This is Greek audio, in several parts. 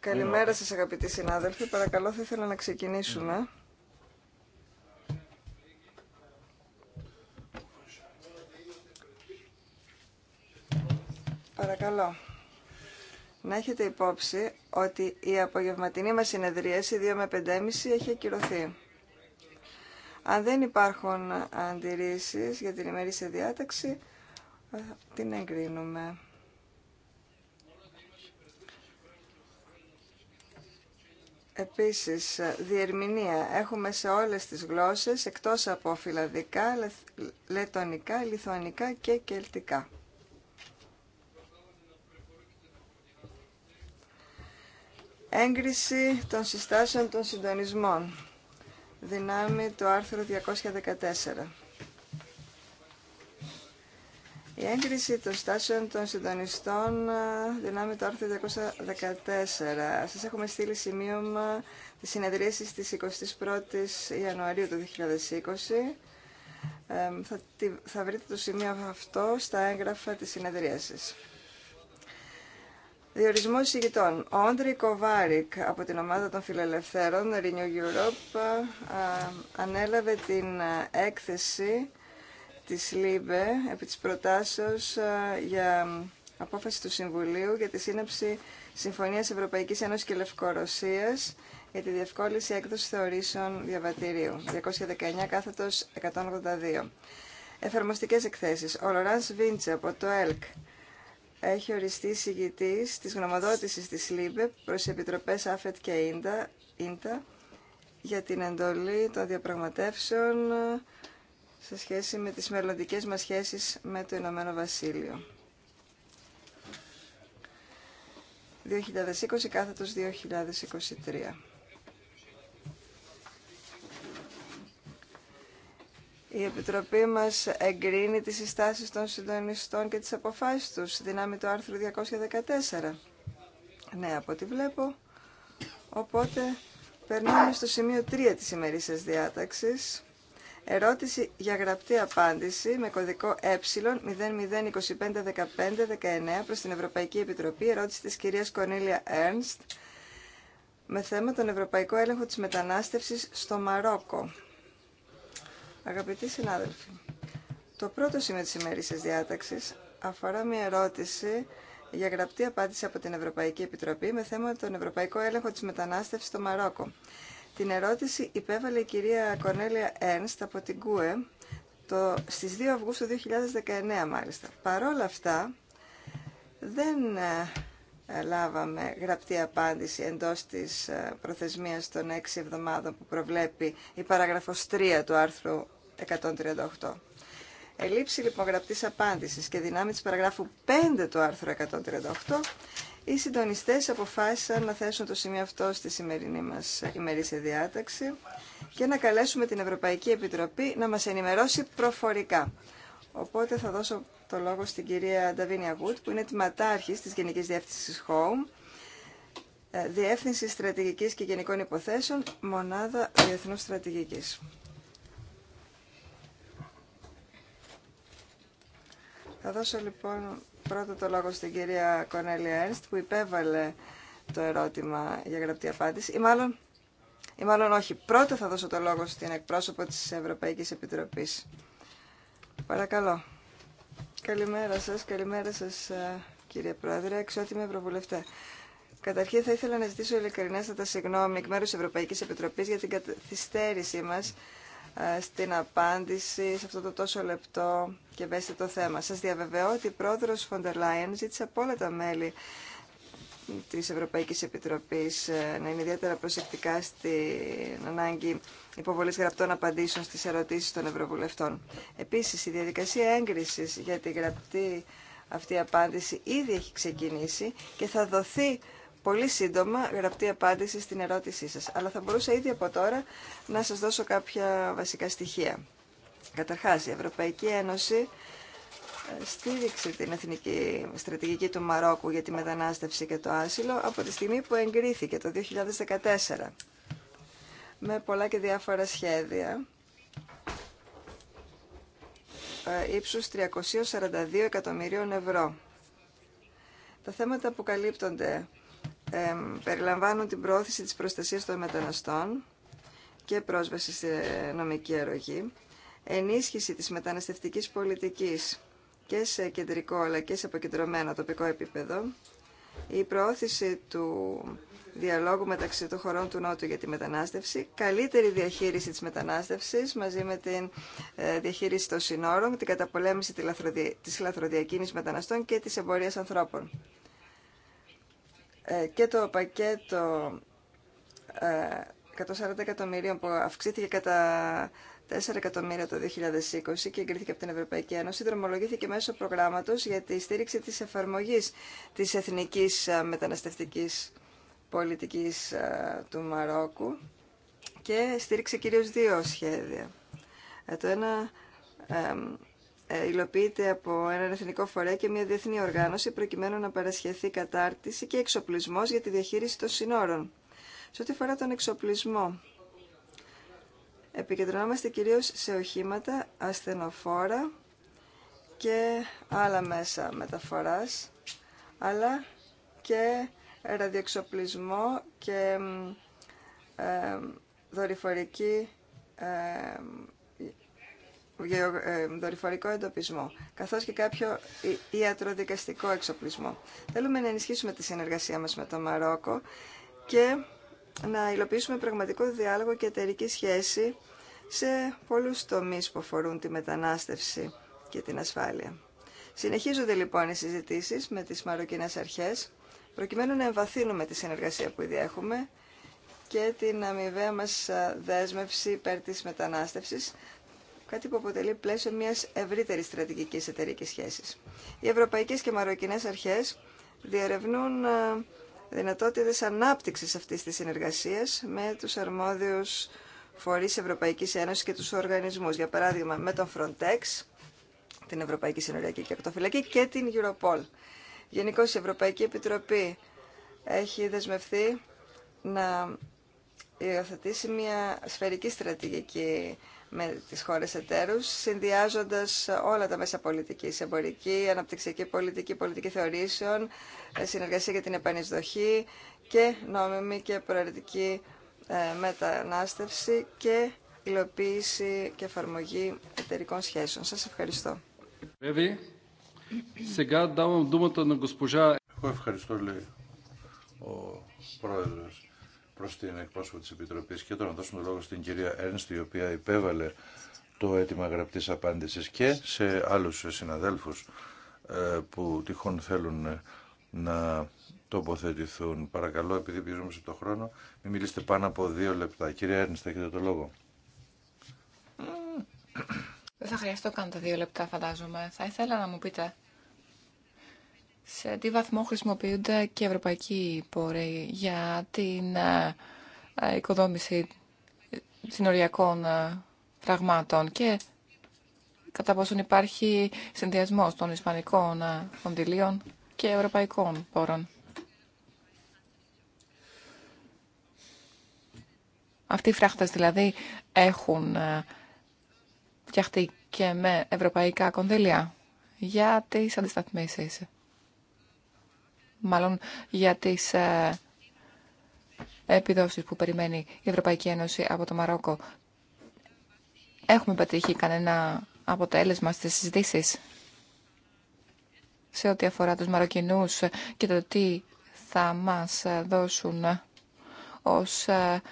Καλημέρα σας αγαπητοί συνάδελφοι. Παρακαλώ θα ήθελα να ξεκινήσουμε. Παρακαλώ. Να έχετε υπόψη ότι η απογευματινή μας συνεδρίαση 2 με 5.30 έχει ακυρωθεί. Αν δεν υπάρχουν αντιρρήσεις για την ημερήσια διάταξη, ε, την εγκρίνουμε. Επίσης, ε, διερμηνία. Έχουμε σε όλες τις γλώσσες, εκτός από φιλαδικά, λετωνικά, λιθουανικά και κελτικά. Έγκριση των συστάσεων των συντονισμών. Δυνάμει το άρθρο 214. Η έγκριση των στάσεων των συντονιστών δυνάμει το άρθρο 214. Σας έχουμε στείλει σημείωμα της συνεδρίασης της 21ης Ιανουαρίου του 2020. θα, θα βρείτε το σημείο αυτό στα έγγραφα της συνεδρίασης. Διορισμό ηγητών. Ο Όντρι Κοβάρικ από την ομάδα των φιλελευθέρων Renew Europe ανέλαβε την έκθεση της ΛΥΜΠΕ επί της προτάσεως ε, για απόφαση του Συμβουλίου για τη σύναψη Συμφωνίας Ευρωπαϊκής Ένωσης και Λευκορωσίας για τη διευκόλυνση έκδοση θεωρήσεων διαβατηρίου. 219 κάθετος 182. Εφαρμοστικές εκθέσεις. Ο Λοράνς Βίντσε από το ΕΛΚ έχει οριστεί συγητής της γνωμοδότησης της ΛΥΜΠΕ προς επιτροπές ΑΦΕΤ και ΙΝΤΑ για την εντολή των διαπραγματεύσεων σε σχέση με τις μελλοντικές μας σχέσεις με το Ηνωμένο Βασίλειο. 2020 κάθετος 2023. Η Επιτροπή μας εγκρίνει τις συστάσεις των συντονιστών και τις αποφάσεις τους, δυνάμει το άρθρο 214. Ναι, από ό,τι βλέπω. Οπότε περνάμε στο σημείο 3 της σας διάταξης Ερώτηση για γραπτή απάντηση με κωδικό ε00251519 προς την Ευρωπαϊκή Επιτροπή. Ερώτηση της κυρίας Κονίλια Έρνστ με θέμα τον Ευρωπαϊκό Έλεγχο της Μετανάστευσης στο Μαρόκο. Αγαπητοί συνάδελφοι, το πρώτο σημείο της ημέρησης διάταξης αφορά μια ερώτηση για γραπτή απάντηση από την Ευρωπαϊκή Επιτροπή με θέμα τον Ευρωπαϊκό Έλεγχο της Μετανάστευσης στο Μαρόκο. Την ερώτηση υπέβαλε η κυρία Κονέλια Ένστ από την ΚΟΕ το, στις 2 Αυγούστου 2019 μάλιστα. Παρόλα αυτά δεν ε, ε, λάβαμε γραπτή απάντηση εντός της ε, προθεσμίας των 6 εβδομάδων που προβλέπει η παραγραφος 3 του άρθρου 138. Ελήψη λοιπόν γραπτής απάντησης και δυνάμει της παραγράφου 5 του άρθρου 138 οι συντονιστές αποφάσισαν να θέσουν το σημείο αυτό στη σημερινή μας ημερήσια διάταξη και να καλέσουμε την Ευρωπαϊκή Επιτροπή να μας ενημερώσει προφορικά. Οπότε θα δώσω το λόγο στην κυρία Νταβίνια Γουτ, που είναι τη ματάρχης της Γενικής Διεύθυνσης Home, ε, Διεύθυνση Στρατηγικής και Γενικών Υποθέσεων, Μονάδα Διεθνούς Στρατηγικής. Θα δώσω λοιπόν πρώτα το λόγο στην κυρία Κονέλια Ένστ που υπέβαλε το ερώτημα για γραπτή απάντηση. Ή μάλλον, ή μάλλον όχι. Πρώτα θα δώσω το λόγο στην εκπρόσωπο της Ευρωπαϊκής Επιτροπής. Παρακαλώ. Καλημέρα σας, καλημέρα σας ε, κύριε Πρόεδρε, εξότιμη Ευρωβουλευτέ. Καταρχήν θα ήθελα να ζητήσω ειλικρινέστατα συγγνώμη εκ μέρους της Ευρωπαϊκής Επιτροπής για την καθυστέρησή μας ε, στην απάντηση σε αυτό το τόσο λεπτό και το θέμα. Σας διαβεβαιώ ότι η πρόεδρος Φοντερ Λάιεν ζήτησε από όλα τα μέλη της Ευρωπαϊκής Επιτροπής ε, να είναι ιδιαίτερα προσεκτικά στην ανάγκη υποβολής γραπτών απαντήσεων στις ερωτήσεις των Ευρωβουλευτών. Επίσης, η διαδικασία έγκρισης για τη γραπτή αυτή απάντηση ήδη έχει ξεκινήσει και θα δοθεί πολύ σύντομα γραπτή απάντηση στην ερώτησή σας. Αλλά θα μπορούσα ήδη από τώρα να σας δώσω κάποια βασικά στοιχεία. Καταρχάς, η Ευρωπαϊκή Ένωση ε, στήριξε την εθνική στρατηγική του Μαρόκου για τη μετανάστευση και το άσυλο από τη στιγμή που εγκρίθηκε το 2014 με πολλά και διάφορα σχέδια ε, ύψους 342 εκατομμυρίων ευρώ. Τα θέματα που καλύπτονται περιλαμβάνουν την πρόθεση της προστασίας των μεταναστών και πρόσβαση στη νομική αρρωγή, ενίσχυση της μεταναστευτικής πολιτικής και σε κεντρικό αλλά και σε αποκεντρωμένο τοπικό επίπεδο, η προώθηση του διαλόγου μεταξύ των χωρών του Νότου για τη μετανάστευση, καλύτερη διαχείριση της μετανάστευσης μαζί με την ε, διαχείριση των συνόρων, την καταπολέμηση της λαθροδιακίνησης μεταναστών και της εμπορίας ανθρώπων. Ε, και το πακέτο 140 ε, εκατομμυρίων που αυξήθηκε κατά 4 εκατομμύρια το 2020 και εγκρίθηκε από την Ευρωπαϊκή Ένωση, δρομολογήθηκε μέσω προγράμματος για τη στήριξη της εφαρμογής της εθνικής ε, μεταναστευτικής πολιτικής του Μαρόκου και στήριξε κυρίως δύο σχέδια. Το ένα ε, υλοποιείται από έναν εθνικό φορέα και μια διεθνή οργάνωση προκειμένου να παρασχεθεί κατάρτιση και εξοπλισμός για τη διαχείριση των συνόρων. Σε ό,τι αφορά τον εξοπλισμό, επικεντρωνόμαστε κυρίως σε οχήματα, ασθενοφόρα και άλλα μέσα μεταφοράς, αλλά και ραδιοεξοπλισμό και ε, δορυφορική ε, ε, δορυφορικό εντοπισμό, καθώς και κάποιο ιατροδικαστικό εξοπλισμό. Θέλουμε να ενισχύσουμε τη συνεργασία μας με το Μαρόκο και να υλοποιήσουμε πραγματικό διάλογο και εταιρική σχέση σε πολλούς τομείς που αφορούν τη μετανάστευση και την ασφάλεια. Συνεχίζονται λοιπόν οι συζητήσεις με τις μαροκινές αρχές, προκειμένου να εμβαθύνουμε τη συνεργασία που ήδη έχουμε και την αμοιβαία μας δέσμευση υπέρ της μετανάστευσης, κάτι που αποτελεί πλαίσιο μια ευρύτερη στρατηγική εταιρικής σχέσης. Οι ευρωπαϊκές και Μαροκίνέ αρχές διερευνούν ε, δυνατότητε ανάπτυξη αυτής της συνεργασία με τους αρμόδιους φορείς Ευρωπαϊκής Ένωση και τους οργανισμούς. Για παράδειγμα, με τον Frontex, την Ευρωπαϊκή Συνοριακή και και την Europol. Γενικώ η Ευρωπαϊκή Επιτροπή έχει δεσμευθεί να υιοθετήσει μια σφαιρική στρατηγική με τις χώρες εταίρους, συνδυάζοντας όλα τα μέσα πολιτικής, εμπορική, αναπτυξιακή πολιτική, πολιτική θεωρήσεων, ε, συνεργασία για την επανεισδοχή και νόμιμη και προαιρετική ε, μετανάστευση και υλοποίηση και εφαρμογή εταιρικών σχέσεων. Σας ευχαριστώ. Εγώ ευχαριστώ, λέει ο πρόεδρος προς την εκπρόσωπο της Επιτροπής και τώρα να δώσουμε λόγο στην κυρία Έρνστη, η οποία υπέβαλε το αίτημα γραπτής απάντησης και σε άλλους συναδέλφους ε, που τυχόν θέλουν ε, να τοποθετηθούν. Παρακαλώ, επειδή πιέζουμε σε το χρόνο, μην μιλήσετε πάνω από δύο λεπτά. Κυρία Έρνστ, έχετε το λόγο. Δεν θα χρειαστώ καν τα δύο λεπτά, φαντάζομαι. Θα ήθελα να μου πείτε σε τι βαθμό χρησιμοποιούνται και ευρωπαϊκοί πόροι για την ε, ε, οικοδόμηση συνοριακών πραγμάτων ε, και κατά πόσον υπάρχει συνδυασμός των ισπανικών κονδυλίων και ευρωπαϊκών πόρων. Αυτοί οι φράχτες δηλαδή έχουν φτιαχτεί και με ευρωπαϊκά κονδύλια για τις αντισταθμίσεις μάλλον για τις ε, επιδόσεις που περιμένει η Ευρωπαϊκή Ένωση από το Μαρόκο. Έχουμε πετύχει κανένα αποτέλεσμα στις συζητήσεις σε ό,τι αφορά τους Μαροκινούς και το τι θα μας δώσουν ως ε,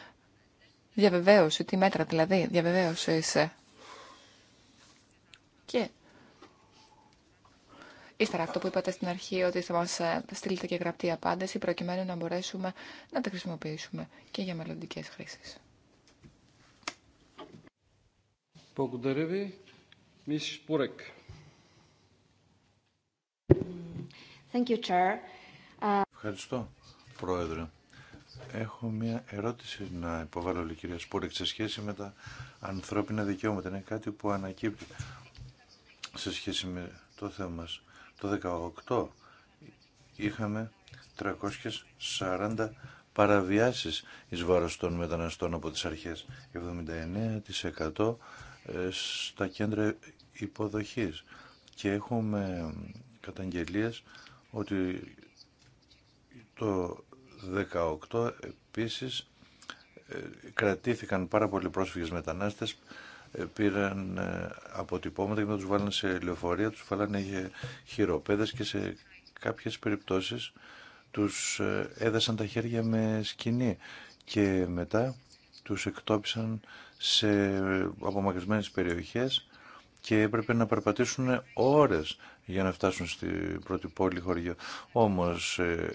διαβεβαίωση, τι μέτρα δηλαδή διαβεβαίωσης. Και Ύστερα αυτό που είπατε στην αρχή ότι θα μας ε, στείλετε και γραπτή απάντηση προκειμένου να μπορέσουμε να τα χρησιμοποιήσουμε και για μελλοντικέ χρήσεις. Thank you, Chair. Uh, Ευχαριστώ, Πρόεδρε. Έχω μια ερώτηση να υποβάλω, λέει, κυρία Σπούρεκ, σε σχέση με τα ανθρώπινα δικαιώματα. Είναι κάτι που ανακύπτει σε σχέση με το θέμα μας. Το 18 είχαμε 340 παραβιάσεις εις βάρος των μεταναστών από τις αρχές. 79% ε, στα κέντρα υποδοχής. Και έχουμε καταγγελίες ότι το 18 επίσης ε, κρατήθηκαν πάρα πολλοί πρόσφυγες μετανάστες ε, πήραν ε, αποτυπώματα και να τους βάλαν σε λεωφορεία, τους βάλανε χειροπέδες και σε κάποιες περιπτώσεις τους ε, έδασαν τα χέρια με σκηνή και μετά τους εκτόπισαν σε απομακρυσμένες περιοχές και έπρεπε να περπατήσουν ώρες για να φτάσουν στη πρώτη πόλη χωριό. Όμως ε,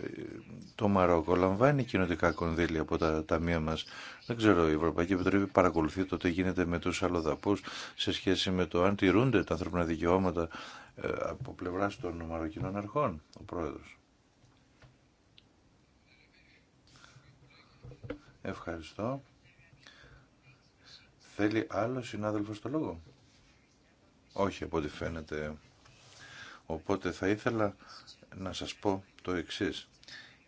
το Μαρόκο λαμβάνει κοινοτικά κονδύλια από τα ταμεία μας. Δεν ξέρω, η Ευρωπαϊκή Επιτροπή παρακολουθεί το τι γίνεται με τους αλλοδαπούς σε σχέση με το αν τηρούνται τα ανθρώπινα δικαιώματα ε, από πλευρά των Μαροκινών αρχών, ο Πρόεδρος. Ευχαριστώ. Θέλει άλλο συνάδελφο το λόγο. Όχι από ό,τι φαίνεται. Οπότε θα ήθελα να σας πω το εξής.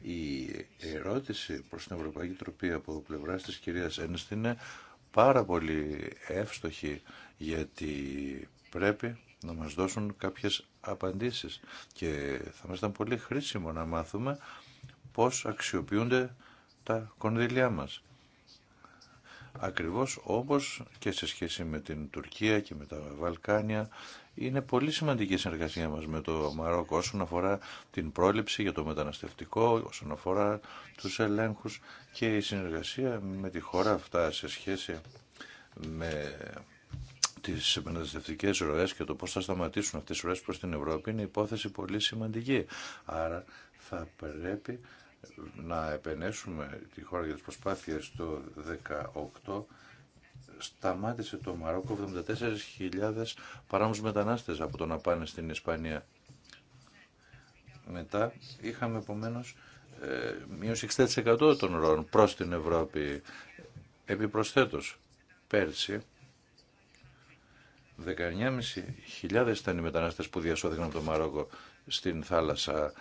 Η ερώτηση προς την Ευρωπαϊκή Τροπή από πλευρά της κυρίας Ένστη είναι πάρα πολύ εύστοχη γιατί πρέπει να μας δώσουν κάποιες απαντήσεις και θα μας ήταν πολύ χρήσιμο να μάθουμε πώς αξιοποιούνται τα κονδυλιά μας. Ακριβώς όπως και σε σχέση με την Τουρκία και με τα Βαλκάνια είναι πολύ σημαντική η συνεργασία μας με το Μαρόκο όσον αφορά την πρόληψη για το μεταναστευτικό, όσον αφορά τους ελέγχους και η συνεργασία με τη χώρα αυτά σε σχέση με τις μεταναστευτικές ροές και το πώς θα σταματήσουν αυτές οι ροές προς την Ευρώπη είναι υπόθεση πολύ σημαντική. Άρα θα πρέπει να επενέσουμε τη χώρα για τις προσπάθειες το 18 σταμάτησε το Μαρόκο 74.000 παράμους μετανάστες από το να πάνε στην Ισπανία. Μετά είχαμε επομένω ε, μείωση 60% των ροών προς την Ευρώπη. Επιπροσθέτως, πέρσι 19.500 ήταν οι μετανάστες που διασώθηκαν από το Μαρόκο στην θάλασσα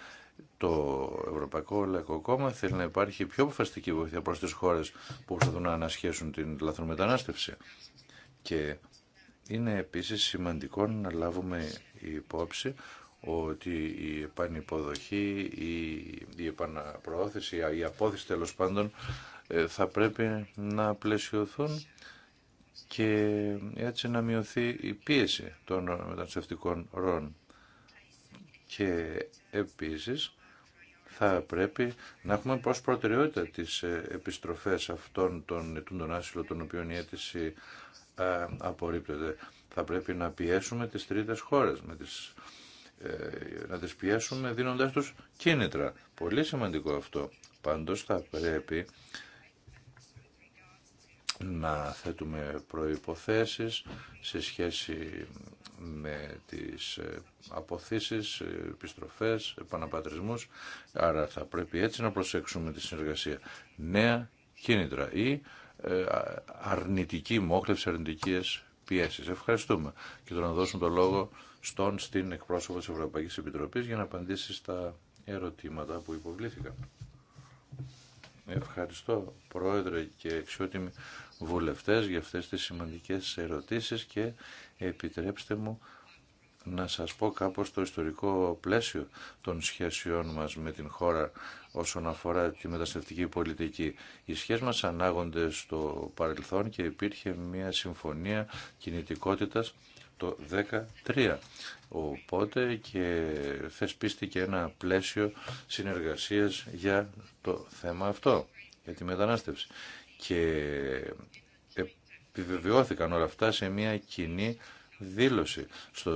το Ευρωπαϊκό Λαϊκό Κόμμα θέλει να υπάρχει πιο αποφασιστική βοήθεια προς τις χώρες που προσπαθούν να ανασχέσουν την λαθρομετανάστευση. Και είναι επίσης σημαντικό να λάβουμε υπόψη ότι η επανυποδοχή, η, η επαναπροώθηση, η απόθεση τέλο πάντων ε, θα πρέπει να πλαισιωθούν και έτσι να μειωθεί η πίεση των μεταναστευτικών ροών. Και επίσης θα πρέπει να έχουμε πώς προτεραιότητα τις ε, επιστροφές αυτών των ετούντων άσυλων των οποίων η αίτηση ε, απορρίπτεται. Θα πρέπει να πιέσουμε τις τρίτες χώρες, με τις, ε, να τις πιέσουμε δίνοντάς τους κίνητρα. Πολύ σημαντικό αυτό. Πάντως θα πρέπει να θέτουμε προϋποθέσεις σε σχέση με τις ε, αποθήσεις, ε, επιστροφές, επαναπατρισμούς. Άρα θα πρέπει έτσι να προσέξουμε τη συνεργασία. Νέα κίνητρα ή ε, αρνητική μόχλευση, αρνητικές πιέσεις. Ευχαριστούμε. Και τώρα να δώσουμε το λόγο στον στην εκπρόσωπο της Ευρωπαϊκής Επιτροπής για να απαντήσει στα ερωτήματα που υποβλήθηκαν. Ευχαριστώ Πρόεδρε και εξιότιμη βουλευτές για αυτές τις σημαντικές ερωτήσεις και επιτρέψτε μου να σας πω κάπως το ιστορικό πλαίσιο των σχέσεών μας με την χώρα όσον αφορά τη μεταστευτική πολιτική. Οι σχέσεις μας ανάγονται στο παρελθόν και υπήρχε μια συμφωνία κινητικότητας το 2013. Οπότε και θεσπίστηκε ένα πλαίσιο συνεργασίας για το θέμα αυτό, για τη μετανάστευση. Και επιβεβαιώθηκαν όλα αυτά σε μια κοινή δήλωση στο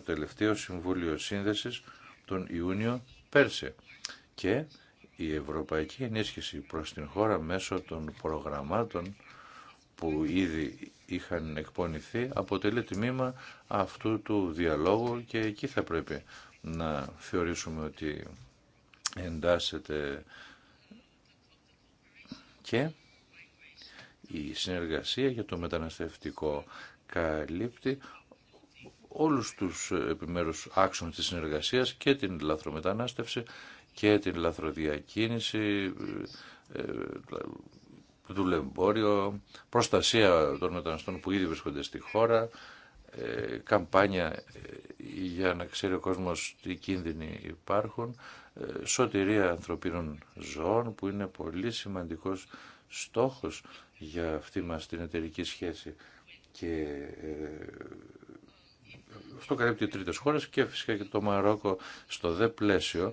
τελευταίο Συμβούλιο Σύνδεσης τον Ιούνιο πέρσι. Και η ευρωπαϊκή ενίσχυση προς την χώρα μέσω των προγραμμάτων που ήδη είχαν εκπονηθεί αποτελεί τμήμα αυτού του διαλόγου και εκεί θα πρέπει να θεωρήσουμε ότι εντάσσεται και η συνεργασία για το μεταναστευτικό καλύπτει όλους τους επιμέρους άξονες της συνεργασίας και την λαθρομετανάστευση και την λαθροδιακίνηση, ε, ε, δουλεμπόριο, προστασία των μεταναστών που ήδη βρίσκονται στη χώρα, ε, καμπάνια για να ξέρει ο κόσμος τι κίνδυνοι υπάρχουν, σωτηρία ανθρωπίνων ζώων που είναι πολύ σημαντικός στόχος για αυτή μας την εταιρική σχέση και ε, αυτό καλύπτει τρίτες χώρες και φυσικά και το Μαρόκο στο δε πλαίσιο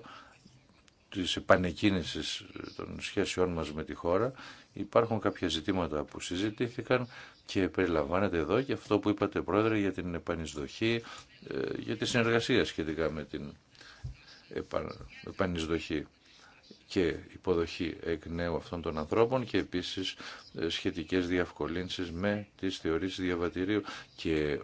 της επανεκκίνησης των σχέσεών μας με τη χώρα υπάρχουν κάποια ζητήματα που συζητήθηκαν και περιλαμβάνεται εδώ και αυτό που είπατε πρόεδρε για την επανεισδοχή ε, για τη συνεργασία σχετικά με την επανεισδοχή και υποδοχή εκ νέου αυτών των ανθρώπων και επίσης ε, σχετικές διαυκολύνσεις με τις θεωρήσεις διαβατηρίου και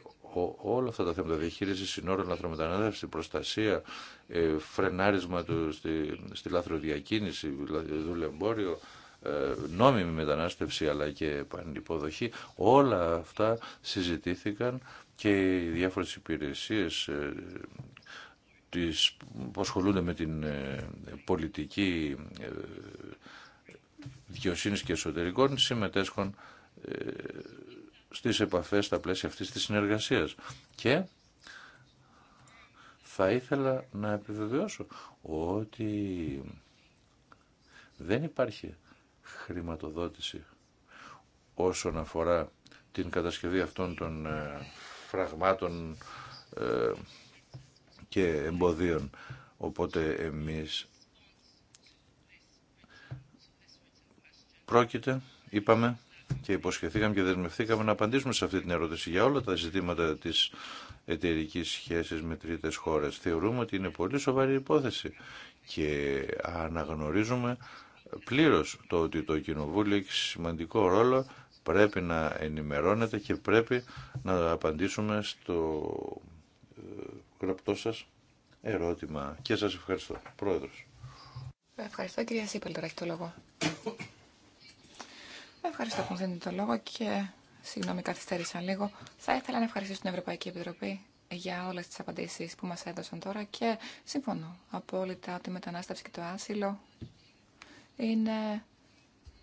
όλα αυτά τα θέματα διαχείριση συνόρων, λαθρομετανάστευση, προστασία, ε, φρενάρισμα του στη, στη λαθροδιακίνηση, δηλαδή δουλεμπόριο, ε, νόμιμη μετανάστευση αλλά και πανυποδοχή, όλα αυτά συζητήθηκαν και οι διάφορες υπηρεσίες ε, τις, που ασχολούνται με την ε, πολιτική ε, δικαιοσύνη και εσωτερικών συμμετέσχουν ε, στις επαφές στα πλαίσια αυτής της συνεργασίας. Και θα ήθελα να επιβεβαιώσω ότι δεν υπάρχει χρηματοδότηση όσον αφορά την κατασκευή αυτών των φραγμάτων και εμποδίων. Οπότε εμείς πρόκειται, είπαμε και υποσχεθήκαμε και δεσμευθήκαμε να απαντήσουμε σε αυτή την ερώτηση για όλα τα ζητήματα της εταιρική σχέσης με τρίτες χώρες. Θεωρούμε ότι είναι πολύ σοβαρή υπόθεση και αναγνωρίζουμε πλήρως το ότι το Κοινοβούλιο έχει σημαντικό ρόλο πρέπει να ενημερώνεται και πρέπει να απαντήσουμε στο γραπτό σα ερώτημα και σας ευχαριστώ. Πρόεδρος. Ευχαριστώ κυρία Σίπελ, τώρα το λόγο. Ευχαριστώ που μου δίνετε το λόγο και συγγνώμη καθυστέρησα λίγο. Θα ήθελα να ευχαριστήσω την Ευρωπαϊκή Επιτροπή για όλες τις απαντήσεις που μας έδωσαν τώρα και συμφωνώ απόλυτα ότι η μετανάστευση και το άσυλο είναι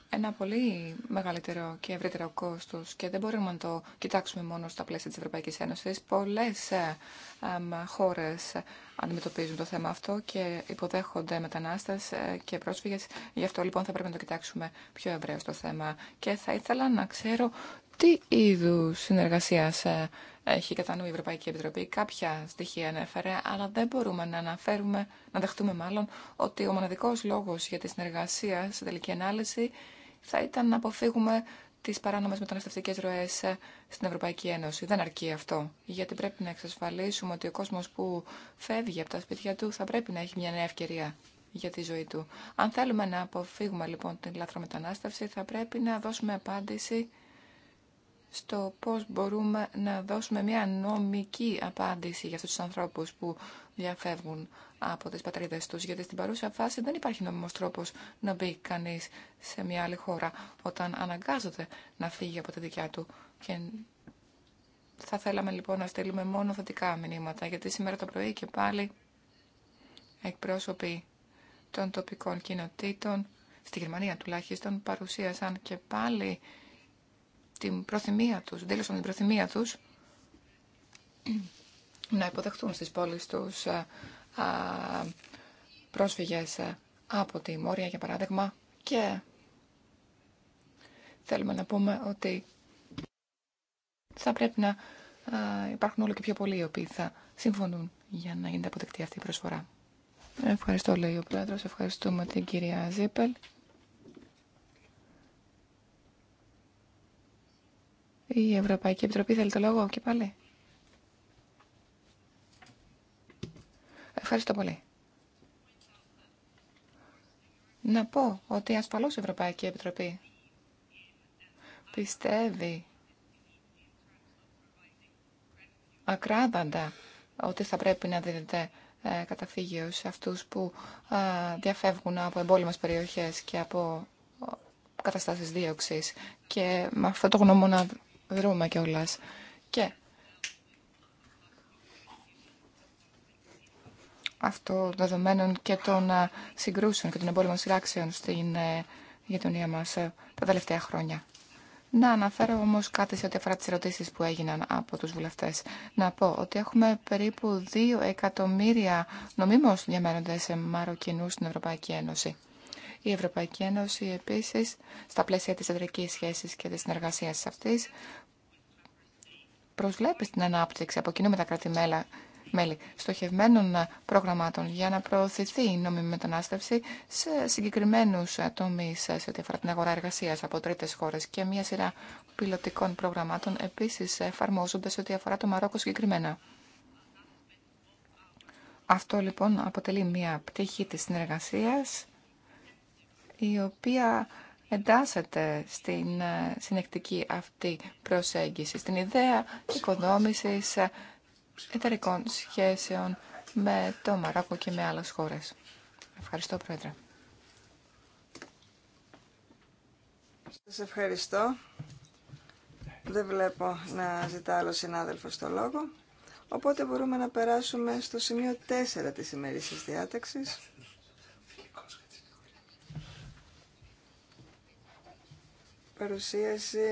ένα πολύ μεγαλύτερο και ευρύτερο κόστο και δεν μπορούμε να το κοιτάξουμε μόνο στα πλαίσια τη Ευρωπαϊκή Ένωση. Πολλέ ε, χώρε αντιμετωπίζουν το θέμα αυτό και υποδέχονται μετανάστε ε, και πρόσφυγε. Γι' αυτό λοιπόν θα πρέπει να το κοιτάξουμε πιο ευρέως το θέμα. Και θα ήθελα να ξέρω τι είδου συνεργασία ε, έχει κατά νου η Ευρωπαϊκή Επιτροπή. Κάποια στοιχεία ανέφερε, αλλά δεν μπορούμε να αναφέρουμε, να δεχτούμε μάλλον, ότι ο μοναδικό λόγο για τη συνεργασία σε τελική ανάλυση θα ήταν να αποφύγουμε τι παράνομε μεταναστευτικέ ροέ ε, στην Ευρωπαϊκή Ένωση. Δεν αρκεί αυτό, γιατί πρέπει να εξασφαλίσουμε ότι ο κόσμο που φεύγει από τα σπίτια του θα πρέπει να έχει μια νέα ευκαιρία για τη ζωή του. Αν θέλουμε να αποφύγουμε λοιπόν την λάθρομετανάστευση θα πρέπει να δώσουμε απάντηση στο πώς μπορούμε να δώσουμε μια νομική απάντηση για αυτούς τους ανθρώπους που διαφεύγουν από τις πατρίδες τους, γιατί στην παρούσα φάση δεν υπάρχει νομιμός τρόπος να μπει κανείς σε μια άλλη χώρα όταν αναγκάζονται να φύγει από τη δικιά του. Και θα θέλαμε λοιπόν να στείλουμε μόνο θετικά μηνύματα, γιατί σήμερα το πρωί και πάλι εκπρόσωποι των τοπικών κοινοτήτων, στη Γερμανία τουλάχιστον, παρουσίασαν και πάλι την προθυμία τους, δήλωσαν την προθυμία τους να υποδεχτούν στις πόλεις τους ε, α, πρόσφυγες ε, από τη Μόρια, για παράδειγμα, και θέλουμε να πούμε ότι θα πρέπει να ε, υπάρχουν όλο και πιο πολλοί οι οποίοι θα συμφωνούν για να γίνεται αποδεκτή αυτή η προσφορά. Ευχαριστώ, λέει ο Πρόεδρος. Ευχαριστούμε την κυρία Ζίπελ. Η Ευρωπαϊκή Επιτροπή θέλει το λόγο και πάλι. Ευχαριστώ πολύ. Να πω ότι ασφαλώς η Ευρωπαϊκή Επιτροπή πιστεύει ακράδαντα ότι θα πρέπει να δίνεται ε, καταφύγιο σε αυτούς που ε, διαφεύγουν από εμπόλεμες περιοχές και από ε, καταστάσεις δίωξης. Και με αυτό το γνώμονα δρούμε κιόλα. Και αυτό δεδομένων και των ε, συγκρούσεων και των εμπόλεμων σειράξεων στην ε, γειτονία μας ε, τα τελευταία χρόνια. Να αναφέρω όμω κάτι σε ό,τι αφορά τι ερωτήσει που έγιναν από του βουλευτέ. Να πω ότι έχουμε περίπου 2 εκατομμύρια νομίμω διαμένοντε Μαροκινού στην Ευρωπαϊκή Ένωση. Η Ευρωπαϊκή Ένωση επίσης, στα πλαίσια της εταιρικής σχέσης και της συνεργασίας αυτής, προσβλέπει στην ανάπτυξη από κοινού με τα κράτη-μέλη στοχευμένων προγραμμάτων για να προωθηθεί η νόμιμη μετανάστευση σε συγκεκριμένους τομείς σε ό,τι αφορά την αγορά εργασίας από τρίτες χώρες και μια σειρά πιλωτικών προγραμμάτων επίσης εφαρμόζονται σε ό,τι αφορά το Μαρόκο συγκεκριμένα. Αυτό λοιπόν αποτελεί μια πτυχή της συνεργασίας η οποία εντάσσεται στην ε, συνεκτική αυτή προσέγγιση, στην ιδέα οικοδόμησης ε, εταιρικών σχέσεων με το Μαράκο και με άλλες χώρες. Ευχαριστώ, Πρόεδρε. Σας ευχαριστώ. Δεν βλέπω να ζητά άλλο συνάδελφο το λόγο. Οπότε μπορούμε να περάσουμε στο σημείο 4 της ημερήσιας διάταξης παρουσίαση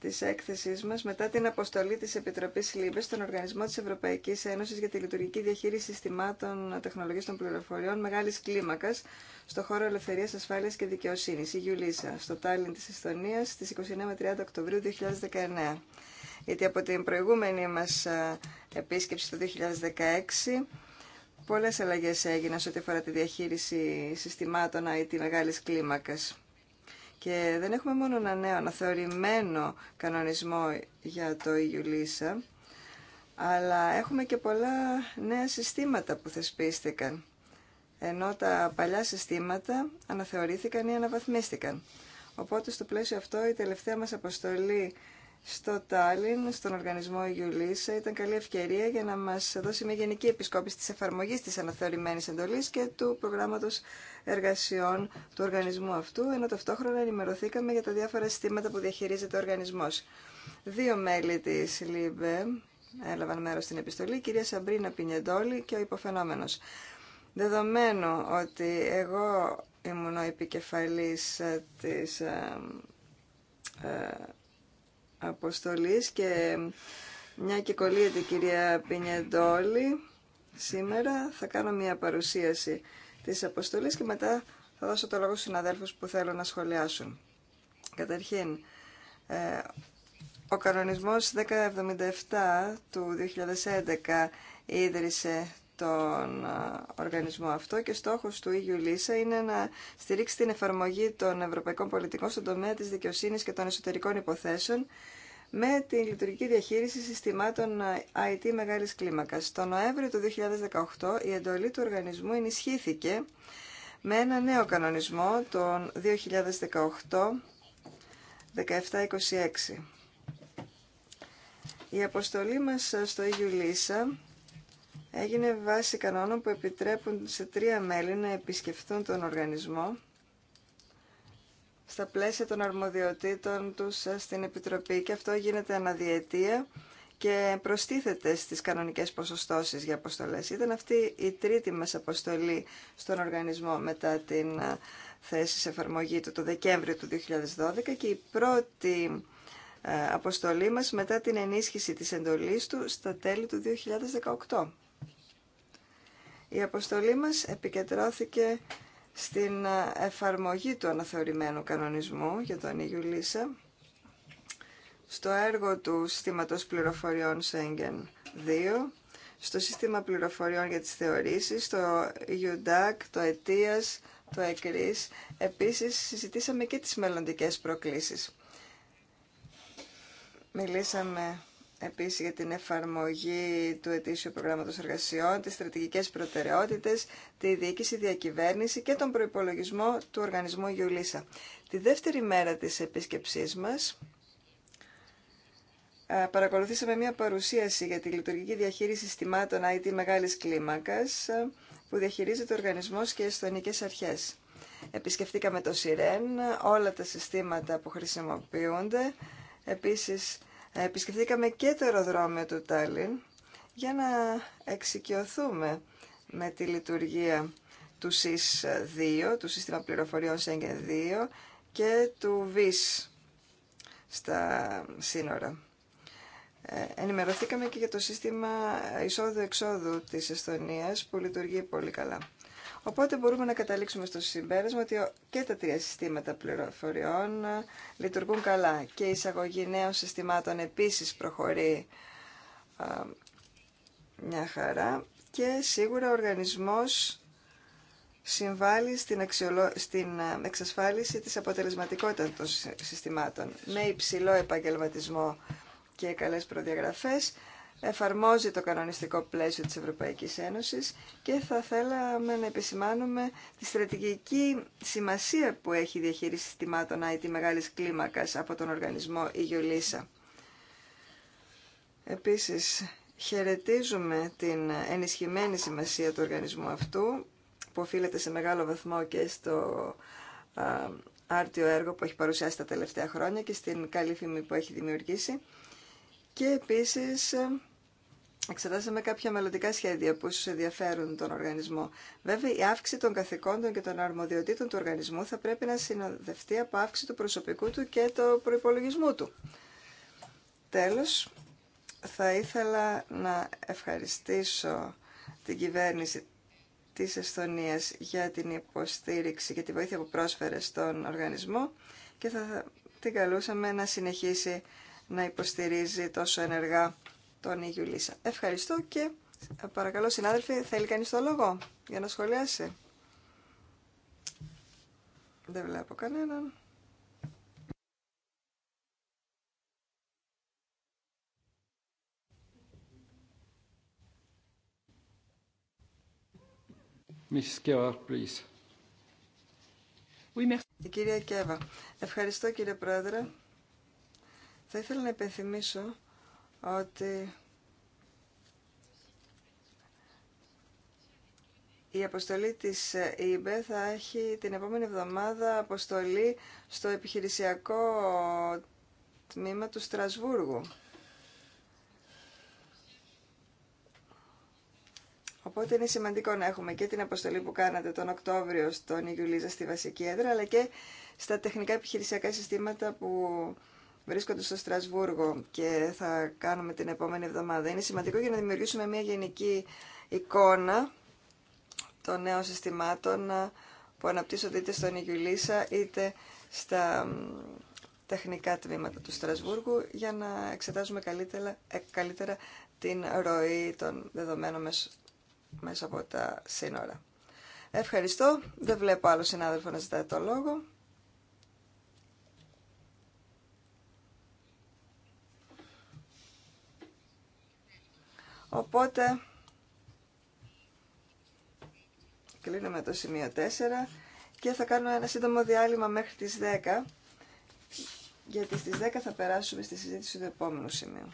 της έκθεσής μας μετά την αποστολή της Επιτροπής Λίμπες στον Οργανισμό της Ευρωπαϊκής Ένωσης για τη Λειτουργική Διαχείριση Συστημάτων Τεχνολογίας των Πληροφοριών μεγάλης κλίμακας στο χώρο Ελευθερίας, Ασφάλειας και Δικαιοσύνης, η Γιουλίσα, στο Τάλιν της Εστονίας, στις 29 30 Οκτωβρίου 2019. Γιατί από την προηγούμενη μας επίσκεψη το 2016 πολλές αλλαγές έγιναν σε ό,τι αφορά τη διαχείριση συστημάτων IT μεγάλης κλίμακας. Και δεν έχουμε μόνο ένα νέο αναθεωρημένο κανονισμό για το eu αλλά έχουμε και πολλά νέα συστήματα που θεσπίστηκαν, ενώ τα παλιά συστήματα αναθεωρήθηκαν ή αναβαθμίστηκαν. Οπότε στο πλαίσιο αυτό η τελευταία μας αποστολή στο Τάλιν, στον οργανισμό Ιουλίσσα, ήταν καλή ευκαιρία για να μας δώσει μια γενική επισκόπηση της εφαρμογής της αναθεωρημένης εντολής και του προγράμματος εργασιών του οργανισμού αυτού, ενώ ταυτόχρονα ενημερωθήκαμε για τα διάφορα συστήματα που διαχειρίζεται ο οργανισμός. Δύο μέλη της ΛΥΜΠΕ έλαβαν μέρος στην επιστολή, η κυρία Σαμπρίνα Πινιεντόλη και ο υποφαινόμενος. Δεδομένου ότι εγώ ήμουν ο επικεφαλής ε, ε, ε, αποστολής και μια και κολλείται η κυρία Πινιεντόλη σήμερα θα κάνω μια παρουσίαση της αποστολής και μετά θα δώσω το λόγο στους συναδέλφους που θέλουν να σχολιάσουν. Καταρχήν, ε, ο κανονισμός 1077 του 2011 ίδρυσε τον ε, οργανισμό αυτό και στόχος του EU είναι να στηρίξει την εφαρμογή των ευρωπαϊκών πολιτικών στον τομέα της δικαιοσύνης και των εσωτερικών υποθέσεων με την λειτουργική διαχείριση συστημάτων IT μεγάλης κλίμακας. Το Νοέμβριο του 2018 η εντολή του οργανισμού ενισχύθηκε με ένα νέο κανονισμό τον 2018-1726. Η αποστολή μας στο Ιγιουλίσσα έγινε βάση κανόνων που επιτρέπουν σε τρία μέλη να επισκεφθούν τον οργανισμό στα πλαίσια των αρμοδιοτήτων τους ε, στην Επιτροπή και αυτό γίνεται αναδιαιτία και προστίθεται στις κανονικές ποσοστώσεις για αποστολές. Ήταν αυτή η τρίτη μας αποστολή στον οργανισμό μετά την ε, θέση σε εφαρμογή του το Δεκέμβριο του 2012 και η πρώτη ε, αποστολή μας μετά την ενίσχυση της εντολής του στα τέλη του 2018. Η αποστολή μας επικεντρώθηκε στην ε, εφαρμογή του αναθεωρημένου κανονισμού για τον λίσα, στο έργο του Συστήματος Πληροφοριών Σέγγεν 2, στο Σύστημα Πληροφοριών για τις Θεωρήσεις, το UDAC, το ΕΤΙΑΣ, το ΕΚΡΙΣ. Επίσης, συζητήσαμε και τις μελλοντικές προκλήσεις. Μιλήσαμε επίσης για την εφαρμογή του ετήσιου προγράμματος εργασιών, τις στρατηγικές προτεραιότητες, τη διοίκηση, διακυβέρνηση και τον προϋπολογισμό του οργανισμού Γιουλίσα. Τη δεύτερη μέρα της επίσκεψής μας ε, παρακολουθήσαμε μια παρουσίαση για τη λειτουργική διαχείριση συστημάτων IT μεγάλης κλίμακας ε, που διαχειρίζεται ο οργανισμός και εστονικές αρχές. Επισκεφτήκαμε το ΣΥΡΕΝ, όλα τα συστήματα που χρησιμοποιούνται, επισκεφθήκαμε και το αεροδρόμιο του Τάλιν για να εξοικειωθούμε με τη λειτουργία του ΣΥΣ 2, του Σύστημα Πληροφοριών Σέγγεν 2 και του ΒΙΣ στα σύνορα. Ε, ενημερωθήκαμε και για το σύστημα εισόδου-εξόδου της Εσθονίας που λειτουργεί πολύ καλά. Οπότε μπορούμε να καταλήξουμε στο συμπέρασμα ότι και τα τρία συστήματα πληροφοριών ε, λειτουργούν καλά και η εισαγωγή νέων συστημάτων επίσης προχωρεί ε, μια χαρά και σίγουρα ο οργανισμός συμβάλλει στην, στην ε, εξασφάλιση της αποτελεσματικότητας των συστημάτων με υψηλό επαγγελματισμό και καλές προδιαγραφές εφαρμόζει το κανονιστικό πλαίσιο της Ευρωπαϊκής Ένωσης και θα θέλαμε να επισημάνουμε τη στρατηγική σημασία που έχει η διαχείριση συστημάτων IT μεγάλης κλίμακας από τον οργανισμό Ιγιολίσα. Επίσης, χαιρετίζουμε την ενισχυμένη σημασία του οργανισμού αυτού που οφείλεται σε μεγάλο βαθμό και στο άρτιο έργο που έχει παρουσιάσει τα τελευταία χρόνια και στην καλή φήμη που έχει δημιουργήσει. Και επίσης εξετάσαμε κάποια μελλοντικά σχέδια που ίσω ενδιαφέρουν τον οργανισμό. Βέβαια, η αύξηση των καθηκόντων και των αρμοδιοτήτων του οργανισμού θα πρέπει να συνοδευτεί από αύξηση του προσωπικού του και του προπολογισμού του. Τέλος, θα ήθελα να ευχαριστήσω την κυβέρνηση της Εσθονία για την υποστήριξη και τη βοήθεια που πρόσφερε στον οργανισμό και θα την καλούσαμε να συνεχίσει να υποστηρίζει τόσο ενεργά τον Ευχαριστώ και παρακαλώ συνάδελφοι, θέλει κανείς το λόγο για να σχολιάσει. Δεν βλέπω κανέναν. Η κυρία Κέβα. Ευχαριστώ κύριε Πρόεδρε. Θα ήθελα να υπενθυμίσω ότι η αποστολή της ΕΙΜΠΕ θα έχει την επόμενη εβδομάδα αποστολή στο επιχειρησιακό τμήμα του Στρασβούργου. Οπότε είναι σημαντικό να έχουμε και την αποστολή που κάνατε τον Οκτώβριο στον Ιγιουλίζα στη βασική έδρα, αλλά και στα τεχνικά επιχειρησιακά συστήματα που βρίσκονται στο Στρασβούργο και θα κάνουμε την επόμενη εβδομάδα. Είναι σημαντικό για να δημιουργήσουμε μια γενική εικόνα των νέων συστημάτων που αναπτύσσονται είτε στον Ιγιουλίσσα είτε στα τεχνικά τμήματα του Στρασβούργου για να εξετάζουμε καλύτερα, ε, καλύτερα την ροή των δεδομένων μέσα από τα σύνορα. Ευχαριστώ. Δεν βλέπω άλλο συνάδελφο να ζητάει το λόγο. Οπότε, κλείνουμε το σημείο 4 και θα κάνουμε ένα σύντομο διάλειμμα μέχρι τις 10, γιατί στις 10 θα περάσουμε στη συζήτηση του επόμενου σημείου.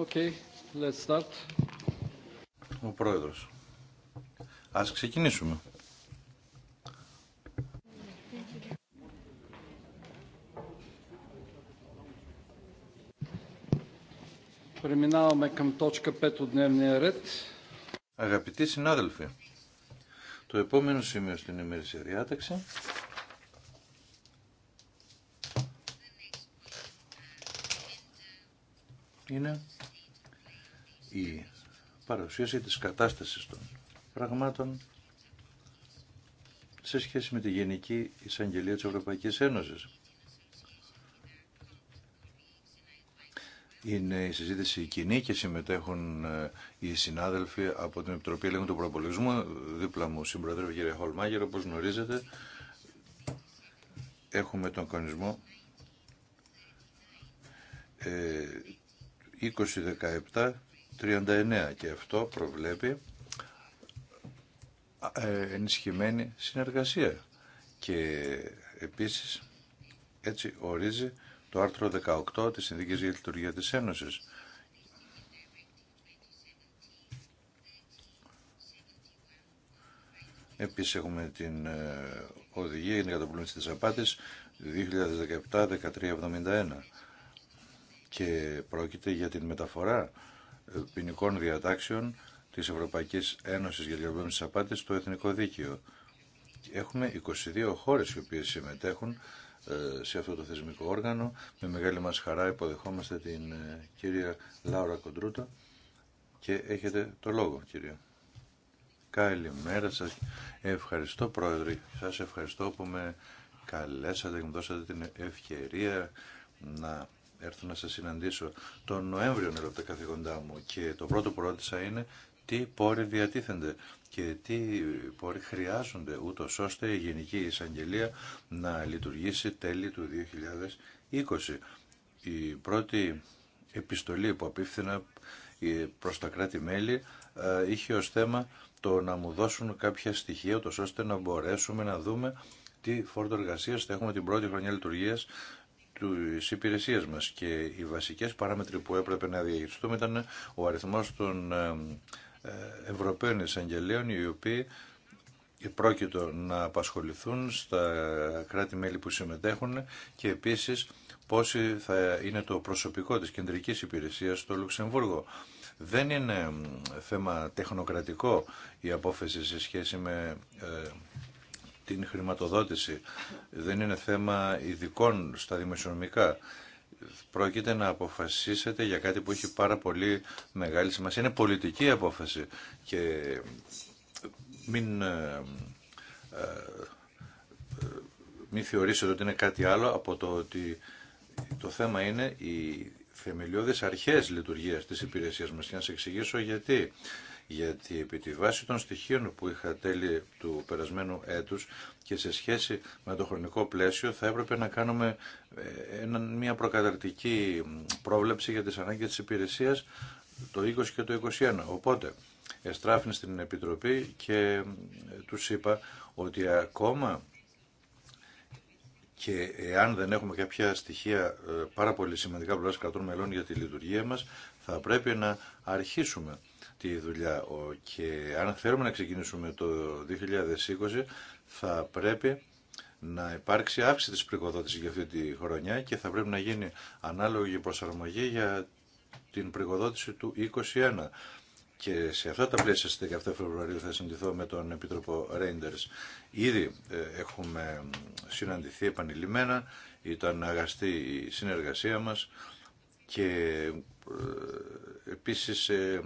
Okay, let's start. Ο πρόεδρος. Ας ξεκινήσουμε. Преминаваме към точка 5 от дневния ред. Αγαπητοί συνάδελφοι, το επόμενο σημείο στην ημερησία διάταξη παρουσίαση της κατάστασης των πραγμάτων σε σχέση με τη Γενική Εισαγγελία της Ευρωπαϊκής Ένωσης. Είναι η συζήτηση κοινή και συμμετέχουν ε, οι συνάδελφοι από την Επιτροπή Ελέγχου του Προπολογισμού. Δίπλα μου συμπροεδρεύει κύριε Χολμάγερ, όπως γνωρίζετε. Έχουμε τον κονισμό 2017 ε, 39 και αυτό προβλέπει ε, ενισχυμένη συνεργασία και επίσης έτσι ορίζει το άρθρο 18 της Συνδικής για τη Λειτουργία της Ένωσης. Επίσης έχουμε την ε, οδηγία για την καταπολέμηση της απάτης 2017-1371 και πρόκειται για την μεταφορά ποινικών διατάξεων της Ευρωπαϊκής Ένωσης για διαβέμεις της απάτης στο Εθνικό Δίκαιο. Έχουμε 22 χώρες οι οποίες συμμετέχουν ε, σε αυτό το θεσμικό όργανο. Με μεγάλη μας χαρά υποδεχόμαστε την ε, κυρία Λάουρα Κοντρούτα και έχετε το λόγο κυρία. Καλημέρα σας. Ευχαριστώ πρόεδρε. Σας ευχαριστώ που με καλέσατε και μου δώσατε την ευκαιρία να έρθω να σας συναντήσω τον Νοέμβριο από τα καθηγοντά μου και το πρώτο που ρώτησα είναι τι πόροι διατίθενται και τι πόροι χρειάζονται ούτω ώστε η Γενική Εισαγγελία να λειτουργήσει τέλη του 2020. Η πρώτη επιστολή που απίφθηνα ε, προς τα κράτη-μέλη ε, είχε ως θέμα το να μου δώσουν κάποια στοιχεία ούτως ώστε να μπορέσουμε να δούμε τι φόρτο εργασία θα έχουμε την πρώτη χρονιά λειτουργία του υπηρεσία μας και οι βασικές παράμετροι που έπρεπε να διαχειριστούμε ήταν ο αριθμός των ε, ε, Ευρωπαίων εισαγγελέων οι οποίοι πρόκειτο να απασχοληθούν στα κράτη-μέλη που συμμετέχουν και επίσης πόσοι θα είναι το προσωπικό της κεντρικής υπηρεσίας στο Λουξεμβούργο. Δεν είναι θέμα τεχνοκρατικό η απόφαση σε σχέση με ε, την χρηματοδότηση. Δεν είναι θέμα ειδικών στα δημοσιονομικά. Πρόκειται να αποφασίσετε για κάτι που έχει πάρα πολύ μεγάλη σημασία. Είναι πολιτική απόφαση και μην, ε, ε, μην θεωρήσετε ότι είναι κάτι άλλο από το ότι το θέμα είναι οι θεμελιώδεις αρχές λειτουργίας της υπηρεσίας μας. Και να σας εξηγήσω γιατί γιατί επί τη βάση των στοιχείων που είχα τέλει του περασμένου έτους και σε σχέση με το χρονικό πλαίσιο θα έπρεπε να κάνουμε ε, μια προκαταρτική πρόβλεψη για τις ανάγκες της υπηρεσίας το 20 και το 21. Οπότε εστράφην στην Επιτροπή και ε, τους είπα ότι ακόμα και εάν δεν έχουμε κάποια στοιχεία ε, πάρα πολύ σημαντικά πλευράς κρατών μελών για τη λειτουργία μας, θα πρέπει να αρχίσουμε τη δουλειά. Και αν θέλουμε να ξεκινήσουμε το 2020 θα πρέπει να υπάρξει αύξηση της για αυτή τη χρονιά και θα πρέπει να γίνει ανάλογη προσαρμογή για την πρικοδότηση του 2021. Και σε αυτά τα πλαίσια στις 17 Φεβρουαρίου θα συντηθώ με τον Επίτροπο Reinders. Ήδη ε, έχουμε συναντηθεί επανειλημμένα, ήταν αγαστή η συνεργασία μας και ε, επίσης ε,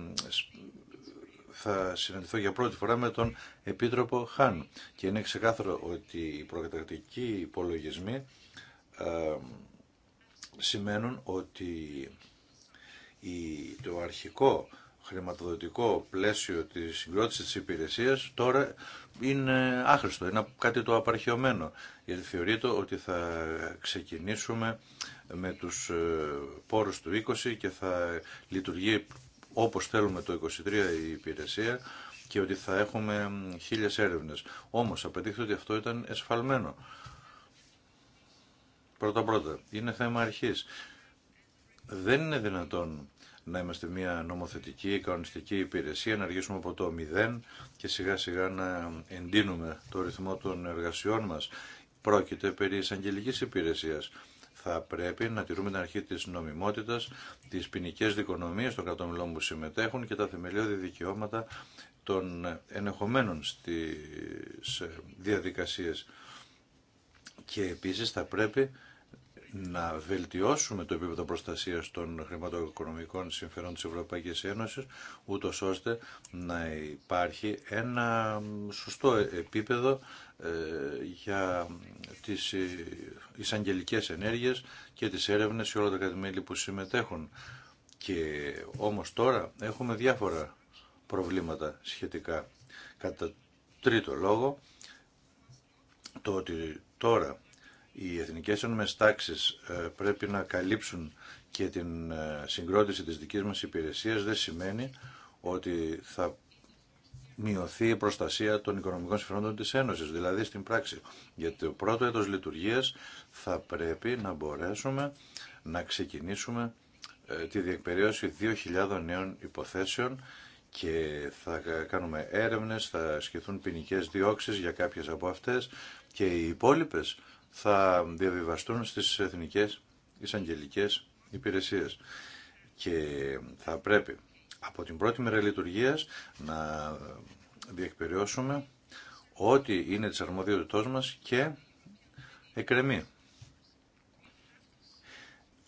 θα συναντηθώ για πρώτη φορά με τον Επίτροπο Χάν και είναι ξεκάθαρο ότι οι προκατακτικοί υπολογισμοί ε, σημαίνουν ότι το αρχικό χρηματοδοτικό πλαίσιο της συγκρότησης της υπηρεσίας τώρα είναι άχρηστο, είναι κάτι το απαρχαιωμένο γιατί θεωρείται ότι θα ξεκινήσουμε με τους ε, πόρους του 20 και θα λειτουργεί όπως θέλουμε το 23 η υπηρεσία και ότι θα έχουμε χίλιες έρευνες. απαιτήθηκε απαιτήχθη ότι αυτό ήταν εσφαλμένο. Πρώτα-πρώτα, είναι θέμα αρχής. Δεν είναι δυνατόν να είμαστε μια νομοθετική, κανονιστική υπηρεσία, να αργήσουμε από το μηδέν και σιγά σιγά να εντείνουμε το ρυθμό των εργασιών μας. Πρόκειται περί εισαγγελικής υπηρεσίας θα πρέπει να τηρούμε την αρχή της νομιμότητας, τις ποινικέ δικονομίες των κρατών που συμμετέχουν και τα θεμελιώδη δικαιώματα των ενεχομένων στις ε, διαδικασίες. Και επίσης θα πρέπει να βελτιώσουμε το επίπεδο προστασίας των χρηματοοικονομικών συμφερών της Ευρωπαϊκής Ένωσης, ούτω ώστε να υπάρχει ένα σωστό επίπεδο ε, για τις εισαγγελικέ ενέργειες και τις έρευνες σε όλα τα κατημέλη που συμμετέχουν. Και όμως τώρα έχουμε διάφορα προβλήματα σχετικά. Κατά τρίτο λόγο, το ότι τώρα οι εθνικές ένωμες τάξεις ε, πρέπει να καλύψουν και την ε, συγκρότηση της δικής μας υπηρεσίας δεν σημαίνει ότι θα μειωθεί η προστασία των οικονομικών συμφερόντων της Ένωσης, δηλαδή στην πράξη. Γιατί το πρώτο έτος λειτουργίας θα πρέπει να μπορέσουμε να ξεκινήσουμε ε, τη διεκπεριώση 2.000 νέων υποθέσεων και θα κάνουμε έρευνες, θα σκεφτούν ποινικέ διώξεις για κάποιες από αυτές και οι υπόλοιπες θα διαβιβαστούν στις εθνικές εισαγγελικές υπηρεσίες και θα πρέπει από την πρώτη μέρα λειτουργίας να διεκπαιριώσουμε ό,τι είναι της αρμοδιότητός μας και εκρεμεί.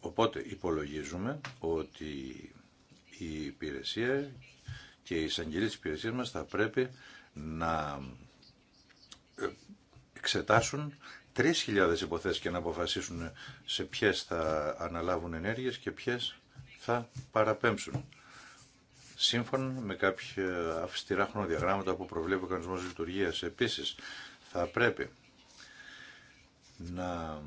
Οπότε υπολογίζουμε ότι η υπηρεσία και οι εισαγγελίες της υπηρεσίας μας θα πρέπει να ε, εξετάσουν 3.000 υποθέσεις και να αποφασίσουν σε ποιες θα αναλάβουν ενέργειες και ποιες θα παραπέμψουν. Σύμφωνα με κάποια αυστηρά χρονοδιαγράμματα που προβλέπει ο κανονισμός λειτουργίας, επίσης θα πρέπει να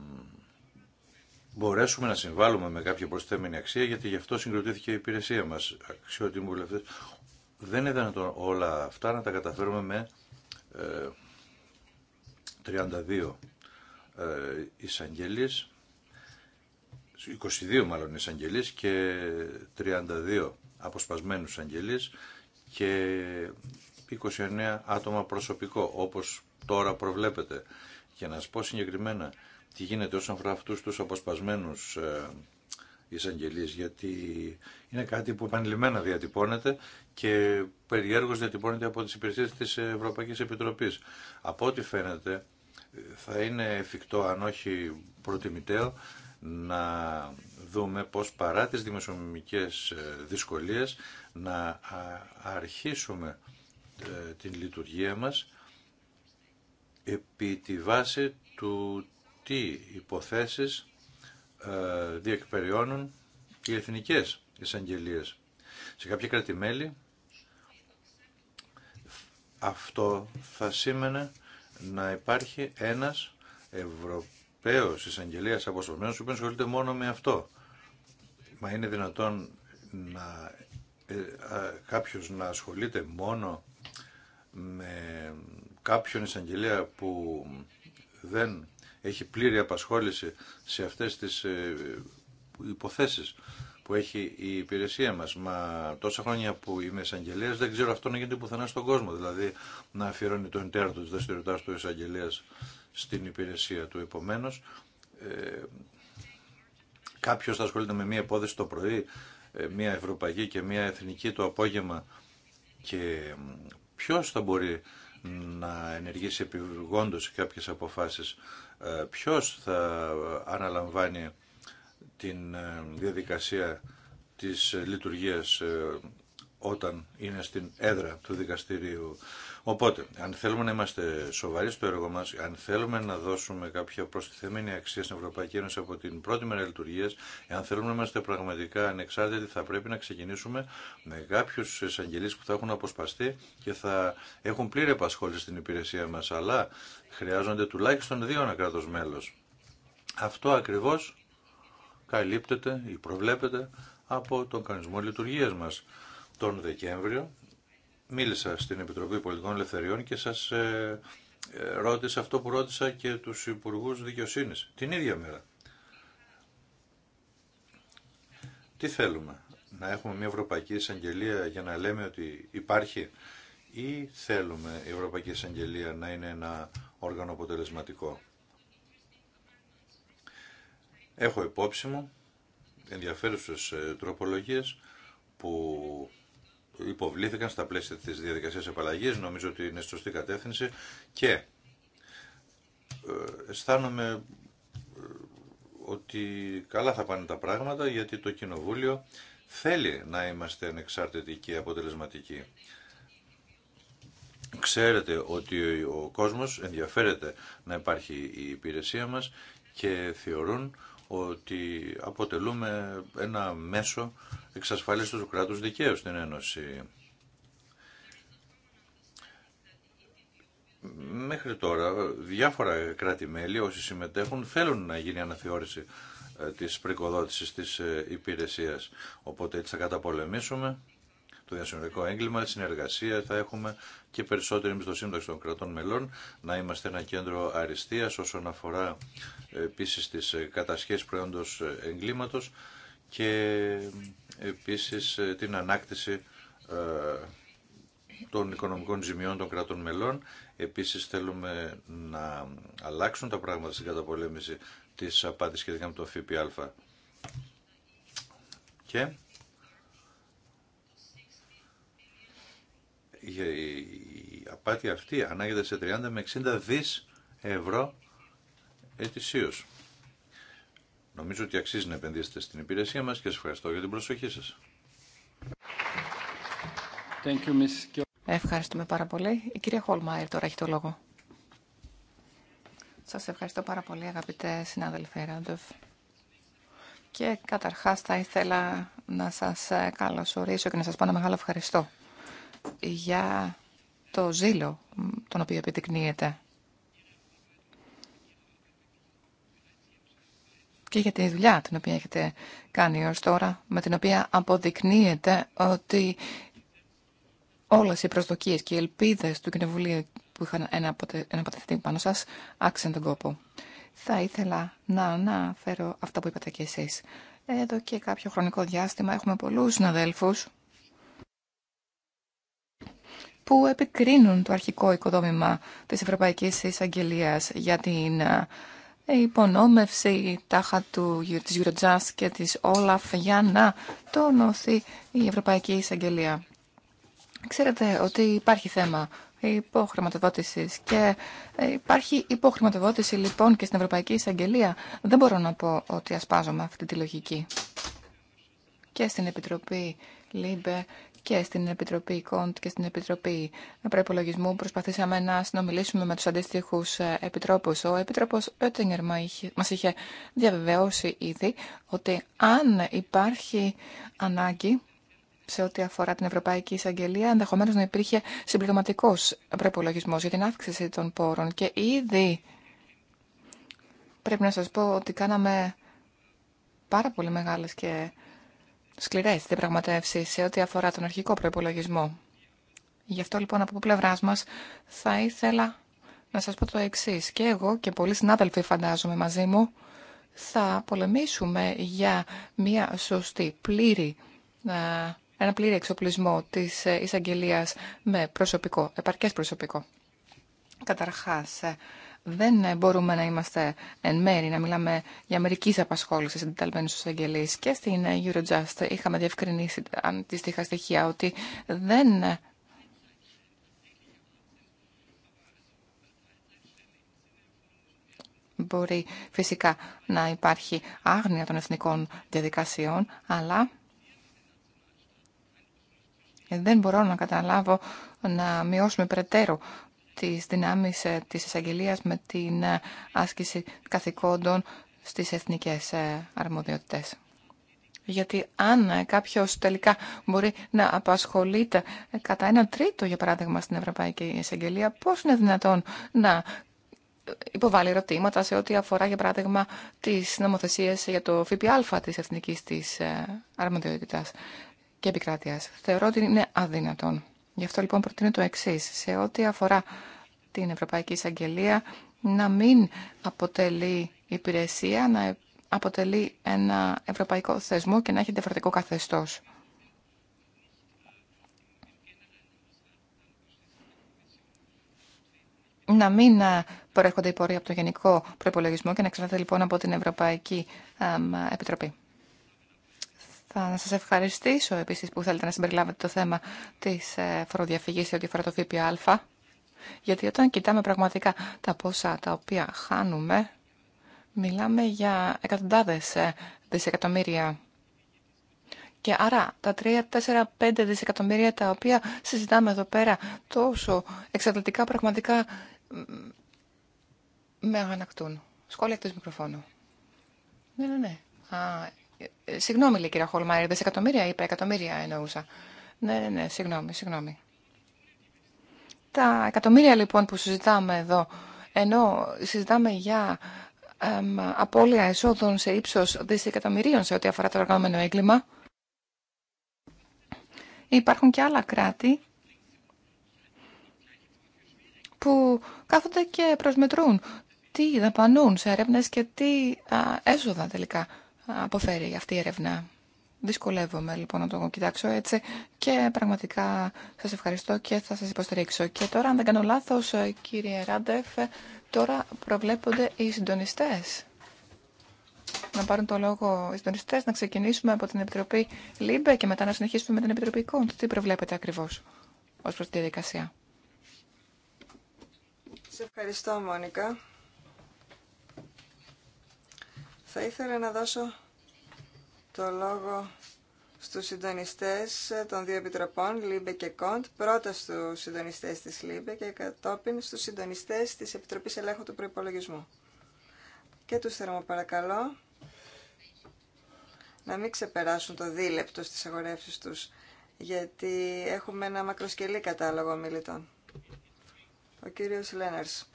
μπορέσουμε να συμβάλλουμε με κάποια προσθέμενη αξία, γιατί γι' αυτό συγκροτήθηκε η υπηρεσία μας, αξιότιμοι βουλευτές. Δεν είναι δυνατόν όλα αυτά να τα καταφέρουμε με 32 ε, ε, εισαγγελείς, 22 μάλλον εισαγγελείς και 32 αποσπασμένους εισαγγελείς και 29 άτομα προσωπικό, όπως τώρα προβλέπετε. Για να σας πω συγκεκριμένα τι γίνεται όσον αφορά αυτούς τους αποσπασμένους ε, εισαγγελείς, γιατί είναι κάτι που επανειλημμένα διατυπώνεται και περιέργως διατυπώνεται από τις υπηρεσίες της Ευρωπαϊκής Επιτροπής. Από ό,τι φαίνεται, θα είναι εφικτό, αν όχι προτιμητέο, να δούμε πώς παρά τις δημοσιονομικές ε, δυσκολίες να αρχίσουμε ε, την λειτουργία μας επί τη βάση του τι υποθέσεις ε, διεκπεριώνουν οι εθνικές εισαγγελίες. Σε κάποια κρατημέλη αυτό θα σήμαινε να υπάρχει ένας Ευρωπαίος εισαγγελίας αποσπασμένος που ασχολείται μόνο με αυτό. Μα είναι δυνατόν να, ε, κάποιος να ασχολείται μόνο με κάποιον εισαγγελία που δεν έχει πλήρη απασχόληση σε αυτές τις ε, υποθέσεις που έχει η υπηρεσία μας. Μα τόσα χρόνια που είμαι εισαγγελέα δεν ξέρω αυτό να γίνεται πουθενά στον κόσμο. Δηλαδή να αφιερώνει το εντέρτο της δεστηριοτάς του εισαγγελέα στην υπηρεσία του. Επομένως, ε, κάποιος θα ασχολείται με μία υπόθεση το πρωί, ε, μία ευρωπαϊκή και μία εθνική το απόγευμα και ποιος θα μπορεί να ενεργήσει επιγόντως κάποιες αποφάσεις, ε, ποιος θα αναλαμβάνει την ε, διαδικασία της λειτουργίας ε, όταν είναι στην έδρα του δικαστηρίου. Οπότε, αν θέλουμε να είμαστε σοβαροί στο έργο μας, αν θέλουμε να δώσουμε κάποια προστιθέμενη αξία στην Ευρωπαϊκή Ένωση από την πρώτη μέρα λειτουργίας, αν θέλουμε να είμαστε πραγματικά ανεξάρτητοι, θα πρέπει να ξεκινήσουμε με κάποιους εισαγγελείς που θα έχουν αποσπαστεί και θα έχουν πλήρη επασχόληση στην υπηρεσία μας, αλλά χρειάζονται τουλάχιστον δύο ένα μέλος. Αυτό ακριβώς καλύπτεται ή προβλέπεται από τον κανονισμό λειτουργίας μας. Τον Δεκέμβριο μίλησα στην Επιτροπή Πολιτικών Ελευθεριών και σας ε, ε, ρώτησα αυτό που ρώτησα και τους Υπουργούς Δικαιοσύνης την ίδια μέρα. Τι θέλουμε, να έχουμε μια Ευρωπαϊκή Εισαγγελία για να λέμε ότι υπάρχει ή θέλουμε η Ευρωπαϊκή Εισαγγελία να είναι ένα όργανο αποτελεσματικό. Έχω υπόψη μου ενδιαφέρουσες ε, τροπολογίες που υποβλήθηκαν στα πλαίσια της διαδικασίας επαλλαγής. Νομίζω ότι είναι σωστή κατεύθυνση και ε, αισθάνομαι ε, ότι καλά θα πάνε τα πράγματα γιατί το Κοινοβούλιο θέλει να είμαστε ανεξάρτητοι και αποτελεσματικοί. Ξέρετε ότι ο κόσμος ενδιαφέρεται να υπάρχει η υπηρεσία μας και θεωρούν ότι αποτελούμε ένα μέσο εξασφάλισης του κράτους δικαίου στην Ένωση. Μέχρι τώρα διάφορα κράτη-μέλη όσοι συμμετέχουν θέλουν να γίνει αναθεώρηση ε, της πρικοδότησης της ε, υπηρεσίας. Οπότε έτσι θα καταπολεμήσουμε το διασυνορικό έγκλημα, συνεργασία θα έχουμε και περισσότερη εμπιστοσύνη των κρατών μελών, να είμαστε ένα κέντρο αριστείας όσον αφορά ε, επίση τι ε, κατασχέσει προϊόντος ε, εγκλήματος και επίσης την ανάκτηση των οικονομικών ζημιών των κρατών μελών. Επίσης θέλουμε να αλλάξουν τα πράγματα στην καταπολέμηση της απάτης σχετικά με το ΦΠΑ. Και η απάτη αυτή ανάγεται σε 30 με 60 δις ευρώ ετησίως. Νομίζω ότι αξίζει να επενδύσετε στην υπηρεσία μας και σας ευχαριστώ για την προσοχή σας. Thank you, Ευχαριστούμε πάρα πολύ. Η κυρία Χολμάιρ τώρα έχει το λόγο. Σας ευχαριστώ πάρα πολύ αγαπητέ συνάδελφε Ράντοφ. Και καταρχάς θα ήθελα να σας ε, καλωσορίσω και να σας πω ένα μεγάλο ευχαριστώ για το ζήλο τον οποίο επιδεικνύεται και για τη δουλειά την οποία έχετε κάνει ως τώρα, με την οποία αποδεικνύεται ότι όλες οι προσδοκίες και οι ελπίδες του Κοινοβουλίου που είχαν εναποτεθεί πάνω σας άξιζαν τον κόπο. Θα ήθελα να αναφέρω αυτά που είπατε και εσείς. Εδώ και κάποιο χρονικό διάστημα έχουμε πολλούς συναδέλφους που επικρίνουν το αρχικό οικοδόμημα της Ευρωπαϊκής Εισαγγελίας για την ε, υπονόμευση τάχα του, της Eurojust και της Όλαφ για να τονωθεί η Ευρωπαϊκή Εισαγγελία. Ξέρετε ότι υπάρχει θέμα υποχρηματοδότησης και ε, υπάρχει υποχρηματοδότηση λοιπόν και στην Ευρωπαϊκή Εισαγγελία. Δεν μπορώ να πω ότι ασπάζομαι αυτή τη λογική. Και στην Επιτροπή ΛΥΜΠΕ και στην Επιτροπή Κοντ και στην Επιτροπή Προπολογισμού προσπαθήσαμε να συνομιλήσουμε με τους αντίστοιχους ε, επιτρόπους. Ο Επιτρόπος Ότενγκερ μας είχε διαβεβαιώσει ήδη ότι αν υπάρχει ανάγκη σε ό,τι αφορά την Ευρωπαϊκή Εισαγγελία, ενδεχομένω να υπήρχε συμπληρωματικό προπολογισμό για την αύξηση των πόρων. Και ήδη πρέπει να σα πω ότι κάναμε πάρα πολύ μεγάλε και σκληρές πραγματεύση σε ό,τι αφορά τον αρχικό προπολογισμό. Γι' αυτό λοιπόν από πλευρά μα θα ήθελα να σας πω το εξή. Και εγώ και πολλοί συνάδελφοι φαντάζομαι μαζί μου θα πολεμήσουμε για μια σωστή, πλήρη, ένα πλήρη εξοπλισμό της ε, εισαγγελία με προσωπικό, επαρκές προσωπικό. Καταρχάς, ε, δεν μπορούμε να είμαστε εν μέρη, να μιλάμε για μερική απασχόληση εντεταλμένου εισαγγελεί. Και στην Eurojust είχαμε διευκρινίσει αντίστοιχα στοιχεία ότι δεν μπορεί φυσικά να υπάρχει άγνοια των εθνικών διαδικασιών, αλλά δεν μπορώ να καταλάβω να μειώσουμε περαιτέρω τις δυνάμεις ε, της εισαγγελία με την ε, άσκηση καθηκόντων στις εθνικές ε, αρμοδιότητες. Γιατί αν κάποιος τελικά μπορεί να απασχολείται κατά ένα τρίτο, για παράδειγμα, στην Ευρωπαϊκή Εισαγγελία, πώς είναι δυνατόν να υποβάλει ερωτήματα σε ό,τι αφορά, για παράδειγμα, τις νομοθεσίες για το ΦΠΑ της εθνικής της αρμοδιότητας και επικράτειας. Θεωρώ ότι είναι αδύνατον. Γι' αυτό λοιπόν προτείνω το εξή. Σε ό,τι αφορά την Ευρωπαϊκή Εισαγγελία, να μην αποτελεί υπηρεσία, να αποτελεί ένα ευρωπαϊκό θεσμό και να έχει διαφορετικό καθεστώς. να μην ε, προέρχονται οι πορεία από το Γενικό Προπολογισμό και να εξαρτάται λοιπόν από την Ευρωπαϊκή ε, Επιτροπή. Θα σας ευχαριστήσω επίσης που θέλετε να συμπεριλάβετε το θέμα της ε, φοροδιαφυγής σε ό,τι αφορά το ΦΠΑ. Γιατί όταν κοιτάμε πραγματικά τα πόσα τα οποία χάνουμε, μιλάμε για εκατοντάδες ε, δισεκατομμύρια. Και άρα τα 3, 4, 5 δισεκατομμύρια τα οποία συζητάμε εδώ πέρα τόσο εξαρτητικά πραγματικά με αγανακτούν. Σχόλια εκτός μικροφώνου. Ναι, ναι, ναι. Α, ε, ε, συγγνώμη, λέει κυρία Χολμάιρ, δισεκατομμύρια είπα, εκατομμύρια εννοούσα. Ναι, ναι, ναι, συγγνώμη, συγγνώμη. Τα εκατομμύρια λοιπόν που συζητάμε εδώ, ενώ συζητάμε για εμ, απώλεια εσόδων σε ύψος δισεκατομμυρίων σε ό,τι αφορά το εργανομένο έγκλημα, υπάρχουν και άλλα κράτη που κάθονται και προσμετρούν τι δαπανούν σε έρευνες και τι έσοδα τελικά αποφέρει αυτή η έρευνα. Δυσκολεύομαι λοιπόν να το κοιτάξω έτσι και πραγματικά σας ευχαριστώ και θα σας υποστηρίξω. Και τώρα αν δεν κάνω λάθος κύριε Ράντεφ, τώρα προβλέπονται οι συντονιστές. Να πάρουν το λόγο οι συντονιστέ, να ξεκινήσουμε από την Επιτροπή ΛΥΜΠΕ και μετά να συνεχίσουμε με την Επιτροπή ΚΟΝΤ. Τι προβλέπετε ακριβώς ως προς τη διαδικασία. Σε ευχαριστώ, Μόνικα. Θα ήθελα να δώσω το λόγο στους συντονιστές των δύο επιτροπών, ΛΥΜΠΕ και ΚΟΝΤ, πρώτα στους συντονιστές της ΛΥΜΠΕ και κατόπιν στους συντονιστές της Επιτροπής Ελέγχου του Προϋπολογισμού. Και τους θέλω παρακαλώ να μην ξεπεράσουν το δίλεπτο στις αγορεύσεις τους, γιατί έχουμε ένα μακροσκελή κατάλογο μιλητών. Ο κύριος Λέναρς.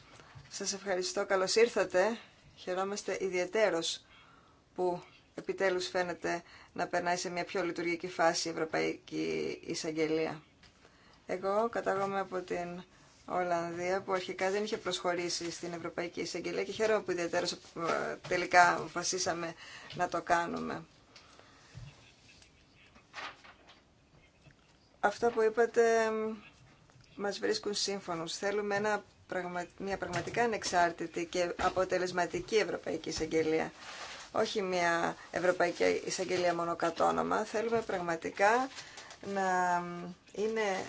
Σας ευχαριστώ. Καλώς ήρθατε Χαιρόμαστε ιδιαίτερος που επιτέλους φαίνεται να περνάει σε μια πιο λειτουργική φάση η Ευρωπαϊκή Εισαγγελία. Εγώ κατάγομαι από την Ολλανδία που αρχικά δεν είχε προσχωρήσει στην Ευρωπαϊκή Εισαγγελία και χαίρομαι που ιδιαίτερα τελικά αποφασίσαμε να το κάνουμε. Αυτά που είπατε μας βρίσκουν σύμφωνος. Θέλουμε ένα μια πραγματικά ανεξάρτητη και αποτελεσματική Ευρωπαϊκή Εισαγγελία. Όχι μια Ευρωπαϊκή Εισαγγελία μόνο όνομα. Θέλουμε πραγματικά να είναι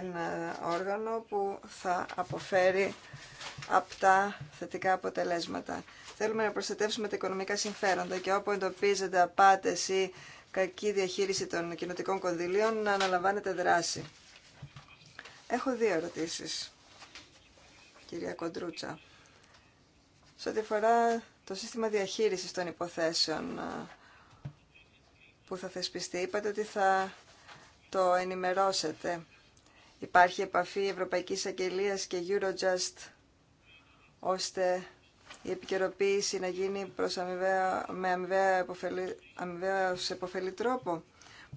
ένα όργανο που θα αποφέρει απτά θετικά αποτελέσματα. Θέλουμε να προστατεύσουμε τα οικονομικά συμφέροντα και όπου εντοπίζεται απάτες ή κακή διαχείριση των κοινοτικών κονδυλίων να αναλαμβάνεται δράση. Έχω δύο ερωτήσεις κυρία Κοντρούτσα. Σε ό,τι αφορά το σύστημα διαχείρισης των υποθέσεων που θα θεσπιστεί, είπατε ότι θα το ενημερώσετε. Υπάρχει επαφή Ευρωπαϊκής Αγγελίας και Eurojust, ώστε η επικαιροποίηση να γίνει προς αμοιβαία, με αμοιβαία σε τρόπο.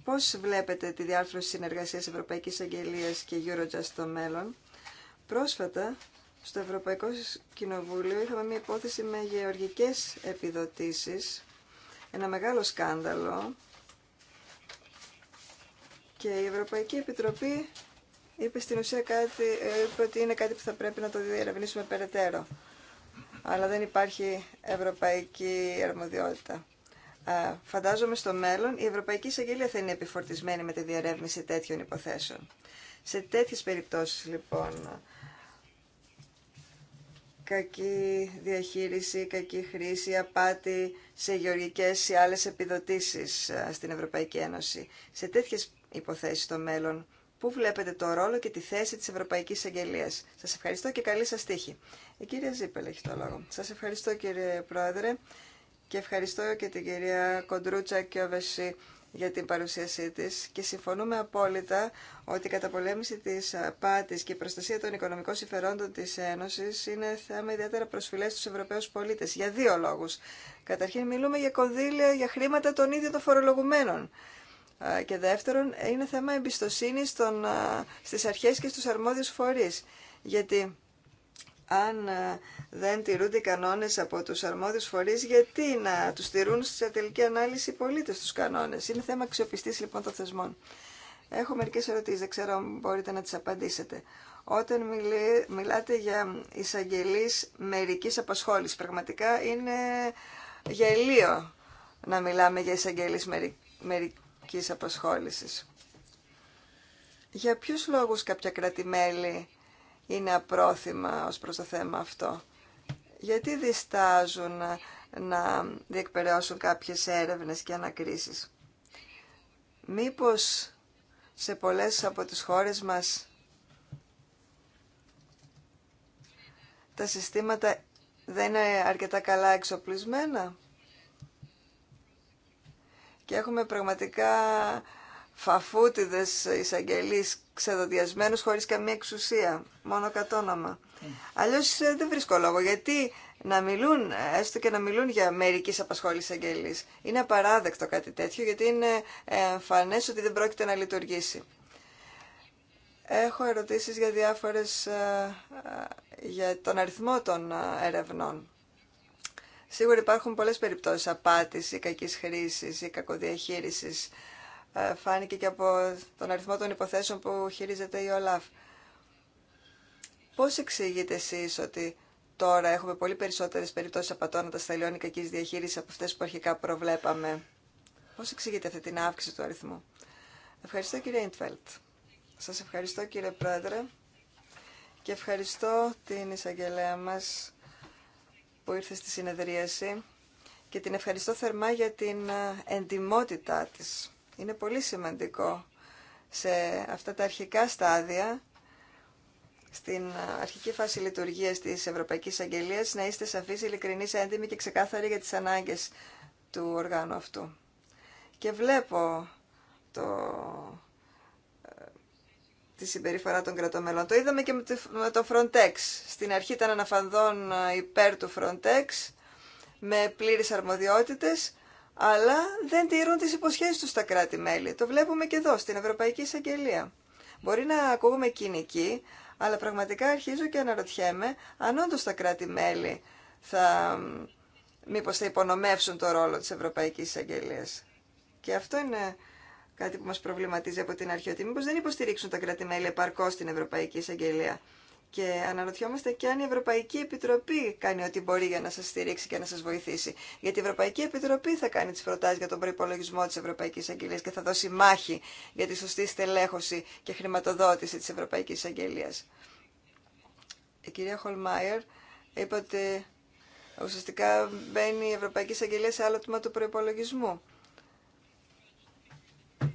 Πώς βλέπετε τη διάρθρωση συνεργασίας Ευρωπαϊκής Αγγελίας και Eurojust στο μέλλον. Πρόσφατα στο Ευρωπαϊκό Κοινοβούλιο είχαμε μια υπόθεση με γεωργικές επιδοτήσεις, ένα μεγάλο σκάνδαλο και η Ευρωπαϊκή Επιτροπή είπε στην ουσία κάτι, ότι είναι κάτι που θα πρέπει να το διερευνήσουμε περαιτέρω. Αλλά δεν υπάρχει ευρωπαϊκή αρμοδιότητα. Φαντάζομαι στο μέλλον η Ευρωπαϊκή Εισαγγελία θα είναι επιφορτισμένη με τη διερεύνηση τέτοιων υποθέσεων. Σε τέτοιες περιπτώσεις λοιπόν κακή διαχείριση, κακή χρήση, απάτη σε γεωργικές ή άλλες επιδοτήσεις ε, στην Ευρωπαϊκή Ένωση. Σε τέτοιες υποθέσεις στο μέλλον, πού βλέπετε το ρόλο και τη θέση της Ευρωπαϊκής Αγγελίας. Σας ευχαριστώ και καλή σας τύχη. Η ε, κυρία Ζήπελ έχει το λόγο. Σας ευχαριστώ κύριε Πρόεδρε και ευχαριστώ και την κυρία Κοντρούτσα και ο Βεσί για την παρουσίασή της και συμφωνούμε απόλυτα ότι η καταπολέμηση της απάτης και η προστασία των οικονομικών συμφερόντων της Ένωσης είναι θέμα ιδιαίτερα προσφυλές στους Ευρωπαίους πολίτες για δύο λόγους. Καταρχήν μιλούμε για κονδύλια, για χρήματα των ίδιων των φορολογουμένων. Και δεύτερον, είναι θέμα εμπιστοσύνη στι στις αρχές και στους αρμόδιους φορείς. Γιατί αν ε, δεν τηρούνται οι κανόνες από τους αρμόδιους φορείς, γιατί να τους τηρούν σε τελική ανάλυση οι πολίτες τους κανόνες. Είναι θέμα αξιοπιστής λοιπόν των θεσμών. Έχω μερικές ερωτήσεις, δεν ξέρω αν μπορείτε να τις απαντήσετε. Όταν μιλάτε για εισαγγελείς μερικής απασχόλησης, πραγματικά είναι γελίο να μιλάμε για εισαγγελείς μερική μερικής Για ποιους λόγους κάποια είναι απρόθυμα ως προς το θέμα αυτό. Γιατί διστάζουν να διεκπαιρεώσουν κάποιες έρευνες και ανακρίσεις. Μήπως σε πολλές από τις χώρες μας τα συστήματα δεν είναι αρκετά καλά εξοπλισμένα και έχουμε πραγματικά φαφούτιδες εισαγγελείς ξεδοδιασμένους χωρίς καμία εξουσία, μόνο κατόνομα. Mm. Αλλιώς ε, δεν βρίσκω λόγο, γιατί να μιλούν, έστω και να μιλούν για μερική απασχόληση αγγελή. Είναι απαράδεκτο κάτι τέτοιο, γιατί είναι ε, εμφανέ ότι δεν πρόκειται να λειτουργήσει. Έχω ερωτήσεις για διάφορες, για τον αριθμό των ερευνών. Σίγουρα υπάρχουν πολλές περιπτώσεις απάτης ή κακής χρήσης ή κακοδιαχείρισης ε, φάνηκε και από τον αριθμό των υποθέσεων που χειρίζεται η ΟΛΑΦ. Πώς εξηγείτε εσείς ότι τώρα έχουμε πολύ περισσότερες περιπτώσεις απατώνοντας στα και κακής διαχείρισης από αυτές που αρχικά προβλέπαμε. Πώς εξηγείτε αυτή την αύξηση του αριθμού. Ευχαριστώ κύριε Ιντφέλτ. Σας ευχαριστώ κύριε Πρόεδρε και ευχαριστώ την εισαγγελέα μας που ήρθε στη συνεδρίαση και την ευχαριστώ θερμά για την ε, εντιμότητά της. Είναι πολύ σημαντικό σε αυτά τα αρχικά στάδια, στην αρχική φάση λειτουργία τη Ευρωπαϊκή Αγγελία. να είστε σαφεί, ειλικρινεί, έντιμοι και ξεκάθαροι για τις ανάγκες του οργάνου αυτού. Και βλέπω το... Ε, τη συμπεριφορά των κρατομέλων. Το είδαμε και με το Frontex. Στην αρχή ήταν αναφανδόν ε, υπέρ του Frontex, με πλήρες αρμοδιότητες αλλά δεν τηρούν τις υποσχέσεις τους στα κράτη-μέλη. Το βλέπουμε και εδώ, στην Ευρωπαϊκή Εισαγγελία. Μπορεί να ακούγουμε κοινική, αλλά πραγματικά αρχίζω και αναρωτιέμαι αν όντως τα κράτη-μέλη θα, μήπως θα υπονομεύσουν το ρόλο της Ευρωπαϊκής Εισαγγελίας. Και αυτό είναι κάτι που μας προβληματίζει από την αρχή, ότι μήπως δεν υποστηρίξουν τα κράτη-μέλη επαρκώς την Ευρωπαϊκή Εισαγγελία. Και αναρωτιόμαστε και αν η Ευρωπαϊκή Επιτροπή κάνει ό,τι μπορεί για να σα στηρίξει και να σα βοηθήσει. Γιατί η Ευρωπαϊκή Επιτροπή θα κάνει τι προτάσεις για τον προπολογισμό τη Ευρωπαϊκή Αγγελία και θα δώσει μάχη για τη σωστή στελέχωση και χρηματοδότηση τη Ευρωπαϊκή Αγγελία. Η κυρία Χολμάιερ είπε ότι ουσιαστικά μπαίνει η Ευρωπαϊκή Αγγελία σε άλλο τμήμα του προπολογισμού.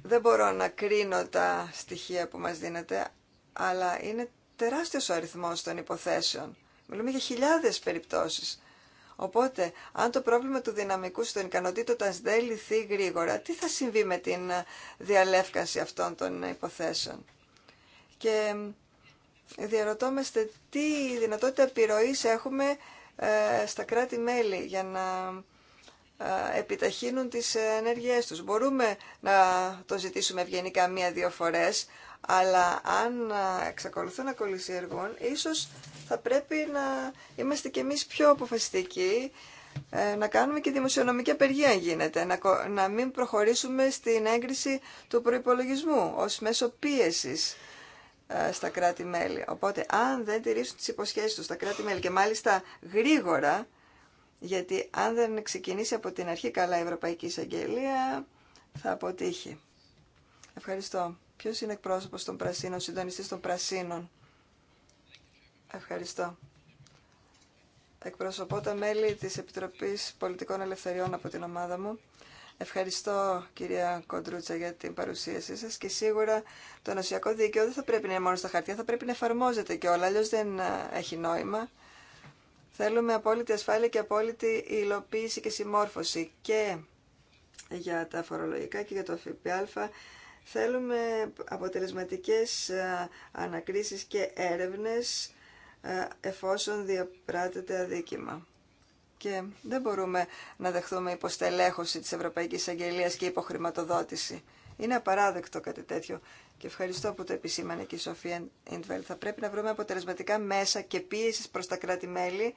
Δεν μπορώ να κρίνω τα στοιχεία που μας δίνετε, αλλά είναι τεράστιος ο αριθμός των υποθέσεων. Μιλούμε για χιλιάδες περιπτώσεις. Οπότε, αν το πρόβλημα του δυναμικού στον ικανοτήτωτα δεν λυθεί γρήγορα, τι θα συμβεί με την ε, διαλεύκανση αυτών των υποθέσεων. Και ε, διαρωτόμαστε τι δυνατότητα επιρροή έχουμε ε, στα κράτη-μέλη για να επιταχύνουν τις ενέργειές τους. Μπορούμε να το ζητήσουμε ευγενικά μία-δύο φορές, αλλά αν εξακολουθούν να κολλησιεργούν, ίσως θα πρέπει να είμαστε κι εμείς πιο αποφασιστικοί, ε, να κάνουμε και δημοσιονομική απεργία γίνεται, να μην προχωρήσουμε στην έγκριση του προϋπολογισμού ως μέσο πίεσης ε, στα κράτη-μέλη. Οπότε, αν δεν τηρήσουν τις υποσχέσεις τους στα κράτη-μέλη και μάλιστα γρήγορα, γιατί αν δεν ξεκινήσει από την αρχή καλά η Ευρωπαϊκή Εισαγγελία, θα αποτύχει. Ευχαριστώ. Ποιος είναι εκπρόσωπος των Πρασίνων, συντονιστής των Πρασίνων. Ευχαριστώ. Εκπροσωπώ τα μέλη της Επιτροπής Πολιτικών Ελευθεριών από την ομάδα μου. Ευχαριστώ κυρία Κοντρούτσα για την παρουσίασή σας και σίγουρα το νοσιακό δίκαιο δεν θα πρέπει να είναι μόνο στα χαρτιά, θα πρέπει να εφαρμόζεται και όλα, αλλιώς δεν ε, έχει νόημα. Θέλουμε απόλυτη ασφάλεια και απόλυτη υλοποίηση και συμμόρφωση και για τα φορολογικά και για το ΦΠΑ Θέλουμε αποτελεσματικές ε, ανακρίσεις και έρευνες ε, εφόσον διαπράτεται αδίκημα. Και δεν μπορούμε να δεχθούμε υποστελέχωση της Ευρωπαϊκής Αγγελίας και υποχρηματοδότηση. Είναι απαράδεκτο κάτι τέτοιο. Και ευχαριστώ που το επισήμανε και η Σοφία Ιντβέλ. Θα πρέπει να βρούμε αποτελεσματικά μέσα και πίεση προς τα κράτη-μέλη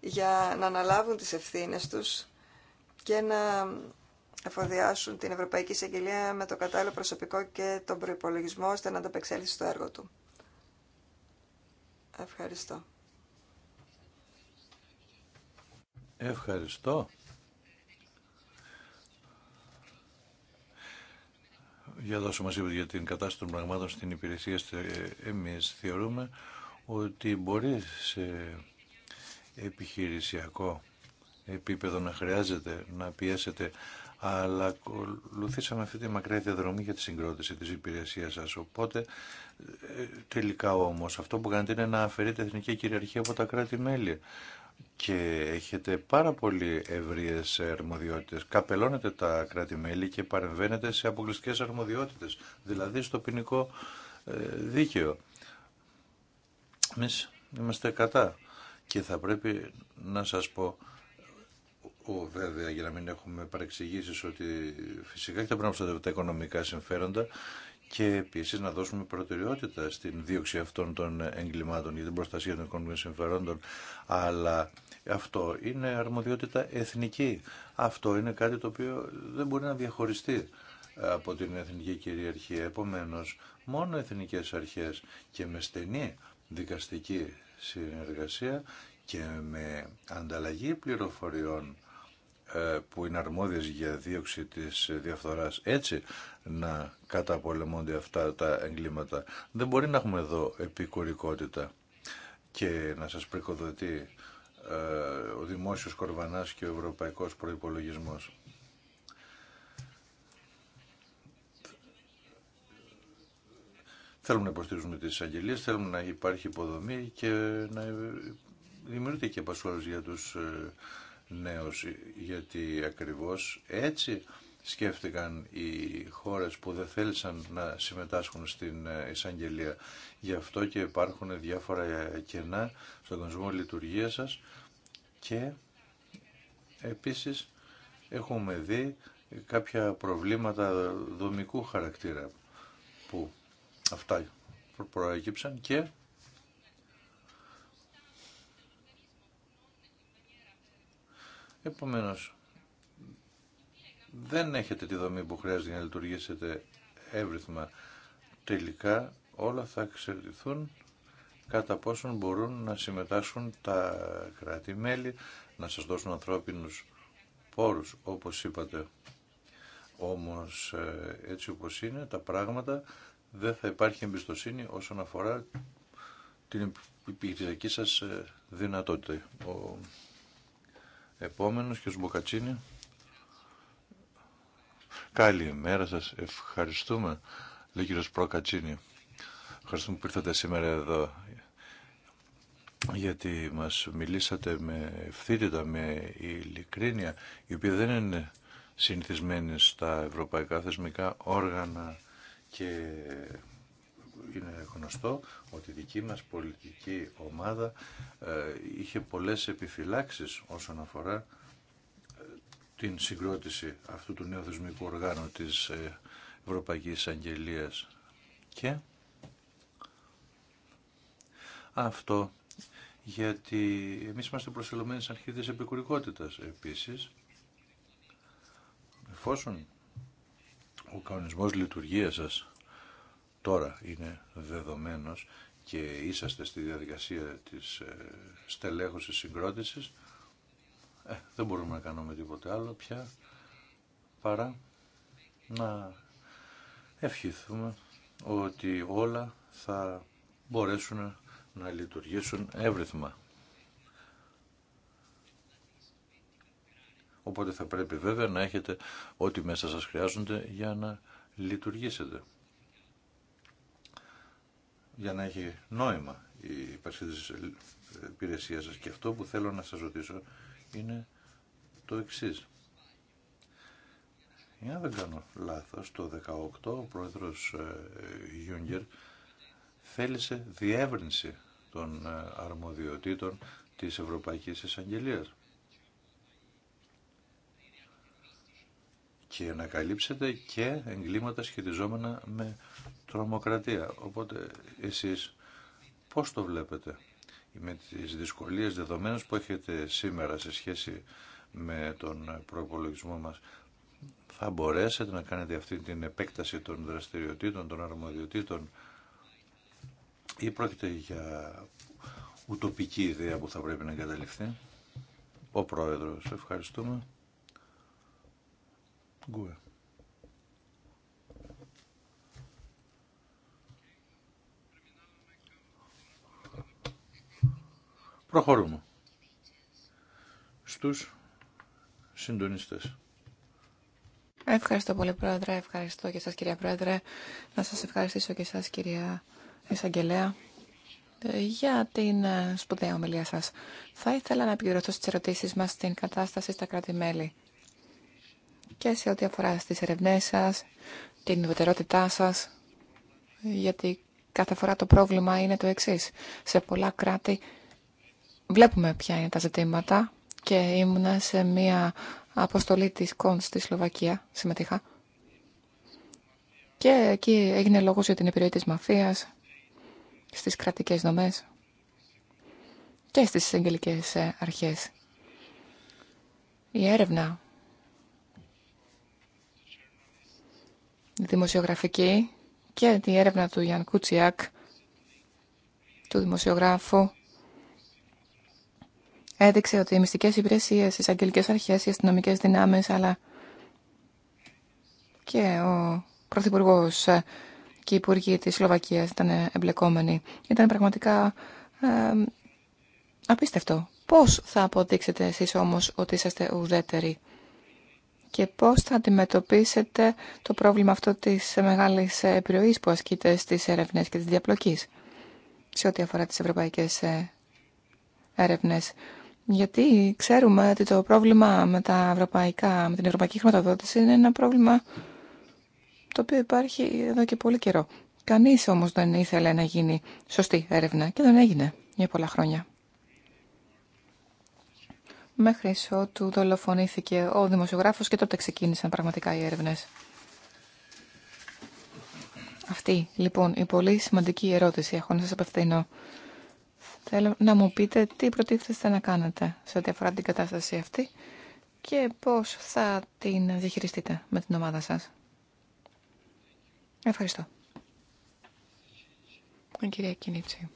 για να αναλάβουν τις ευθύνες τους και να εφοδιάσουν την Ευρωπαϊκή Εισαγγελία με το κατάλληλο προσωπικό και τον προϋπολογισμό ώστε να ανταπεξέλθει στο έργο του. Ευχαριστώ. Ευχαριστώ. Για δώσω μας είπε για την κατάσταση των πραγμάτων στην υπηρεσία. Εμείς θεωρούμε ότι μπορεί σε επιχειρησιακό επίπεδο να χρειάζεται να πιέσετε αλλά ακολουθήσαμε αυτή τη μακρά διαδρομή για τη συγκρότηση της υπηρεσίας σας. Οπότε ε, τελικά όμως αυτό που κάνετε είναι να αφαιρείτε εθνική κυριαρχία από τα κράτη-μέλη και έχετε πάρα πολύ ευρείες αρμοδιότητες. Καπελώνετε τα κράτη-μέλη και παρεμβαίνετε σε αποκλειστικές αρμοδιότητες, δηλαδή στο ποινικό ε, δίκαιο. Εμεί είμαστε κατά και θα πρέπει να σας πω πω βέβαια για να μην έχουμε παρεξηγήσει ότι φυσικά και τα πρέπει να τα οικονομικά συμφέροντα και επίση να δώσουμε προτεραιότητα στην δίωξη αυτών των εγκλημάτων για την προστασία των οικονομικών συμφερόντων. Αλλά αυτό είναι αρμοδιότητα εθνική. Αυτό είναι κάτι το οποίο δεν μπορεί να διαχωριστεί από την εθνική κυριαρχία. Επομένω, μόνο εθνικέ αρχέ και με στενή δικαστική συνεργασία και με ανταλλαγή πληροφοριών ε, που είναι αρμόδιες για δίωξη της διαφθοράς. Έτσι να καταπολεμούνται αυτά τα εγκλήματα. Δεν μπορεί να έχουμε εδώ επικουρικότητα και να σας πρικοδοτεί ε, ο δημόσιος κορβανάς και ο ευρωπαϊκός προϋπολογισμός. Θέλουμε να υποστηρίζουμε τις αγγελίες, θέλουμε να υπάρχει υποδομή και να δημιουργείται και επασχόληση για τους ε, νέος, γιατί ακριβώς έτσι σκέφτηκαν οι χώρες που δεν θέλησαν να συμμετάσχουν στην ε, εισαγγελία. Γι' αυτό και υπάρχουν διάφορα ε, κενά στον κοσμό λειτουργίας σας και επίσης έχουμε δει κάποια προβλήματα δομικού χαρακτήρα που αυτά προέκυψαν και Επομένως, δεν έχετε τη δομή που χρειάζεται για να λειτουργήσετε εύρυθμα. Τελικά όλα θα εξαρτηθούν κατά πόσον μπορούν να συμμετάσχουν τα κράτη-μέλη, να σας δώσουν ανθρώπινους πόρους, όπως είπατε. Όμως ε, έτσι όπως είναι τα πράγματα δεν θα υπάρχει εμπιστοσύνη όσον αφορά την υπηρεσιακή σας ε, δυνατότητα. Επόμενος και ο Μποκατσίνη. Καλημέρα σας. Ευχαριστούμε, λέει ο κύριος Προκατσίνη. Ευχαριστούμε που ήρθατε σήμερα εδώ γιατί μας μιλήσατε με ευθύτητα, με ειλικρίνεια, η οποία δεν είναι συνηθισμένη στα ευρωπαϊκά θεσμικά όργανα και είναι γνωστό ότι η δική μας πολιτική ομάδα ε, είχε πολλές επιφυλάξεις όσον αφορά ε, την συγκρότηση αυτού του νέου θεσμικού οργάνου της ε, Ευρωπαϊκής Αγγελίας. Και αυτό γιατί εμείς είμαστε προσελωμένοι σαν αρχή της επικουρικότητας επίσης. Εφόσον ο κανονισμός λειτουργίας σας τώρα είναι δεδομένος και είσαστε στη διαδικασία της ε, στελέχωσης συγκρότησης, ε, δεν μπορούμε να κάνουμε τίποτε άλλο πια παρά να ευχηθούμε ότι όλα θα μπορέσουν να λειτουργήσουν εύρυθμα. Οπότε θα πρέπει βέβαια να έχετε ό,τι μέσα σας χρειάζονται για να λειτουργήσετε για να έχει νόημα η ύπαρξη της υπηρεσίας Και αυτό που θέλω να σας ρωτήσω είναι το εξή. Για δεν κάνω λάθος, το 18 ο πρόεδρος ε, Γιούγκερ θέλησε διεύρυνση των ε, αρμοδιοτήτων της Ευρωπαϊκής Εισαγγελίας. Και να καλύψετε και εγκλήματα σχετιζόμενα με τρομοκρατία. Οπότε εσείς πώς το βλέπετε με τις δυσκολίες δεδομένες που έχετε σήμερα σε σχέση με τον προπολογισμό μας θα μπορέσετε να κάνετε αυτή την επέκταση των δραστηριοτήτων, των αρμοδιοτήτων ή πρόκειται για ουτοπική ιδέα που θα πρέπει να καταληφθεί. Ο Πρόεδρος, ευχαριστούμε. Good. Προχωρούμε στους συντονιστές. Ευχαριστώ πολύ Πρόεδρε, ευχαριστώ και σας κυρία Πρόεδρε. Να σας ευχαριστήσω και σας κυρία Εισαγγελέα για την ε, σπουδαία ομιλία σας. Θα ήθελα να επικεντρωθώ στις ερωτήσεις μας στην κατάσταση στα κράτη-μέλη και σε ό,τι αφορά στις ερευνές σας, την ιδιωτερότητά σας, γιατί κάθε φορά το πρόβλημα είναι το εξής. Σε πολλά κράτη βλέπουμε ποια είναι τα ζητήματα και ήμουνα σε μία αποστολή της Κόνς στη Σλοβακία, συμμετείχα. Και εκεί έγινε λόγος για την επιρροή της μαφίας στις κρατικές δομές και στις εγγελικές ε, αρχές. Η έρευνα δημοσιογραφική και η έρευνα του Γιάνν Κουτσιάκ, του δημοσιογράφου, έδειξε ότι οι μυστικές υπηρεσίες, οι εισαγγελικές αρχές, οι αστυνομικέ δυνάμεις, αλλά και ο Πρωθυπουργό ε, και οι Υπουργοί της Σλοβακίας ήταν εμπλεκόμενοι. Ήταν πραγματικά ε, απίστευτο. Πώς θα αποδείξετε εσείς όμως ότι είσαστε ουδέτεροι και πώς θα αντιμετωπίσετε το πρόβλημα αυτό της μεγάλης επιρροής που ασκείται στις έρευνες και της διαπλοκής σε ό,τι αφορά τις ευρωπαϊκές ε, έρευνες. Γιατί ξέρουμε ότι το πρόβλημα με, τα ευρωπαϊκά, με την ευρωπαϊκή χρηματοδότηση είναι ένα πρόβλημα το οποίο υπάρχει εδώ και πολύ καιρό. Κανείς όμως δεν ήθελε να γίνει σωστή έρευνα και δεν έγινε για πολλά χρόνια. Μέχρι ότου δολοφονήθηκε ο δημοσιογράφος και τότε ξεκίνησαν πραγματικά οι έρευνες. Αυτή λοιπόν η πολύ σημαντική ερώτηση έχω να σας απευθύνω. Θέλω να μου πείτε τι προτίθεστε να κάνετε σε ό,τι αφορά την κατάσταση αυτή και πώς θα την διαχειριστείτε με την ομάδα σας. Ευχαριστώ. κυρία Κινίτσι.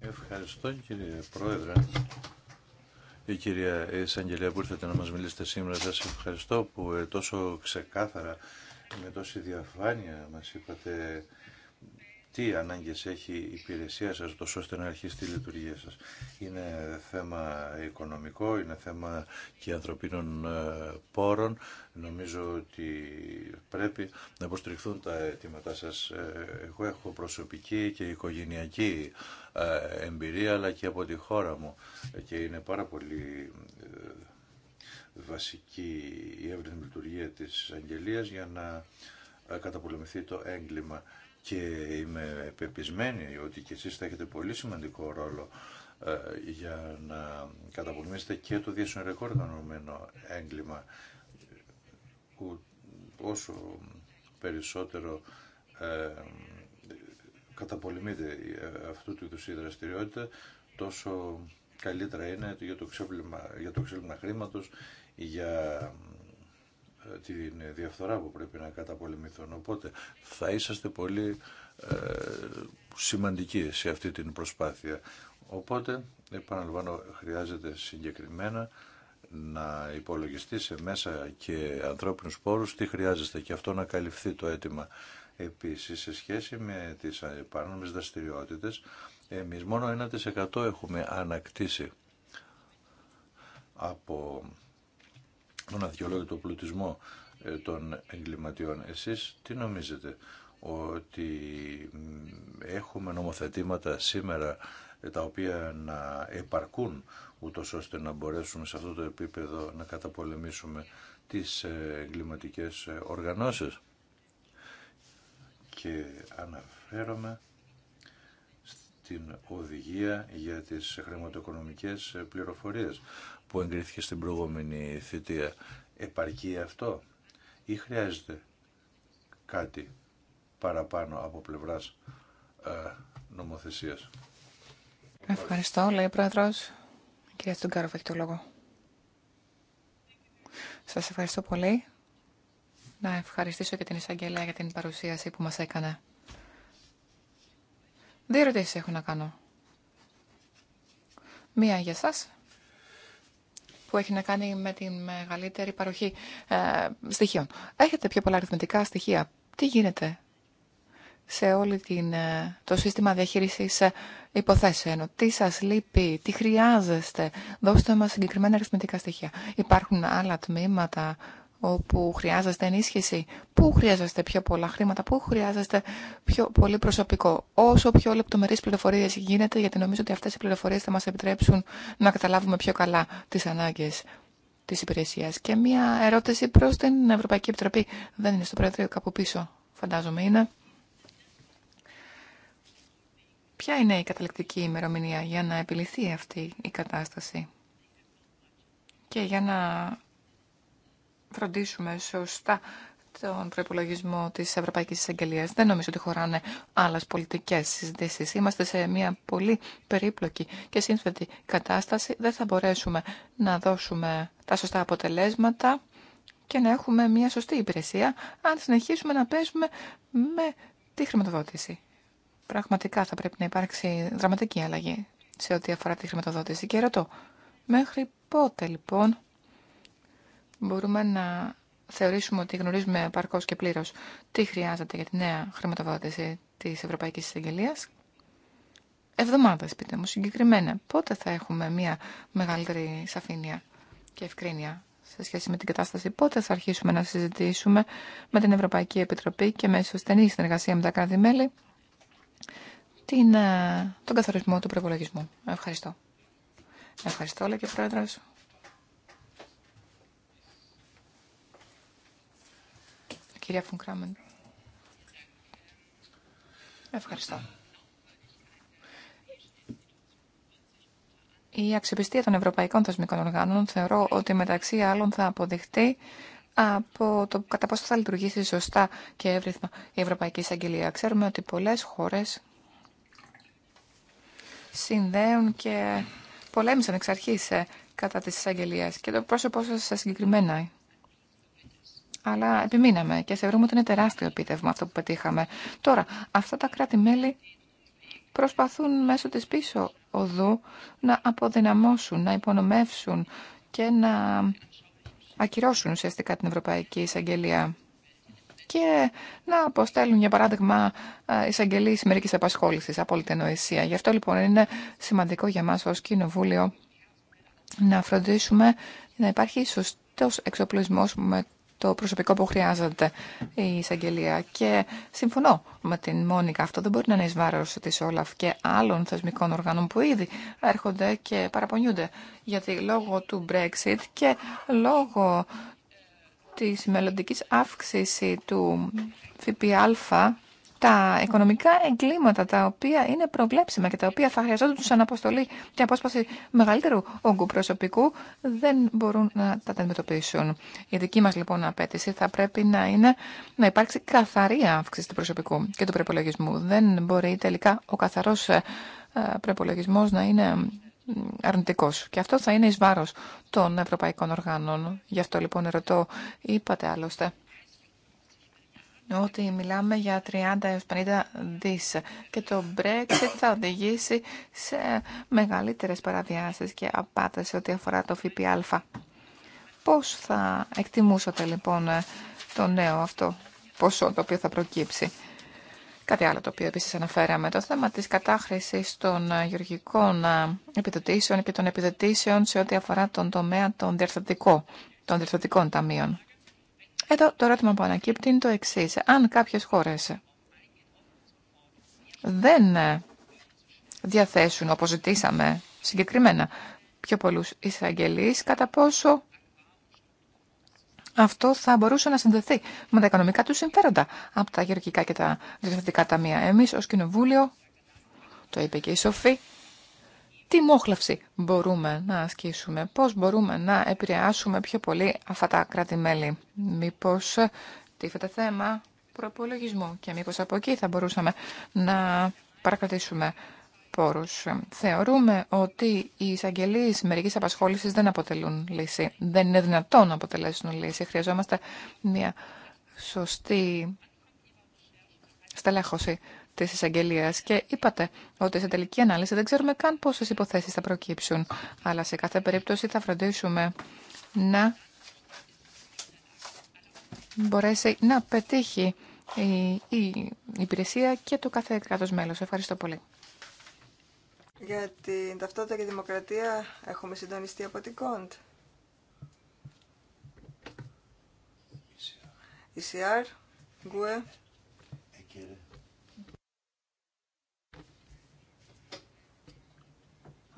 Ευχαριστώ κύριε Πρόεδρε. Η κυρία Εισαγγελία που ήρθατε να μας μιλήσετε σήμερα σας ευχαριστώ που ε, τόσο ξεκάθαρα με τόση διαφάνεια μας είπατε τι ανάγκες έχει η υπηρεσία σας τόσο ώστε να αρχίσει τη λειτουργία σας. Είναι θέμα οικονομικό, είναι θέμα και ανθρωπίνων ε, πόρων. Νομίζω ότι πρέπει να υποστηριχθούν τα αιτήματά σας. Ε, εγώ έχω προσωπική και οικογενειακή ε, εμπειρία αλλά και από τη χώρα μου και είναι πάρα πολύ βασική η εύρυθμη λειτουργία της αγγελίας για να καταπολεμηθεί το έγκλημα και είμαι πεπισμένη ότι και εσείς θα έχετε πολύ σημαντικό ρόλο ε, για να καταπολεμήσετε και το διασυνοριακό οργανωμένο έγκλημα που όσο περισσότερο ε, καταπολεμείται ε, αυτού του είδους η δραστηριότητα τόσο καλύτερα είναι για το ξέπλυμα, για το ξέπλυμα χρήματος, για ε, την διαφθορά που πρέπει να καταπολεμηθούν. Οπότε θα είσαστε πολύ ε, σημαντικοί σε αυτή την προσπάθεια. Οπότε, επαναλαμβάνω, χρειάζεται συγκεκριμένα να υπολογιστεί σε μέσα και ανθρώπινους πόρους τι χρειάζεστε και αυτό να καλυφθεί το αίτημα. Επίσης, σε σχέση με τις παράνομες δραστηριότητες εμείς μόνο 1% έχουμε ανακτήσει από να δικαιολόγει το πλουτισμό ε, των εγκληματιών. Εσείς τι νομίζετε, ότι έχουμε νομοθετήματα σήμερα ε, τα οποία να επαρκούν ούτω ώστε να μπορέσουμε σε αυτό το επίπεδο να καταπολεμήσουμε τις ε, εγκληματικές οργανώσεις. Και αναφέρομαι στην οδηγία για τις χρηματοοικονομικές πληροφορίες που εγκρίθηκε στην προηγούμενη θητεία. Επαρκεί αυτό ή χρειάζεται κάτι παραπάνω από πλευράς ε, νομοθεσίας. Ευχαριστώ, λέει ο Πρόεδρος. Κυρία Τουγκάροφ, έχει το λόγο. Σας ευχαριστώ πολύ. Να ευχαριστήσω και την εισαγγελία για την παρουσίαση που μας έκανε. Δύο ερωτήσεις έχω να κάνω. Μία για σας που έχει να κάνει με την μεγαλύτερη παροχή ε, στοιχείων. Έχετε πιο πολλά αριθμητικά στοιχεία. Τι γίνεται σε όλη την, ε, το σύστημα διαχείρισης ε, υποθέσεων. Τι σας λείπει, τι χρειάζεστε. Δώστε μας συγκεκριμένα αριθμητικά στοιχεία. Υπάρχουν άλλα τμήματα όπου χρειάζεστε ενίσχυση, πού χρειάζεστε πιο πολλά χρήματα, πού χρειάζεστε πιο πολύ προσωπικό. Όσο πιο λεπτομερεί πληροφορίε γίνεται, γιατί νομίζω ότι αυτέ οι πληροφορίε θα μα επιτρέψουν να καταλάβουμε πιο καλά τι ανάγκε τη υπηρεσία. Και μία ερώτηση προ την Ευρωπαϊκή Επιτροπή. Δεν είναι στο Προεδρείο, κάπου πίσω φαντάζομαι είναι. Ποια είναι η καταληκτική ημερομηνία για να επιληθεί αυτή η κατάσταση και για να φροντίσουμε σωστά τον προπολογισμό τη Ευρωπαϊκή Εισαγγελία. Δεν νομίζω ότι χωράνε άλλε πολιτικέ συζητήσει. Είμαστε σε μια πολύ περίπλοκη και σύνθετη κατάσταση. Δεν θα μπορέσουμε να δώσουμε τα σωστά αποτελέσματα και να έχουμε μια σωστή υπηρεσία αν συνεχίσουμε να παίζουμε με τη χρηματοδότηση. Πραγματικά θα πρέπει να υπάρξει δραματική αλλαγή σε ό,τι αφορά τη χρηματοδότηση. Και ρωτώ, μέχρι πότε λοιπόν μπορούμε να θεωρήσουμε ότι γνωρίζουμε παρκώ και πλήρω τι χρειάζεται για τη νέα χρηματοδότηση της Ευρωπαϊκής Εισαγγελία. Εβδομάδε, πείτε μου, συγκεκριμένα. Πότε θα έχουμε μια μεγαλύτερη σαφήνεια και ευκρίνεια σε σχέση με την κατάσταση. Πότε θα αρχίσουμε να συζητήσουμε με την Ευρωπαϊκή Επιτροπή και με σωστενή συνεργασία με τα κράτη-μέλη ε, τον καθορισμό του προπολογισμού. Ευχαριστώ. Ευχαριστώ, λέει και Ευχαριστώ. Η αξιοπιστία των ευρωπαϊκών θεσμικών οργάνων θεωρώ ότι μεταξύ άλλων θα αποδειχτεί από το κατά πόσο θα λειτουργήσει σωστά και εύρυθμα η Ευρωπαϊκή Εισαγγελία. Ξέρουμε ότι πολλές χώρες συνδέουν και πολέμησαν εξ αρχής ε, κατά της εισαγγελίας και το πρόσωπό σας ε, συγκεκριμένα ε αλλά επιμείναμε και θεωρούμε ότι είναι τεράστιο επίτευγμα αυτό που πετύχαμε. Τώρα, αυτά τα κράτη-μέλη προσπαθούν μέσω της πίσω οδού να αποδυναμώσουν, να υπονομεύσουν και να ακυρώσουν ουσιαστικά την Ευρωπαϊκή Εισαγγελία και να αποστέλουν, για παράδειγμα, εισαγγελίε μερική απασχόληση. Απόλυτη νοησία. Γι' αυτό λοιπόν είναι σημαντικό για μα ω Κοινοβούλιο να φροντίσουμε να υπάρχει σωστό εξοπλισμό με το προσωπικό που χρειάζεται η εισαγγελία. Και συμφωνώ με την Μόνικα, αυτό δεν μπορεί να είναι ει βάρο τη Όλαφ και άλλων θεσμικών οργάνων που ήδη έρχονται και παραπονιούνται. Γιατί λόγω του Brexit και λόγω της μελλοντική αύξηση του ΦΠΑ τα οικονομικά εγκλήματα τα οποία είναι προβλέψιμα και τα οποία θα του αναποστολή και απόσπαση μεγαλύτερου όγκου προσωπικού δεν μπορούν να τα αντιμετωπίσουν. Η δική μα λοιπόν απέτηση θα πρέπει να είναι να υπάρξει καθαρή αύξηση του προσωπικού και του προπολογισμού. Δεν μπορεί τελικά ο καθαρό ε, προπολογισμό να είναι αρνητικό. Και αυτό θα είναι εις βάρος των ευρωπαϊκών οργάνων. Γι' αυτό λοιπόν ρωτώ, είπατε άλλωστε ότι μιλάμε για 30 έως 50 δις και το Brexit θα οδηγήσει σε μεγαλύτερες παραδιάσεις και απάτες σε ό,τι αφορά το ΦΠΑ. Πώς θα εκτιμούσατε λοιπόν το νέο αυτό ποσό το οποίο θα προκύψει. Κάτι άλλο το οποίο επίσης αναφέραμε, το θέμα της κατάχρησης των ε, γεωργικών ε, επιδοτήσεων και των επιδοτήσεων σε ό,τι αφορά τον τομέα των διαρθρωτικών ταμείων. Εδώ το ερώτημα που ανακύπτει είναι το εξή. Αν κάποιε χώρε δεν διαθέσουν, όπως ζητήσαμε συγκεκριμένα, πιο πολλούς εισαγγελεί, κατά πόσο αυτό θα μπορούσε να συνδεθεί με τα οικονομικά του συμφέροντα από τα γεωργικά και τα διευθυντικά ταμεία. Εμεί, ως Κοινοβούλιο, το είπε και η Σοφή, τι μόχλευση μπορούμε να ασκήσουμε, πώς μπορούμε να επηρεάσουμε πιο πολύ αυτά τα κράτη-μέλη. Μήπως ε, τίθεται θέμα προπολογισμού και μήπως από εκεί θα μπορούσαμε να παρακρατήσουμε πόρους. Θεωρούμε ότι οι εισαγγελίε μερικής απασχόλησης δεν αποτελούν λύση. Δεν είναι δυνατόν να αποτελέσουν λύση. Χρειαζόμαστε μια σωστή στελέχωση τη εισαγγελία και είπατε ότι σε τελική ανάλυση δεν ξέρουμε καν πόσε υποθέσει θα προκύψουν. Αλλά σε κάθε περίπτωση θα φροντίσουμε να μπορέσει να πετύχει η υπηρεσία και το κάθε κράτο μέλο. Ευχαριστώ πολύ. Για την ταυτότητα και δημοκρατία έχουμε συντονιστεί από την ΚΟΝΤ.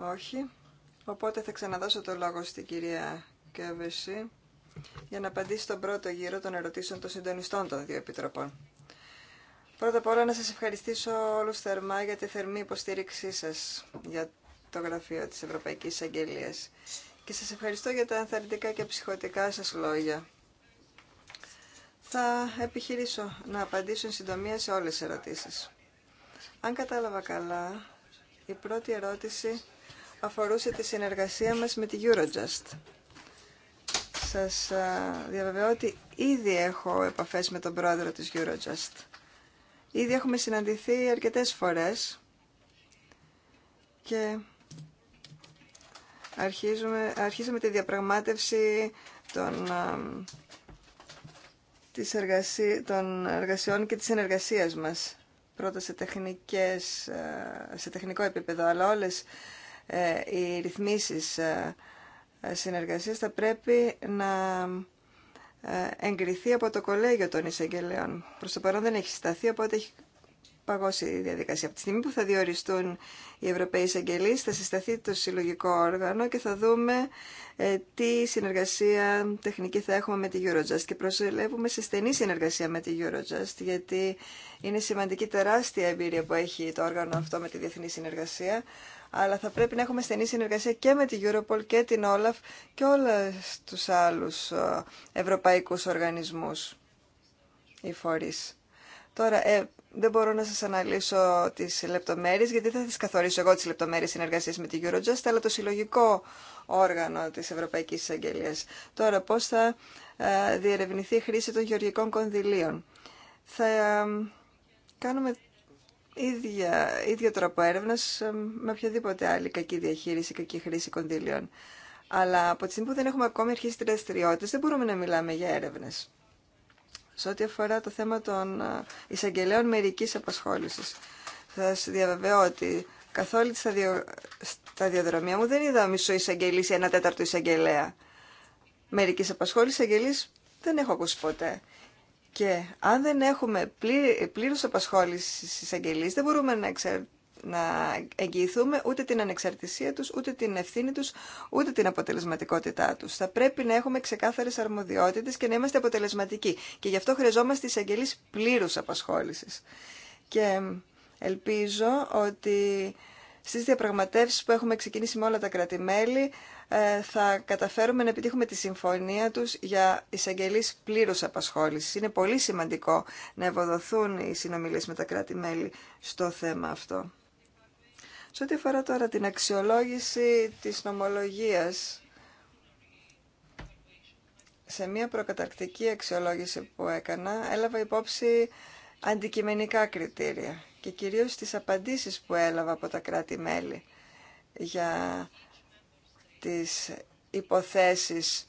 Όχι. Οπότε θα ξαναδώσω το λόγο στην κυρία Κέβεση για να απαντήσει στον πρώτο γύρο των ερωτήσεων των συντονιστών των δύο επιτροπών. Πρώτα απ' όλα να σας ευχαριστήσω όλους θερμά για τη θερμή υποστήριξή σας για το Γραφείο της Ευρωπαϊκής Αγγελίας και σας ευχαριστώ για τα ενθαρρυντικά και ψυχωτικά σας λόγια. Θα επιχειρήσω να απαντήσω εν συντομία σε όλες τις ερωτήσεις. Αν κατάλαβα καλά, η πρώτη ερώτηση αφορούσε τη συνεργασία μας με τη Eurojust. Σας διαβεβαιώ ότι ήδη έχω επαφές με τον πρόεδρο της Eurojust. Ήδη έχουμε συναντηθεί αρκετές φορές και αρχίζουμε, αρχίσαμε τη διαπραγμάτευση των, της εργασί, των εργασιών και της συνεργασίας μας. Πρώτα σε, σε τεχνικό επίπεδο, αλλά όλες ε, οι ρυθμίσεις ε, συνεργασίας θα πρέπει να ε, εγκριθεί από το κολέγιο των εισαγγελέων. Προς το παρόν δεν έχει σταθεί, οπότε έχει παγώσει η διαδικασία. Από τη στιγμή που θα διοριστούν οι Ευρωπαίοι εισαγγελείς, θα συσταθεί το συλλογικό όργανο και θα δούμε τι συνεργασία τεχνική θα έχουμε με τη Eurojust. Και προσελεύουμε σε στενή συνεργασία με τη Eurojust, γιατί είναι σημαντική τεράστια εμπειρία που έχει το όργανο αυτό με τη διεθνή συνεργασία, αλλά θα πρέπει να έχουμε στενή συνεργασία και με την Europol και την Olaf και όλες τους άλλους ε, ευρωπαϊκούς οργανισμούς ή φορείς. Τώρα, ε, δεν μπορώ να σας αναλύσω τις λεπτομέρειες, γιατί δεν θα τις καθορίσω εγώ τις λεπτομέρειες συνεργασίας με την Eurojust, αλλά το συλλογικό όργανο της Ευρωπαϊκής Εισαγγελίας. Τώρα, πώς θα ε, διερευνηθεί η χρήση των γεωργικών κονδυλίων. Θα κάνουμε ίδια, ίδιο τρόπο έρευνα ε, με οποιαδήποτε άλλη κακή διαχείριση, κακή χρήση κονδύλιων. Αλλά από τη στιγμή που δεν έχουμε ακόμη αρχίσει τι δραστηριότητε, δεν μπορούμε να μιλάμε για έρευνε. Σε ό,τι αφορά το θέμα των ε, εισαγγελέων μερική απασχόληση, θα σα διαβεβαιώ ότι καθ' όλη τη σταδιοδρομία μου δεν είδα μισό εισαγγελή ή ένα τέταρτο εισαγγελέα. Μερική απασχόληση εισαγγελή δεν έχω ακούσει ποτέ. Και αν δεν έχουμε πλήρου απασχόληση στις αγγελίες, δεν μπορούμε να, εγγυηθούμε ούτε την ανεξαρτησία τους, ούτε την ευθύνη τους, ούτε την αποτελεσματικότητά τους. Θα πρέπει να έχουμε ξεκάθαρε αρμοδιότητες και να είμαστε αποτελεσματικοί. Και γι' αυτό χρειαζόμαστε τις πλήρου πλήρους απασχόλησης. Και ελπίζω ότι στι διαπραγματεύσει που έχουμε ξεκινήσει με όλα τα κρατη ε, θα καταφέρουμε να επιτύχουμε τη συμφωνία τους για εισαγγελείς πλήρους απασχόλησης. Είναι πολύ σημαντικό να ευοδοθούν οι συνομιλίες με τα κράτη-μέλη στο θέμα αυτό. Σε ό,τι αφορά τώρα την αξιολόγηση της νομολογίας, σε μια προκαταρκτική αξιολόγηση που έκανα, έλαβα υπόψη αντικειμενικά κριτήρια και κυρίως τις απαντήσεις που έλαβα από τα κράτη-μέλη για τις υποθέσεις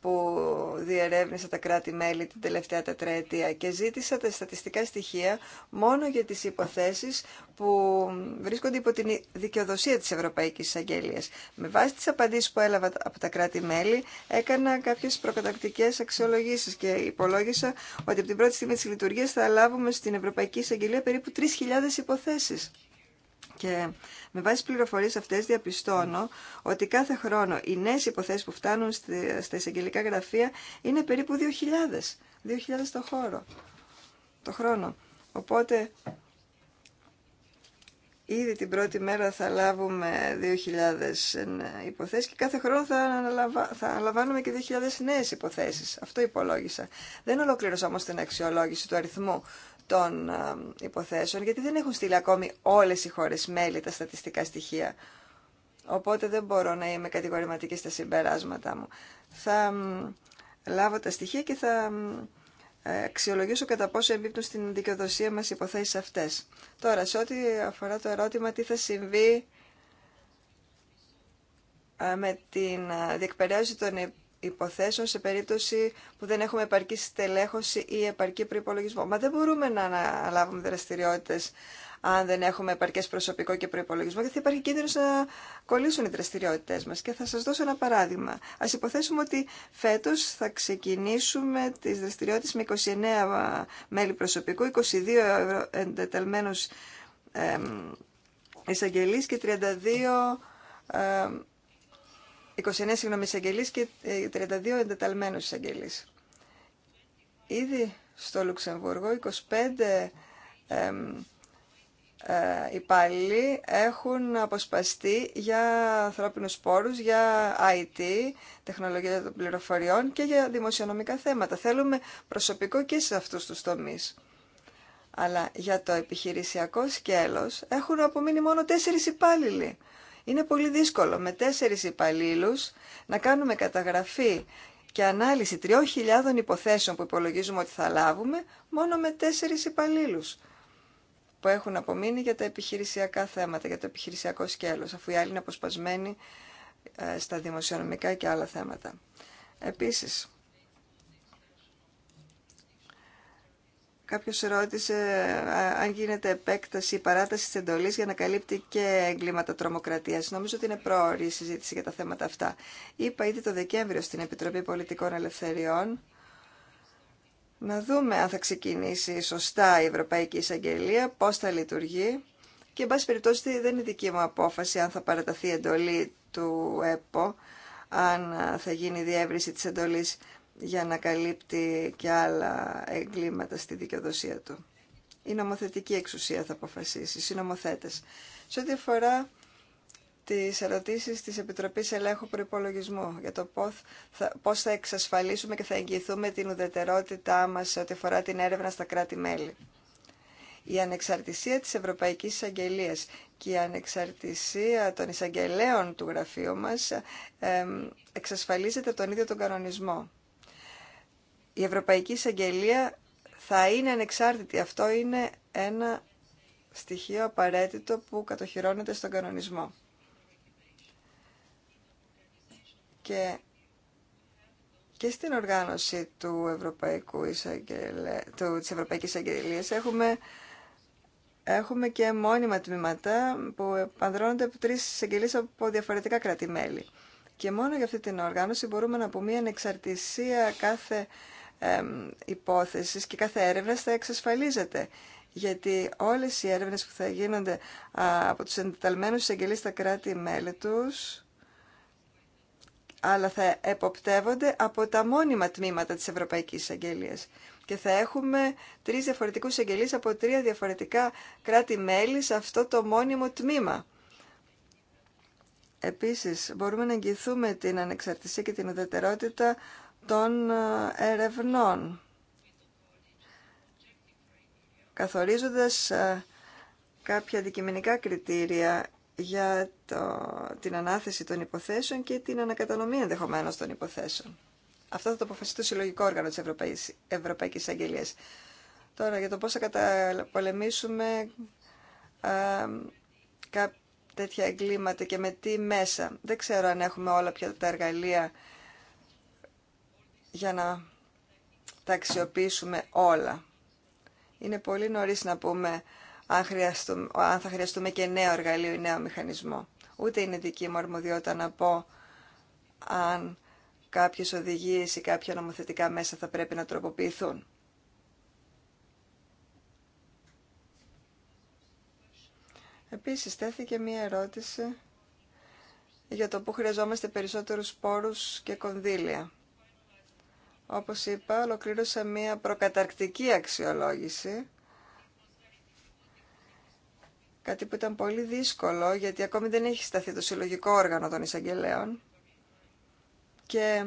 που διερεύνησα τα κράτη-μέλη την τελευταία τετραετία και ζήτησα τα στατιστικά στοιχεία μόνο για τις υποθέσεις που βρίσκονται υπό την δικαιοδοσία της Ευρωπαϊκής αγγελίας. Με βάση τις απαντήσεις που έλαβα από τα κράτη-μέλη έκανα κάποιες προκατακτικές αξιολογήσεις και υπολόγισα ότι από την πρώτη στιγμή της λειτουργίας θα λάβουμε στην Ευρωπαϊκή Εισαγγελία περίπου 3.000 υποθέσεις. Και με βάση τις πληροφορίες αυτές διαπιστώνω ότι κάθε χρόνο οι νέες υποθέσεις που φτάνουν στα εισαγγελικά γραφεία είναι περίπου 2.000. 2.000 το χώρο, το χρόνο. Οπότε ήδη την πρώτη μέρα θα λάβουμε 2.000 υποθέσεις και κάθε χρόνο θα, λαμβάνουμε θα αναλαμβάνουμε και 2.000 νέες υποθέσεις. Αυτό υπολόγισα. Δεν ολοκλήρωσα όμως την αξιολόγηση του αριθμού των υποθέσεων, γιατί δεν έχουν στείλει ακόμη όλες οι χώρες μέλη τα στατιστικά στοιχεία. Οπότε δεν μπορώ να είμαι κατηγορηματική στα συμπεράσματά μου. Θα λάβω τα στοιχεία και θα ε, αξιολογήσω κατά πόσο εμπίπτουν στην δικαιοδοσία μας υποθέσει υποθέσεις αυτές. Τώρα, σε ό,τι αφορά το ερώτημα τι θα συμβεί ε, με την διεκπαιρέωση των Υποθέσω σε περίπτωση που δεν έχουμε επαρκή στελέχωση ή επαρκή προπολογισμό. Μα δεν μπορούμε να αναλάβουμε δραστηριότητε αν δεν έχουμε επαρκέ προσωπικό και προπολογισμό, γιατί υπάρχει κίνδυνο να κολλήσουν οι δραστηριότητέ μα. Και θα σα δώσω ένα παράδειγμα. Α υποθέσουμε ότι φέτο θα ξεκινήσουμε τι δραστηριότητε με 29 μέλη προσωπικού, 22 εντεταλμένου εισαγγελεί και 32 29 συγγνώμη εισαγγελείς και 32 ε, εντεταλμένους εισαγγελείς. Ήδη στο Λουξεμβούργο 25 ε, υπάλληλοι έχουν αποσπαστεί για ανθρώπινους πόρους, για IT, τεχνολογία των πληροφοριών και για δημοσιονομικά θέματα. Θέλουμε προσωπικό και σε αυτούς τους τομείς. Αλλά για το επιχειρησιακό σκέλος έχουν απομείνει μόνο τέσσερις υπάλληλοι. Είναι πολύ δύσκολο με τέσσερις υπαλλήλους να κάνουμε καταγραφή και ανάλυση 3.000 υποθέσεων που υπολογίζουμε ότι θα λάβουμε μόνο με τέσσερις υπαλλήλους που έχουν απομείνει για τα επιχειρησιακά θέματα, για το επιχειρησιακό σκέλος, αφού οι άλλοι είναι αποσπασμένοι ε, στα δημοσιονομικά και άλλα θέματα. Επίσης, Κάποιο ρώτησε αν γίνεται επέκταση ή παράταση της εντολής για να καλύπτει και εγκλήματα τρομοκρατία. Νομίζω ότι είναι πρόωρη η συζήτηση για τα θέματα αυτά. Είπα ήδη το Δεκέμβριο στην Επιτροπή Πολιτικών Ελευθεριών να δούμε αν θα ξεκινήσει σωστά η Ευρωπαϊκή Εισαγγελία, πώς θα λειτουργεί και εν πάση περιπτώσει δεν είναι δική μου απόφαση αν θα παραταθεί η εντολή του ΕΠΟ, αν θα γίνει η διεύρυνση τη εντολή για να καλύπτει και άλλα εγκλήματα στη δικαιοδοσία του. Η νομοθετική εξουσία θα αποφασίσει, οι νομοθέτε. Σε ό,τι αφορά τι ερωτήσει τη Επιτροπή Ελέγχου Προπολογισμού, για το πώ θα, εξασφαλίσουμε και θα εγγυηθούμε την ουδετερότητά μα σε ό,τι αφορά την έρευνα στα κράτη-μέλη. Η ανεξαρτησία της Ευρωπαϊκής Εισαγγελίας και η ανεξαρτησία των εισαγγελέων του γραφείου μας εξασφαλίζεται τον ίδιο τον κανονισμό η Ευρωπαϊκή Εισαγγελία θα είναι ανεξάρτητη. Αυτό είναι ένα στοιχείο απαραίτητο που κατοχυρώνεται στον κανονισμό. Και, και στην οργάνωση του Ευρωπαϊκού Εισαγγελε... του, της Ευρωπαϊκής Εισαγγελίας έχουμε, έχουμε και μόνιμα τμήματα που παντρώνονται από τρεις εισαγγελίες από διαφορετικά κράτη-μέλη. Και μόνο για αυτή την οργάνωση μπορούμε να πούμε μια ανεξαρτησία κάθε υπόθεσης και κάθε έρευνα θα εξασφαλίζεται. Γιατί όλες οι έρευνες που θα γίνονται από τους εντεταλμένους εισαγγελείς στα κράτη-μέλη τους αλλά θα εποπτεύονται από τα μόνιμα τμήματα της Ευρωπαϊκής Εισαγγελίας. Και θα έχουμε τρεις διαφορετικούς εισαγγελείς από τρία διαφορετικά κράτη-μέλη σε αυτό το μόνιμο τμήμα. Επίσης, μπορούμε να εγγυηθούμε την ανεξαρτησία και την ουδετερότητα των ε, ερευνών, καθορίζοντας ε, κάποια αντικειμενικά κριτήρια για το, την ανάθεση των υποθέσεων και την ανακατανομή ενδεχομένω των υποθέσεων. Αυτό θα το αποφασίσει το Συλλογικό Όργανο της Ευρωπαϊκής, Ευρωπαϊκής Αγγελίας. Τώρα, για το πώς θα καταπολεμήσουμε ε, κάποια τέτοια εγκλήματα και με τι μέσα. Δεν ξέρω αν έχουμε όλα πια τα εργαλεία για να τα αξιοποιήσουμε όλα. Είναι πολύ νωρίς να πούμε αν, χρειαστούμε, αν θα χρειαστούμε και νέο εργαλείο ή νέο μηχανισμό. Ούτε είναι δική μου αρμοδιότητα να πω αν κάποιες οδηγίες ή κάποια νομοθετικά μέσα θα πρέπει να τροποποιηθούν. Επίσης, στέθηκε μία ερώτηση για το πού χρειαζόμαστε περισσότερους πόρους και κονδύλια. Όπως είπα, ολοκλήρωσα μία προκαταρκτική αξιολόγηση, κάτι που ήταν πολύ δύσκολο, γιατί ακόμη δεν έχει σταθεί το συλλογικό όργανο των εισαγγελέων και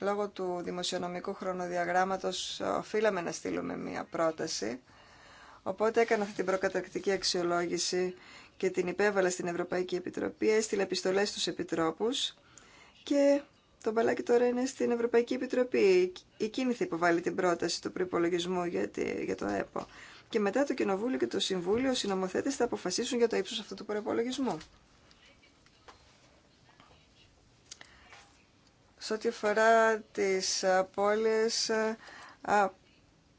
λόγω του δημοσιονομικού χρονοδιαγράμματος ε, οφείλαμε να στείλουμε μία πρόταση. Οπότε έκανα αυτή την προκαταρκτική αξιολόγηση και την υπέβαλα στην Ευρωπαϊκή Επιτροπή, Έστειλε επιστολές στους επιτρόπους και το μπαλάκι τώρα είναι στην Ευρωπαϊκή Επιτροπή. Εκείνη θα υποβάλει την πρόταση του προπολογισμού για το ΕΠΟ. Και μετά το Κοινοβούλιο και το Συμβούλιο, οι συνομοθέτε θα αποφασίσουν για το ύψο αυτού του προπολογισμού. Σε ό,τι αφορά τι απώλειε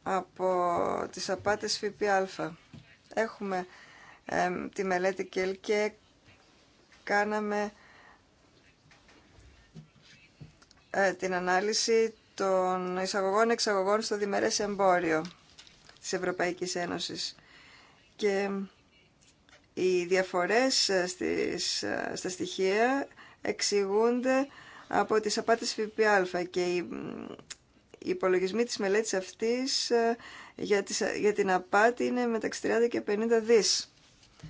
από τις απάτες ΦΠΑ. Έχουμε τη μελέτη ΚΕΛ και κάναμε Ε, την ανάλυση των εισαγωγών-εξαγωγών στο διμερές εμπόριο της Ευρωπαϊκής Ένωσης. Και οι διαφορές ε, στις, ε, στα στοιχεία εξηγούνται από τις απάτες ΦΠΑ και οι υπολογισμοί της μελέτης αυτής για, τις, για την απάτη είναι μεταξύ 30 και 50 δις.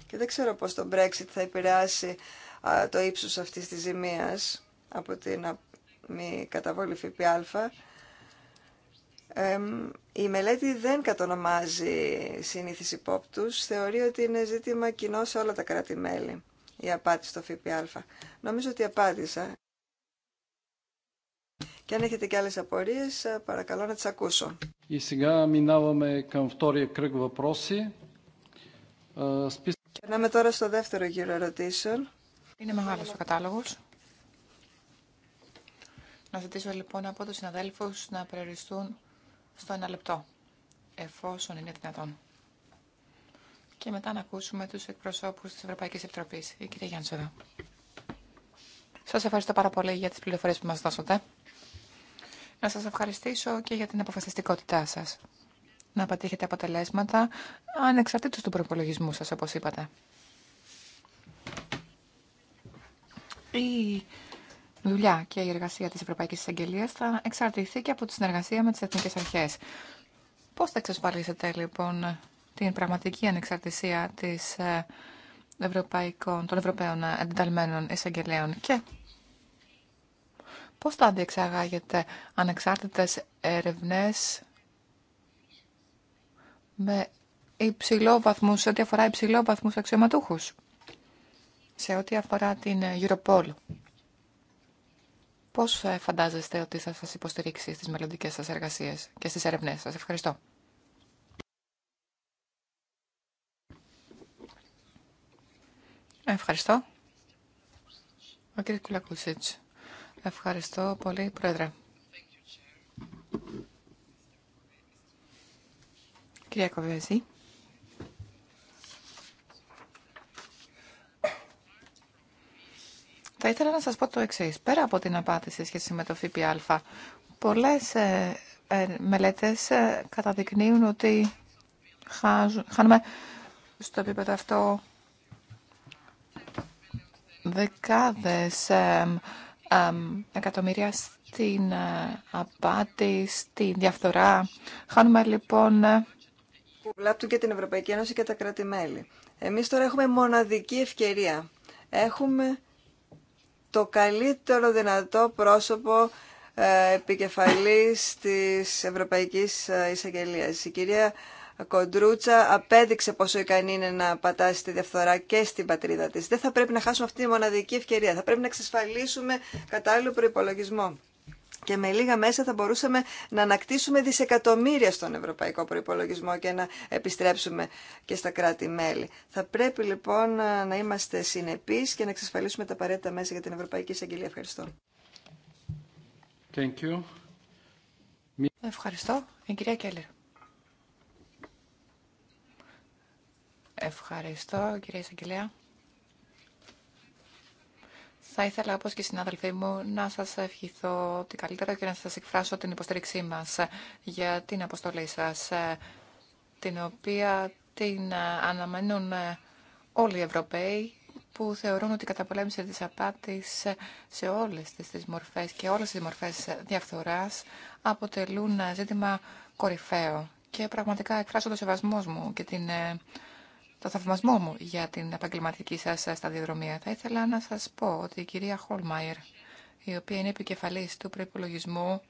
Και δεν ξέρω πώς το Brexit θα επηρεάσει το ύψος αυτής της ζημίας από την μη καταβόλη ΦΠΑ, η μελέτη δεν κατονομάζει συνήθεις υπόπτους, θεωρεί ότι είναι ζήτημα κοινό σε όλα τα κράτη-μέλη η απάντηση στο ΦΠΑ. Νομίζω ότι απάντησα. Και αν έχετε και άλλες απορίες, παρακαλώ να τις ακούσω. Περνάμε τώρα στο δεύτερο γύρο ερωτήσεων. Είναι μεγάλος ο κατάλογος. Να ζητήσω λοιπόν από τους συναδέλφους να περιοριστούν στο ένα λεπτό, εφόσον είναι δυνατόν. Και μετά να ακούσουμε τους εκπροσώπους της Ευρωπαϊκής Επιτροπής. Η κυρία Γιάννη εδώ. Σας ευχαριστώ πάρα πολύ για τις πληροφορίες που μας δώσατε. Να σας ευχαριστήσω και για την αποφασιστικότητά σας. Να πατύχετε αποτελέσματα ανεξαρτήτως του προπολογισμού σας, όπως είπατε δουλειά και η εργασία της Ευρωπαϊκής εισαγγελίας θα εξαρτηθεί και από τη συνεργασία με τις εθνικές αρχές. Πώς θα εξασφαλίσετε λοιπόν την πραγματική ανεξαρτησία της ε, των Ευρωπαίων ε, ενταλμένων εισαγγελέων και πώς θα διεξαγάγετε ανεξάρτητες ερευνές με υψηλό σε ό,τι αφορά υψηλό βαθμού αξιωματούχου. Σε ό,τι αφορά την Europol. Πώ φαντάζεστε ότι θα σα υποστηρίξει στι μελλοντικέ σα εργασίε και στι ερευνέ σα. Ευχαριστώ. Ευχαριστώ. Ο κ. Κουλακούσιτ. Ευχαριστώ πολύ, Πρόεδρε. Κυρία Κοβέζη. Θα ήθελα να σας πω το εξής. Πέρα από την απάτη σε σχέση με το ΦΠΑ, πολλές ε, ε, μελέτες ε, καταδεικνύουν ότι χάνουμε στο επίπεδο αυτό δεκάδες ε, ε, εκατομμύρια στην απάτη, στην διαφθορά. Χάνουμε λοιπόν... Που βλάπτουν και την Ευρωπαϊκή Ένωση και τα κράτη-μέλη. Εμείς τώρα έχουμε μοναδική ευκαιρία. Έχουμε το καλύτερο δυνατό πρόσωπο ε, επικεφαλής της Ευρωπαϊκής ε, εισαγγελία. Η κυρία Κοντρούτσα απέδειξε πόσο ικανή είναι να πατάσει τη διαφθορά και στην πατρίδα της. Δεν θα πρέπει να χάσουμε αυτή τη μοναδική ευκαιρία. Θα πρέπει να εξασφαλίσουμε κατάλληλο προϋπολογισμό. Και με λίγα μέσα θα μπορούσαμε να ανακτήσουμε δισεκατομμύρια στον ευρωπαϊκό προϋπολογισμό και να επιστρέψουμε και στα κράτη-μέλη. Θα πρέπει λοιπόν να είμαστε συνεπείς και να εξασφαλίσουμε τα απαραίτητα μέσα για την Ευρωπαϊκή Εισαγγελία. Ευχαριστώ. Thank you. Ευχαριστώ. Η κυρία Κέλλερ. Ευχαριστώ, κυρία Εισαγγελέα. Θα ήθελα, όπως και οι συνάδελφοί μου, να σας ευχηθώ ότι καλύτερα και να σας εκφράσω την υποστήριξή μας για την αποστολή σας, την οποία την αναμένουν όλοι οι Ευρωπαίοι που θεωρούν ότι η καταπολέμηση της απάτης σε όλες τις μορφές και όλες τις μορφές διαφθοράς αποτελούν ζήτημα κορυφαίο. Και πραγματικά εκφράσω το σεβασμό μου και την ε, το θαυμασμό μου για την επαγγελματική σας σταδιοδρομία. Θα ήθελα να σας πω ότι η κυρία Χολμάιερ, η οποία είναι επικεφαλής του προπολογισμού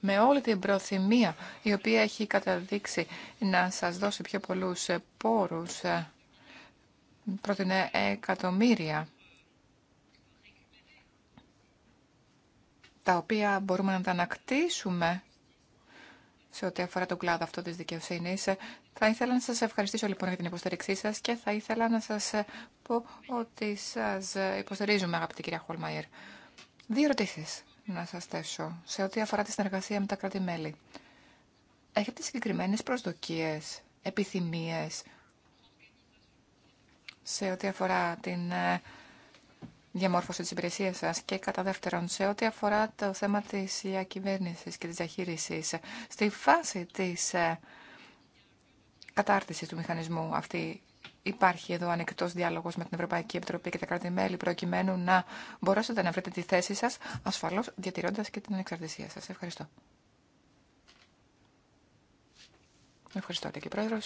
με όλη την προθυμία η οποία έχει καταδείξει να σας δώσει πιο πολλούς πόρους, πρότεινε εκατομμύρια, τα οποία μπορούμε να τα ανακτήσουμε σε ό,τι αφορά τον κλάδο αυτό της δικαιοσύνης. Θα ήθελα να σας ευχαριστήσω λοιπόν για την υποστήριξή σας και θα ήθελα να σας πω ότι σας υποστηρίζουμε αγαπητή κυρία Χολμαϊρ. Δύο ερωτήσει να σας θέσω σε ό,τι αφορά τη συνεργασία με τα κράτη-μέλη. Έχετε συγκεκριμένες προσδοκίες, επιθυμίες σε ό,τι αφορά την ε, διαμόρφωση της υπηρεσίας σας και κατά δεύτερον σε ό,τι αφορά το θέμα της διακυβέρνηση και της διαχείριση στη φάση της ε, κατάρτισης του μηχανισμού αυτή υπάρχει εδώ ανοιχτό διάλογο με την Ευρωπαϊκή Επιτροπή και τα κράτη-μέλη προκειμένου να μπορέσετε να βρείτε τη θέση σα, ασφαλώ διατηρώντα και την εξαρτησία σα. Ευχαριστώ. Ευχαριστώ, και Πρόεδρο.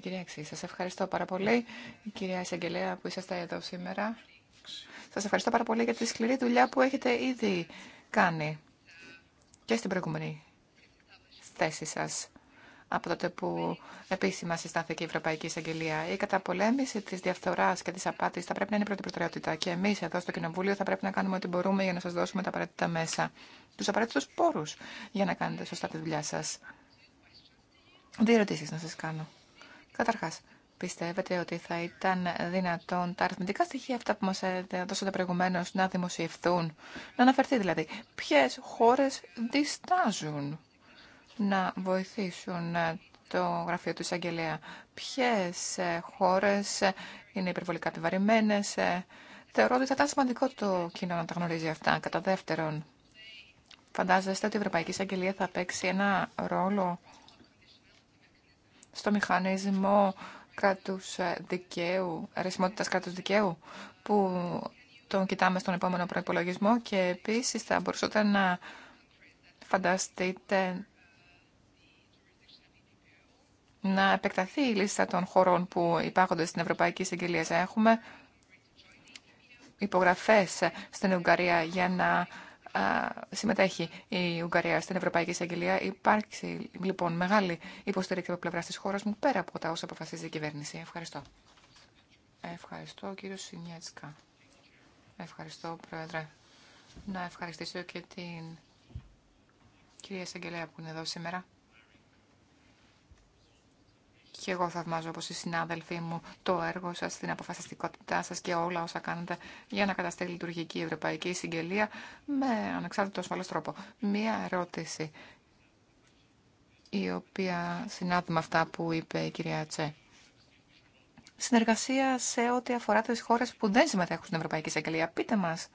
κυρία σας ευχαριστώ πάρα πολύ. κυρία Εισαγγελέα που είσαστε εδώ σήμερα. Σα ευχαριστώ πάρα πολύ για τη σκληρή δουλειά που έχετε ήδη κάνει και στην προηγούμενη θέση σα από τότε που επίσημα συστάθηκε η Ευρωπαϊκή Εισαγγελία. Η καταπολέμηση τη διαφθορά και τη απάτη θα πρέπει να είναι η πρώτη προτεραιότητα. Και εμεί εδώ στο Κοινοβούλιο θα πρέπει να κάνουμε ό,τι μπορούμε για να σα δώσουμε τα απαραίτητα μέσα, του απαραίτητου πόρου για να κάνετε σωστά τη δουλειά σα. Δύο ερωτήσει να σα κάνω. Καταρχά. πιστεύετε ότι θα ήταν δυνατόν τα αριθμητικά στοιχεία αυτά που μας τα προηγουμένω να δημοσιευθούν, να αναφερθεί δηλαδή Ποιε χώρε διστάζουν να βοηθήσουν το γραφείο του εισαγγελέα. ποιε χώρε είναι υπερβολικά επιβαρημένε, Θεωρώ ότι θα ήταν σημαντικό το κοινό να τα γνωρίζει αυτά. Κατά δεύτερον, φαντάζεστε ότι η Ευρωπαϊκή Εισαγγελία θα παίξει ένα ρόλο στο μηχανισμό κράτους ε, δικαίου, αρισιμότητας κράτους δικαίου που τον κοιτάμε στον επόμενο προϋπολογισμό και επίσης θα μπορούσατε να φανταστείτε να επεκταθεί η λίστα των χωρών που υπάρχονται στην Ευρωπαϊκή Συγγελία. Έχουμε υπογραφές στην Ουγγαρία για να συμμετέχει η Ουγγαρία στην Ευρωπαϊκή Εισαγγελία. Υπάρχει λοιπόν μεγάλη υποστήριξη από πλευρά τη χώρα μου πέρα από τα όσα αποφασίζει η κυβέρνηση. Ευχαριστώ. Ευχαριστώ, κύριο Σινιέτσκα. Ευχαριστώ, Πρόεδρε. Να ευχαριστήσω και την κυρία Εισαγγελέα που είναι εδώ σήμερα. Και εγώ θαυμάζω όπως οι συνάδελφοί μου το έργο σας, την αποφασιστικότητά σας και όλα όσα κάνετε για να καταστεί λειτουργική η ευρωπαϊκή συγγελία με ανεξάρτητο ασφαλώς τρόπο. Μία ερώτηση η οποία συνάδει με αυτά που είπε η κυρία Τσε. Συνεργασία σε ό,τι αφορά τις χώρες που δεν συμμετέχουν στην Ευρωπαϊκή Συγγελία. Πείτε μας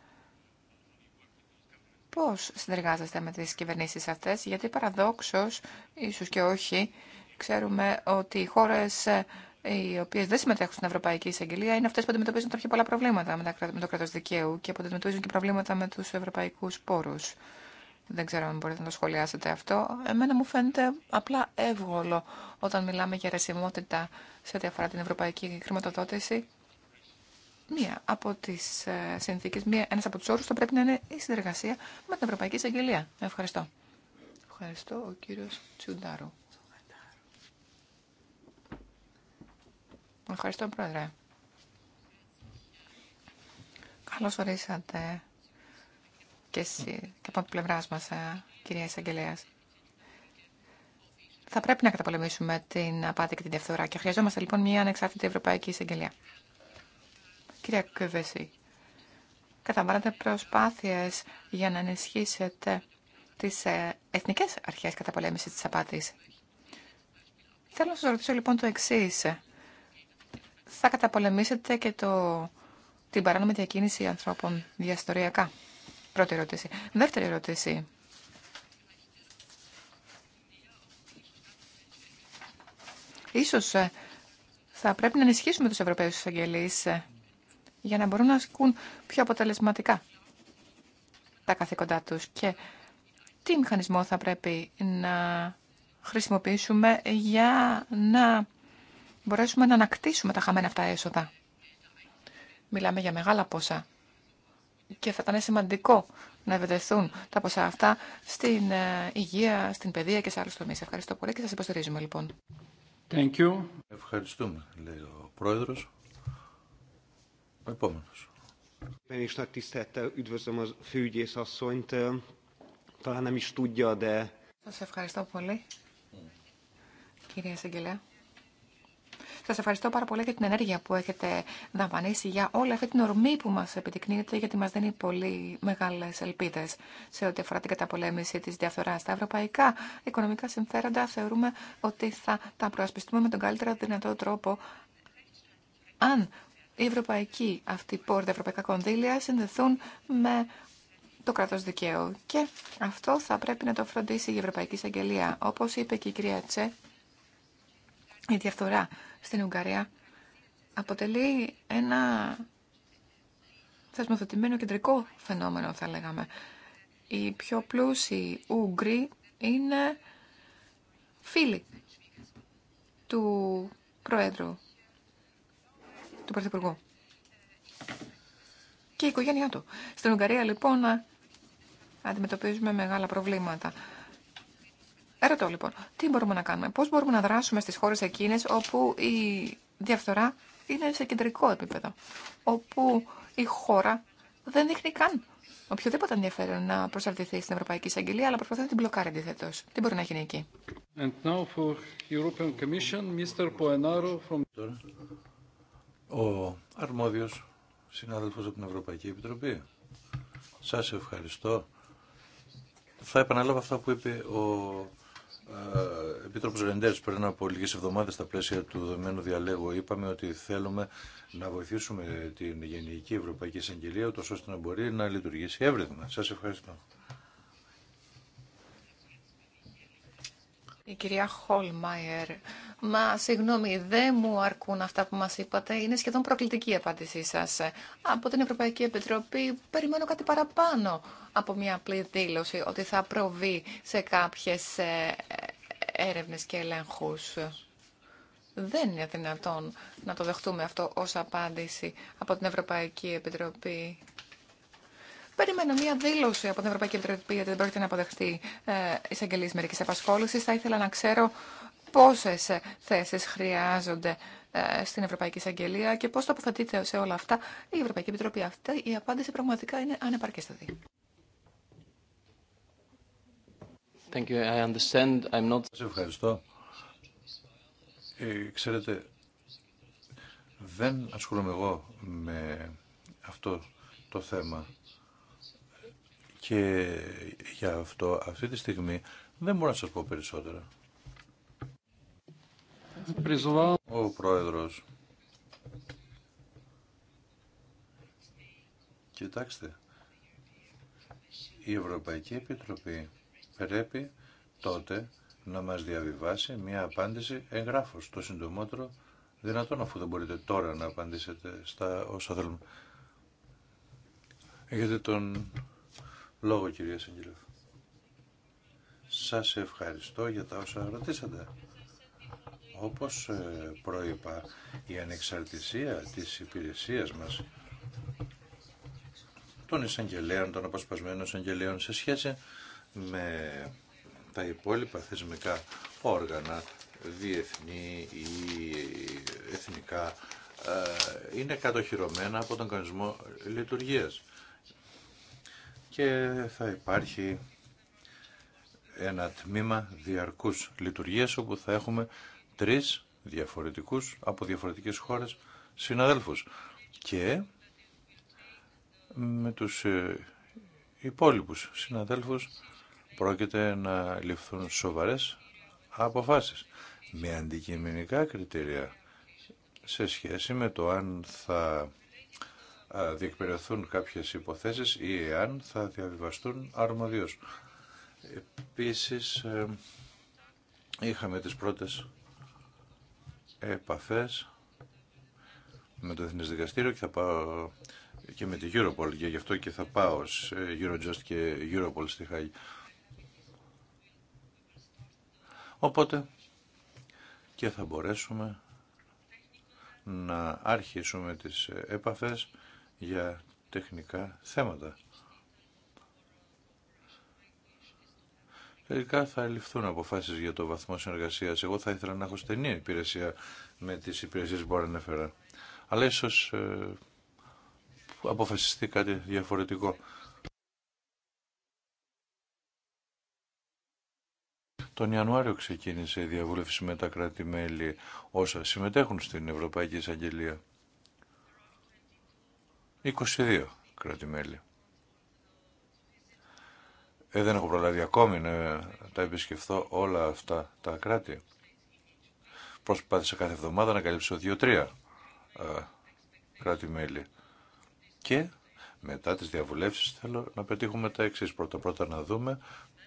πώς συνεργάζεστε με τις κυβερνήσεις αυτές, γιατί παραδόξως, ίσως και όχι, Ξέρουμε ότι οι χώρε ε, οι οποίε δεν συμμετέχουν στην Ευρωπαϊκή Εισαγγελία είναι αυτέ που αντιμετωπίζουν τα πιο πολλά προβλήματα με το κράτο δικαίου και που αντιμετωπίζουν και προβλήματα με του ευρωπαϊκού πόρου. Δεν ξέρω αν μπορείτε να το σχολιάσετε αυτό. Εμένα μου φαίνεται απλά εύγολο όταν μιλάμε για ρεσιμότητα σε ό,τι αφορά την ευρωπαϊκή χρηματοδότηση. Μία από τι ε, συνθήκε, ένα από του όρου θα πρέπει να είναι η συνεργασία με την Ευρωπαϊκή Εισαγγελία. Ευχαριστώ. Ευχαριστώ ο κύριο Τσουντάρου. Ευχαριστώ, Πρόεδρε. Καλώ ορίσατε και εσύ και από την πλευρά μα, ε, κυρία Εισαγγελέα. Θα πρέπει να καταπολεμήσουμε την απάτη και την διαφθορά και χρειαζόμαστε λοιπόν μια ανεξάρτητη Ευρωπαϊκή Εισαγγελία. Κυρία Κούβεση, καταβάλλατε προσπάθειες για να ενισχύσετε τις ε, εθνικές αρχές καταπολέμησης της απάτης. Θέλω να σας ρωτήσω λοιπόν το εξής θα καταπολεμήσετε και το, την παράνομη διακίνηση ανθρώπων διαστοριακά. Πρώτη ερώτηση. Δεύτερη ερώτηση. Ίσως ε, θα πρέπει να ενισχύσουμε τους Ευρωπαίους εισαγγελείς ε, για να μπορούν να ασκούν πιο αποτελεσματικά τα καθήκοντά τους και τι μηχανισμό θα πρέπει να χρησιμοποιήσουμε για να μπορέσουμε να ανακτήσουμε τα χαμένα αυτά έσοδα. Μιλάμε για μεγάλα ποσά και θα ήταν σημαντικό να ευεδεθούν τα ποσά αυτά στην ε, υγεία, στην παιδεία και σε άλλους τομείς. Ευχαριστώ πολύ και σας υποστηρίζουμε λοιπόν. Thank you. Ευχαριστούμε, λέει ο Πρόεδρος. Ο επόμενος. Σας ευχαριστώ πολύ, mm. κυρία Σεγγελέα. Σα ευχαριστώ πάρα πολύ για την ενέργεια που έχετε δαπανίσει για όλη αυτή την ορμή που μα επιδεικνύεται γιατί μα δίνει πολύ μεγάλε ελπίδε σε ό,τι αφορά την καταπολέμηση τη διαφθορά. Τα ευρωπαϊκά οικονομικά συμφέροντα θεωρούμε ότι θα τα προασπιστούμε με τον καλύτερο δυνατό τρόπο αν η ευρωπαϊκή αυτή πόρτα, ευρωπαϊκά κονδύλια συνδεθούν με το κράτος δικαίου. Και αυτό θα πρέπει να το φροντίσει η Ευρωπαϊκή Εισαγγελία. Όπως είπε και η κυρία Τσε, η διαφθορά στην Ουγγαρία αποτελεί ένα θεσμοθετημένο κεντρικό φαινόμενο, θα λέγαμε. Οι πιο πλούσιοι Ούγγροι είναι φίλοι του Προέδρου, του Πρωθυπουργού και η οικογένειά του. Στην Ουγγαρία, λοιπόν, αντιμετωπίζουμε μεγάλα προβλήματα. Ρωτώ λοιπόν, τι μπορούμε να κάνουμε, πώς μπορούμε να δράσουμε στις χώρες εκείνες όπου η διαφθορά είναι σε κεντρικό επίπεδο, όπου η χώρα δεν δείχνει καν οποιοδήποτε ενδιαφέρον να προσαρτηθεί στην Ευρωπαϊκή Εισαγγελία, αλλά προσπαθεί να την μπλοκάρει αντιθέτω. Τι μπορεί να γίνει εκεί. now for European Commission, Mr. from... Ο αρμόδιος συνάδελφος από την Ευρωπαϊκή Επιτροπή. Σας ευχαριστώ. Θα επαναλάβω αυτά που είπε ο ε, Επίτροπος Ρεντέρς πριν από λίγες εβδομάδες στα πλαίσια του δομένου διαλέγου είπαμε ότι θέλουμε να βοηθήσουμε την Γενική Ευρωπαϊκή Εισαγγελία ούτως ώστε να μπορεί να λειτουργήσει εύρυθμα. Σας ευχαριστώ. Η κυρία Χολμάιερ Μα συγγνώμη, δεν μου αρκούν αυτά που μα είπατε. Είναι σχεδόν προκλητική η απάντησή σα. Από την Ευρωπαϊκή Επιτροπή περιμένω κάτι παραπάνω από μια απλή δήλωση ότι θα προβεί σε κάποιε έρευνε και ελέγχου. Δεν είναι δυνατόν να το δεχτούμε αυτό ως απάντηση από την Ευρωπαϊκή Επιτροπή. Περιμένω μία δήλωση από την Ευρωπαϊκή Επιτροπή γιατί δεν πρόκειται να αποδεχτεί ε, εισαγγελίε μερική απασχόληση. Θα ήθελα να ξέρω πόσες ε, θέσεις χρειάζονται ε, στην Ευρωπαϊκή Εισαγγελία και πώς τοποθετείται σε όλα αυτά η Ευρωπαϊκή Επιτροπή. Αυτή η απάντηση πραγματικά είναι ανεπαρκέστατη. Thank ευχαριστώ. Ε, ξέρετε, δεν ασχολούμαι εγώ με αυτό το θέμα και για αυτό αυτή τη στιγμή δεν μπορώ να σας πω περισσότερα. Ο πρόεδρος. Κοιτάξτε, η Ευρωπαϊκή Επιτροπή πρέπει τότε να μας διαβιβάσει μια απάντηση εγγράφως, το συντομότερο δυνατόν, αφού δεν μπορείτε τώρα να απαντήσετε στα όσα θέλουμε. Έχετε τον λόγο, κυρία Συγγελέφ. Σας ευχαριστώ για τα όσα ρωτήσατε. Όπως ε, προείπα, η ανεξαρτησία της υπηρεσίας μας των εισαγγελέων, των αποσπασμένων εισαγγελέων σε σχέση με τα υπόλοιπα θεσμικά όργανα, διεθνή ή εθνικά, ε, είναι κατοχυρωμένα από τον κανονισμό λειτουργίας. Και θα υπάρχει ένα τμήμα διαρκούς λειτουργίας όπου θα έχουμε τρεις διαφορετικούς από διαφορετικές χώρες συναδέλφους και με τους ε, υπόλοιπους συναδέλφους πρόκειται να ληφθούν σοβαρές αποφάσεις με αντικειμενικά κριτήρια σε σχέση με το αν θα διεκπαιρεθούν κάποιες υποθέσεις ή αν θα διαβιβαστούν αρμοδίως. Επίσης, ε, είχαμε τις πρώτες επαφές με το Εθνές Δικαστήριο και θα πάω και με τη Europol και γι' αυτό και θα πάω σε Eurojust και Europol στη Χάγη. Οπότε και θα μπορέσουμε να αρχίσουμε τις επαφές για τεχνικά θέματα. τελικά θα ληφθούν αποφάσεις για το βαθμό συνεργασίας. Εγώ θα ήθελα να έχω στενή υπηρεσία με τις υπηρεσίες που μπορεί να Αλλά ίσως ε, αποφασιστεί κάτι διαφορετικό. Τον Ιανουάριο ξεκίνησε η διαβούλευση με τα κράτη-μέλη όσα συμμετέχουν στην Ευρωπαϊκή Εισαγγελία. 22 κράτη-μέλη. Ε, δεν έχω προλάβει ακόμη να τα επισκεφθώ όλα αυτά τα κράτη. Προσπάθησα κάθε εβδομάδα να καλύψω δύο-τρία ε, κράτη-μέλη. Και μετά τις διαβουλεύσεις θέλω να πετύχουμε τα εξής. Πρώτα-πρώτα να δούμε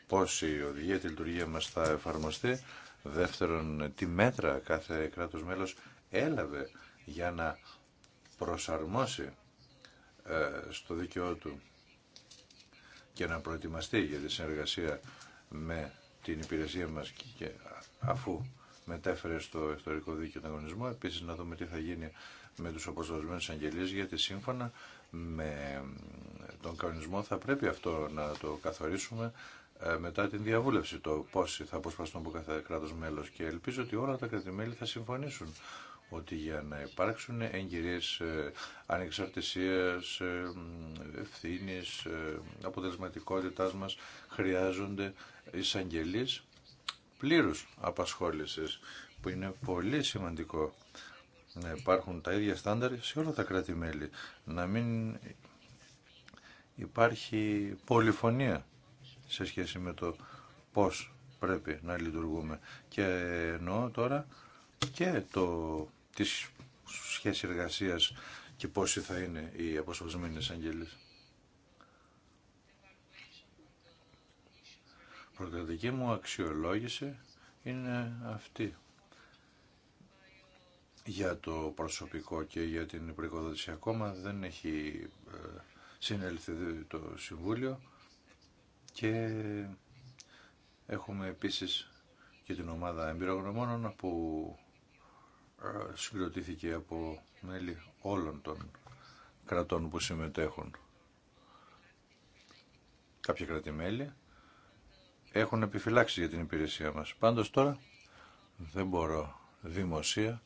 πώς η οδηγία, τη λειτουργία μας θα εφαρμοστεί. Δεύτερον, τι μέτρα κάθε κράτος μέλος έλαβε για να προσαρμόσει ε, στο δίκαιό του και να προετοιμαστεί για τη συνεργασία με την υπηρεσία μας και αφού μετέφερε στο ιστορικό δίκαιο τον αγωνισμό. Επίσης να δούμε τι θα γίνει με τους αποσπασμένους αγγελίες γιατί σύμφωνα με τον κανονισμό θα πρέπει αυτό να το καθορίσουμε ε, μετά την διαβούλευση το πόσοι θα αποσπαστούν από κάθε κράτος μέλος και ελπίζω ότι όλα τα κρατημέλη θα συμφωνήσουν ότι για να υπάρξουν ε, ανεξαρτησίας, ε, ευθύνης, ε, αποτελεσματικότητάς μας χρειάζονται εισαγγελείς πλήρους απασχόλησης που είναι πολύ σημαντικό να υπάρχουν τα ίδια στάνταρ σε όλα τα κράτη-μέλη. Να μην υπάρχει πολυφωνία σε σχέση με το πώς πρέπει να λειτουργούμε. Και εννοώ τώρα και το Τη σχέση εργασία και πόσοι θα είναι οι αποσπασμένες αγγέλες. Προκρατική μου αξιολόγηση είναι αυτή για το προσωπικό και για την υπηρεκοδότηση ακόμα δεν έχει ε, συνέλθει το Συμβούλιο και έχουμε επίσης και την ομάδα εμπειρογνωμόνων που συγκροτήθηκε από μέλη όλων των κρατών που συμμετέχουν. Κάποια κρατημέλη έχουν επιφυλάξει για την υπηρεσία μας. Πάντως τώρα δεν μπορώ δημοσία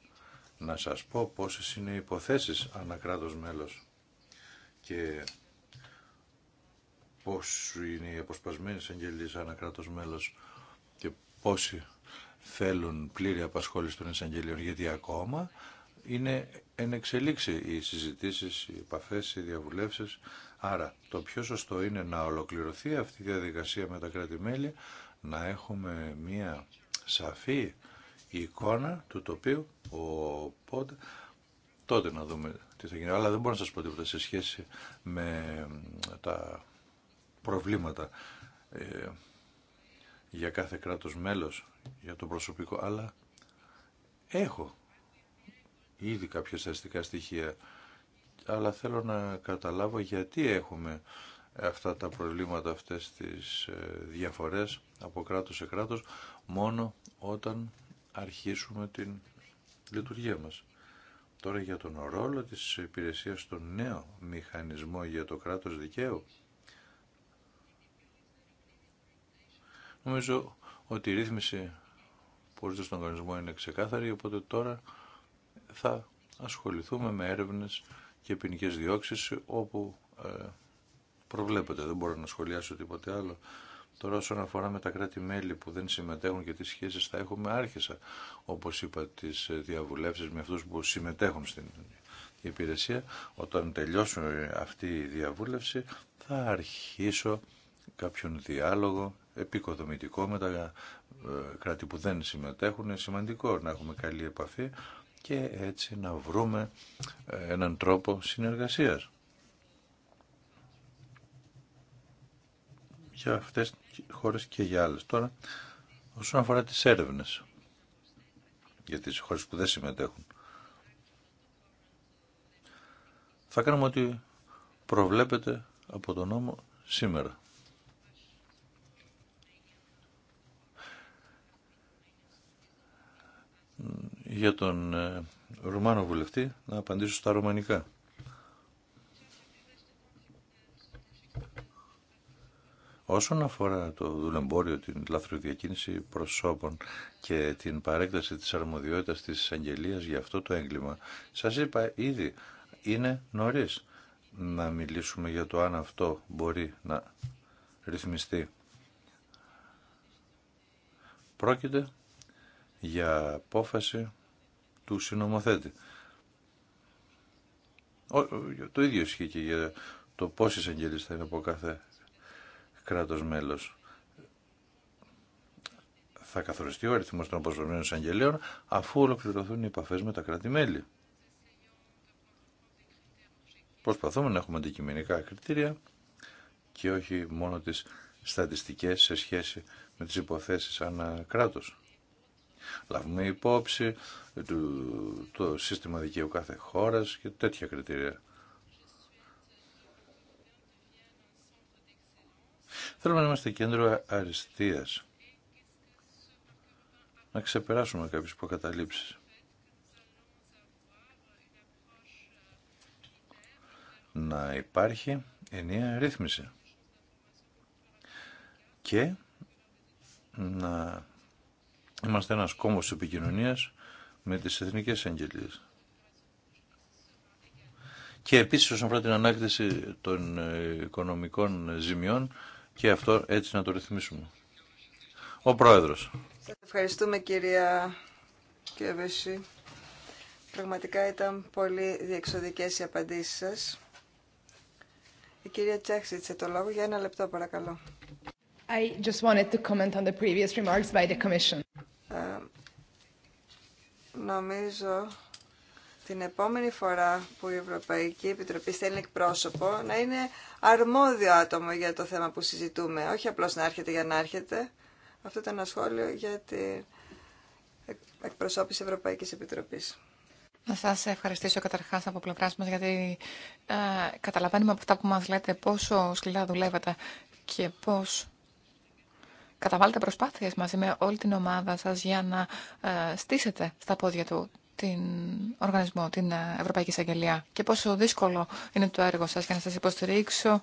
να σας πω πόσες είναι οι υποθέσεις ανακράτος μέλος και πόσοι είναι οι αποσπασμένοι αγγελίες ανακράτος μέλος και πόσοι θέλουν πλήρη απασχόληση των εισαγγελίων, γιατί ακόμα είναι εν εξελίξει οι συζητήσεις, οι επαφές, οι διαβουλεύσεις. Άρα το πιο σωστό είναι να ολοκληρωθεί αυτή η διαδικασία με τα κράτη-μέλη, να έχουμε μία σαφή εικόνα του τοπίου, οπότε τότε να δούμε τι θα γίνει. Αλλά δεν μπορώ να σας πω τίποτα σε σχέση με τα προβλήματα ε, για κάθε κράτος μέλος για το προσωπικό, αλλά έχω ήδη κάποια στατιστικά στοιχεία, αλλά θέλω να καταλάβω γιατί έχουμε αυτά τα προβλήματα, αυτές τις ε, διαφορές από κράτος σε κράτος, μόνο όταν αρχίσουμε την λειτουργία μας. Τώρα για τον ρόλο της υπηρεσίας στον νέο μηχανισμό για το κράτος δικαίου. Νομίζω ότι η ρύθμιση που ορίζεται στον οργανισμό είναι ξεκάθαρη, οπότε τώρα θα ασχοληθούμε με έρευνες και ποινικέ διώξεις όπου ε, προβλέπεται. Δεν μπορώ να σχολιάσω τίποτε άλλο. Τώρα όσον αφορά με τα κράτη-μέλη που δεν συμμετέχουν και τι σχέσεις θα έχουμε, άρχισα όπως είπα τις ε, διαβουλεύσεις με αυτούς που συμμετέχουν στην υπηρεσία. Όταν τελειώσουν αυτή η διαβούλευση θα αρχίσω κάποιον διάλογο επικοδομητικό με τα ε, κράτη που δεν συμμετέχουν. Είναι σημαντικό να έχουμε καλή επαφή και έτσι να βρούμε ε, έναν τρόπο συνεργασίας. για αυτές τις χώρες και για άλλες. Τώρα, όσον αφορά τις έρευνες για τις χώρες που δεν συμμετέχουν, θα κάνουμε ό,τι προβλέπεται από τον νόμο σήμερα. για τον ε, Ρουμάνο βουλευτή να απαντήσω στα ρουμανικά. Όσον αφορά το δουλεμπόριο, την λαθροδιακίνηση προσώπων και την παρέκταση της αρμοδιότητας της εισαγγελίας για αυτό το έγκλημα, σας είπα ήδη είναι νωρίς να μιλήσουμε για το αν αυτό μπορεί να ρυθμιστεί. Πρόκειται για απόφαση του συνομοθέτη. Το ίδιο ισχύει και για το πόσες οι θα είναι από κάθε κράτος μέλος. Θα καθοριστεί ο αριθμός των αποσπασμένων εισαγγελέων αφού ολοκληρωθούν οι επαφές με τα κράτη-μέλη. Προσπαθούμε να έχουμε αντικειμενικά κριτήρια και όχι μόνο τις στατιστικές σε σχέση με τις υποθέσεις ανά κράτος λάβουμε υπόψη το σύστημα δικαίου κάθε χώρας και τέτοια κριτήρια. Θέλουμε να είμαστε κέντρο αριστείας. Να ξεπεράσουμε κάποιες προκαταλήψεις. Να υπάρχει ενιαία ρύθμιση. Και να Είμαστε ένας κόμβος επικοινωνίας με τις εθνικές εγγελίες. Και επίσης όσον αφορά την ανάκτηση των ε, οικονομικών ζημιών και αυτό έτσι να το ρυθμίσουμε. Ο Πρόεδρος. Σας ευχαριστούμε κυρία Κεβεσή. Πραγματικά ήταν πολύ διεξοδικές οι απαντήσεις σας. Η κυρία Τσέχσιτσε το λόγο για ένα λεπτό παρακαλώ. I just wanted to comment on the previous remarks by the Commission νομίζω την επόμενη φορά που η Ευρωπαϊκή Επιτροπή στέλνει εκπρόσωπο να είναι αρμόδιο άτομο για το θέμα που συζητούμε, όχι απλώς να έρχεται για να έρχεται. Αυτό ήταν ένα σχόλιο για την εκπροσώπηση Ευρωπαϊκής Επιτροπής. Να σα ευχαριστήσω καταρχά από πλευρά μα, γιατί ε, καταλαβαίνουμε από αυτά που μα λέτε πόσο σκληρά δουλεύετε και πώ καταβάλλετε προσπάθειες μαζί με όλη την ομάδα σας για να ε, στήσετε στα πόδια του την οργανισμό, την ε, Ευρωπαϊκή Εισαγγελία και πόσο δύσκολο είναι το έργο σας για να σας υποστηρίξω.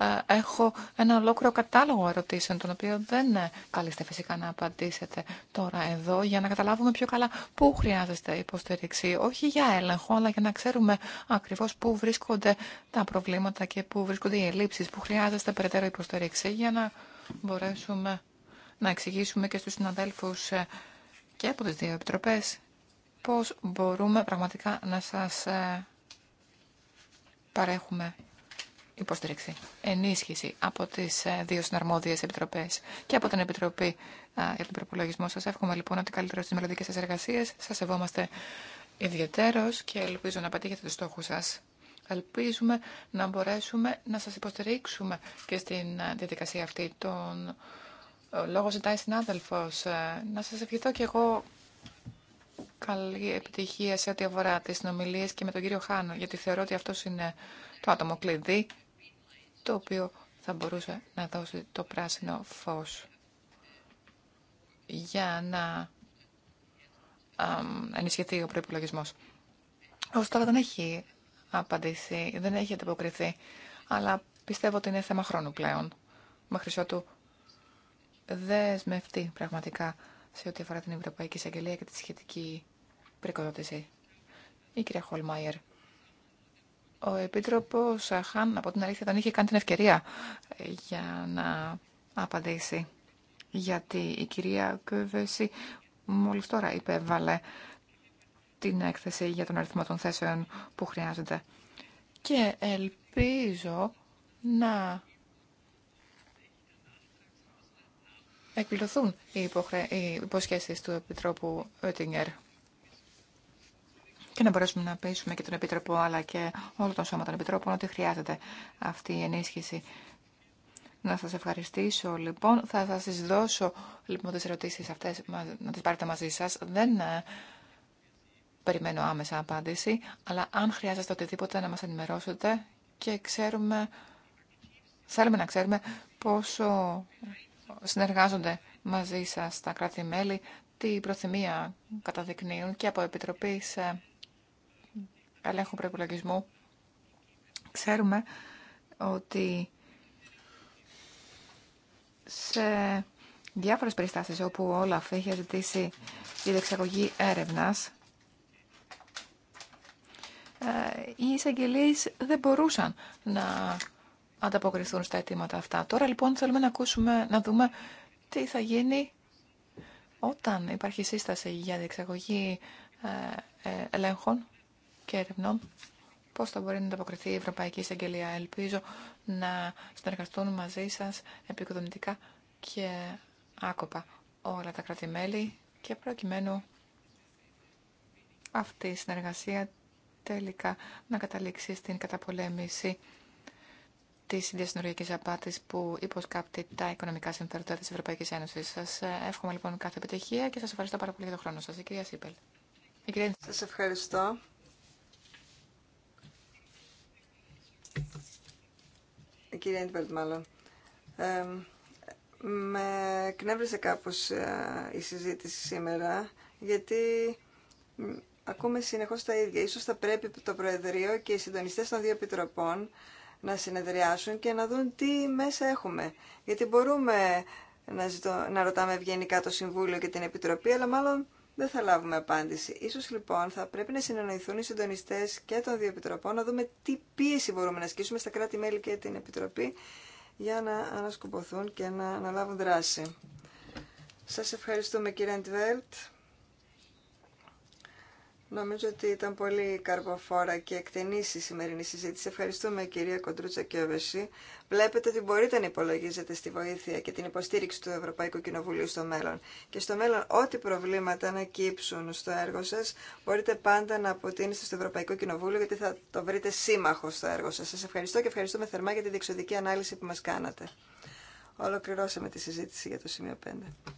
Ε, έχω ένα ολόκληρο κατάλογο ερωτήσεων, τον οποίο δεν καλείστε φυσικά να απαντήσετε τώρα εδώ, για να καταλάβουμε πιο καλά πού χρειάζεστε υποστήριξη. Όχι για έλεγχο, αλλά για να ξέρουμε ακριβώς πού βρίσκονται τα προβλήματα και πού βρίσκονται οι ελλείψεις, πού χρειάζεστε περαιτέρω υποστήριξη, για να μπορέσουμε να εξηγήσουμε και στους συναδέλφους ε, και από τις δύο επιτροπές πώς μπορούμε πραγματικά να σας ε, παρέχουμε υποστήριξη, ενίσχυση από τις ε, δύο συναρμόδιες επιτροπές και από την Επιτροπή για τον Προπολογισμό. Σας εύχομαι λοιπόν ότι καλύτερο στις μελλοντικές σας εργασίες. Σας σεβόμαστε ιδιαιτέρως και ελπίζω να πετύχετε τους στόχους σας. Ελπίζουμε να μπορέσουμε να σας υποστηρίξουμε και στην διαδικασία αυτή των λόγο ζητάει συνάδελφος. Ε, να σας ευχηθώ και εγώ καλή επιτυχία σε ό,τι αφορά τις συνομιλίες και με τον κύριο Χάνο, γιατί θεωρώ ότι αυτός είναι το άτομο κλειδί, το οποίο θα μπορούσε να δώσει το πράσινο φως για να ενισχυθεί ο προπολογισμό. Ωστόσο, δεν έχει απαντήσει, δεν έχει ανταποκριθεί, αλλά πιστεύω ότι είναι θέμα χρόνου πλέον. Μέχρι ότου δεσμευτεί πραγματικά σε ό,τι αφορά την Ευρωπαϊκή Εισαγγελία και τη σχετική πρικοδότηση. Η κυρία Χολμάιερ. Ο Επίτροπο Χάν, από την αλήθεια, δεν είχε κάνει την ευκαιρία για να απαντήσει. Γιατί η κυρία Κούβεση μόλις τώρα υπέβαλε την έκθεση για τον αριθμό των θέσεων που χρειάζεται. Και ελπίζω να εκπληρωθούν οι, υποχρε... του Επιτρόπου Οιτιγκέρ και να μπορέσουμε να πείσουμε και τον Επίτροπο αλλά και όλο τον σώμα των Επιτρόπων ότι χρειάζεται αυτή η ενίσχυση. Να σας ευχαριστήσω λοιπόν. Θα σας δώσω λοιπόν τις ερωτήσεις αυτές να τις πάρετε μαζί σας. Δεν ε, περιμένω άμεσα απάντηση, αλλά αν χρειάζεστε οτιδήποτε να μας ενημερώσετε και ξέρουμε, θέλουμε να ξέρουμε πόσο συνεργάζονται μαζί σας τα κράτη-μέλη, τι προθυμία καταδεικνύουν και από Επιτροπή σε Ελέγχου Προπολογισμού. Ξέρουμε ότι σε διάφορες περιστάσεις όπου όλα είχε ζητήσει τη δεξαγωγή έρευνας, ε, οι εισαγγελίε δεν μπορούσαν να ανταποκριθούν στα αιτήματα αυτά. Τώρα λοιπόν θέλουμε να ακούσουμε, να δούμε τι θα γίνει όταν υπάρχει σύσταση για διεξαγωγή ε, ε, ελέγχων και ερευνών. Πώ θα μπορεί να ανταποκριθεί η Ευρωπαϊκή Εισαγγελία. Ελπίζω να συνεργαστούν μαζί σα επικοδομητικά και άκοπα όλα τα κράτη-μέλη και προκειμένου αυτή η συνεργασία τελικά να καταλήξει στην καταπολέμηση τη διασυνοριακή απάτη που υποσκάπτει τα οικονομικά συμφέροντα τη Ευρωπαϊκή Ένωση. Σα ε, εύχομαι λοιπόν κάθε επιτυχία και σα ευχαριστώ πάρα πολύ για τον χρόνο σα. Η κυρία Σίπελ. Η κυρία... Σα ευχαριστώ. Η κυρία Ιντβελτ, μάλλον. Ε, με κνεύρισε κάπως η συζήτηση σήμερα, γιατί ακούμε συνεχώς τα ίδια. Ίσως θα πρέπει το Προεδρείο και οι συντονιστές των δύο επιτροπών να συνεδριάσουν και να δουν τι μέσα έχουμε. Γιατί μπορούμε να, να ρωτάμε ευγενικά το Συμβούλιο και την Επιτροπή, αλλά μάλλον δεν θα λάβουμε απάντηση. Ίσως λοιπόν θα πρέπει να συνεννοηθούν οι συντονιστές και των δύο επιτροπών να δούμε τι πίεση μπορούμε να ασκήσουμε στα κράτη-μέλη και την Επιτροπή για να ανασκουμποθούν και να αναλάβουν δράση. Σας ευχαριστούμε κύριε Αντβέλτ. Νομίζω ότι ήταν πολύ καρποφόρα και εκτενή η σημερινή συζήτηση. Ευχαριστούμε κυρία Κοντρούτσα Κιόβεση. Βλέπετε ότι μπορείτε να υπολογίζετε στη βοήθεια και την υποστήριξη του Ευρωπαϊκού Κοινοβουλίου στο μέλλον. Και στο μέλλον ό,τι προβλήματα ανακύψουν στο έργο σα, μπορείτε πάντα να αποτείνεστε στο Ευρωπαϊκό Κοινοβούλιο γιατί θα το βρείτε σύμμαχο στο έργο σα. Σα ευχαριστώ και ευχαριστούμε θερμά για τη διεξοδική ανάλυση που μα κάνατε. Ολοκληρώσαμε τη συζήτηση για το σημείο 5.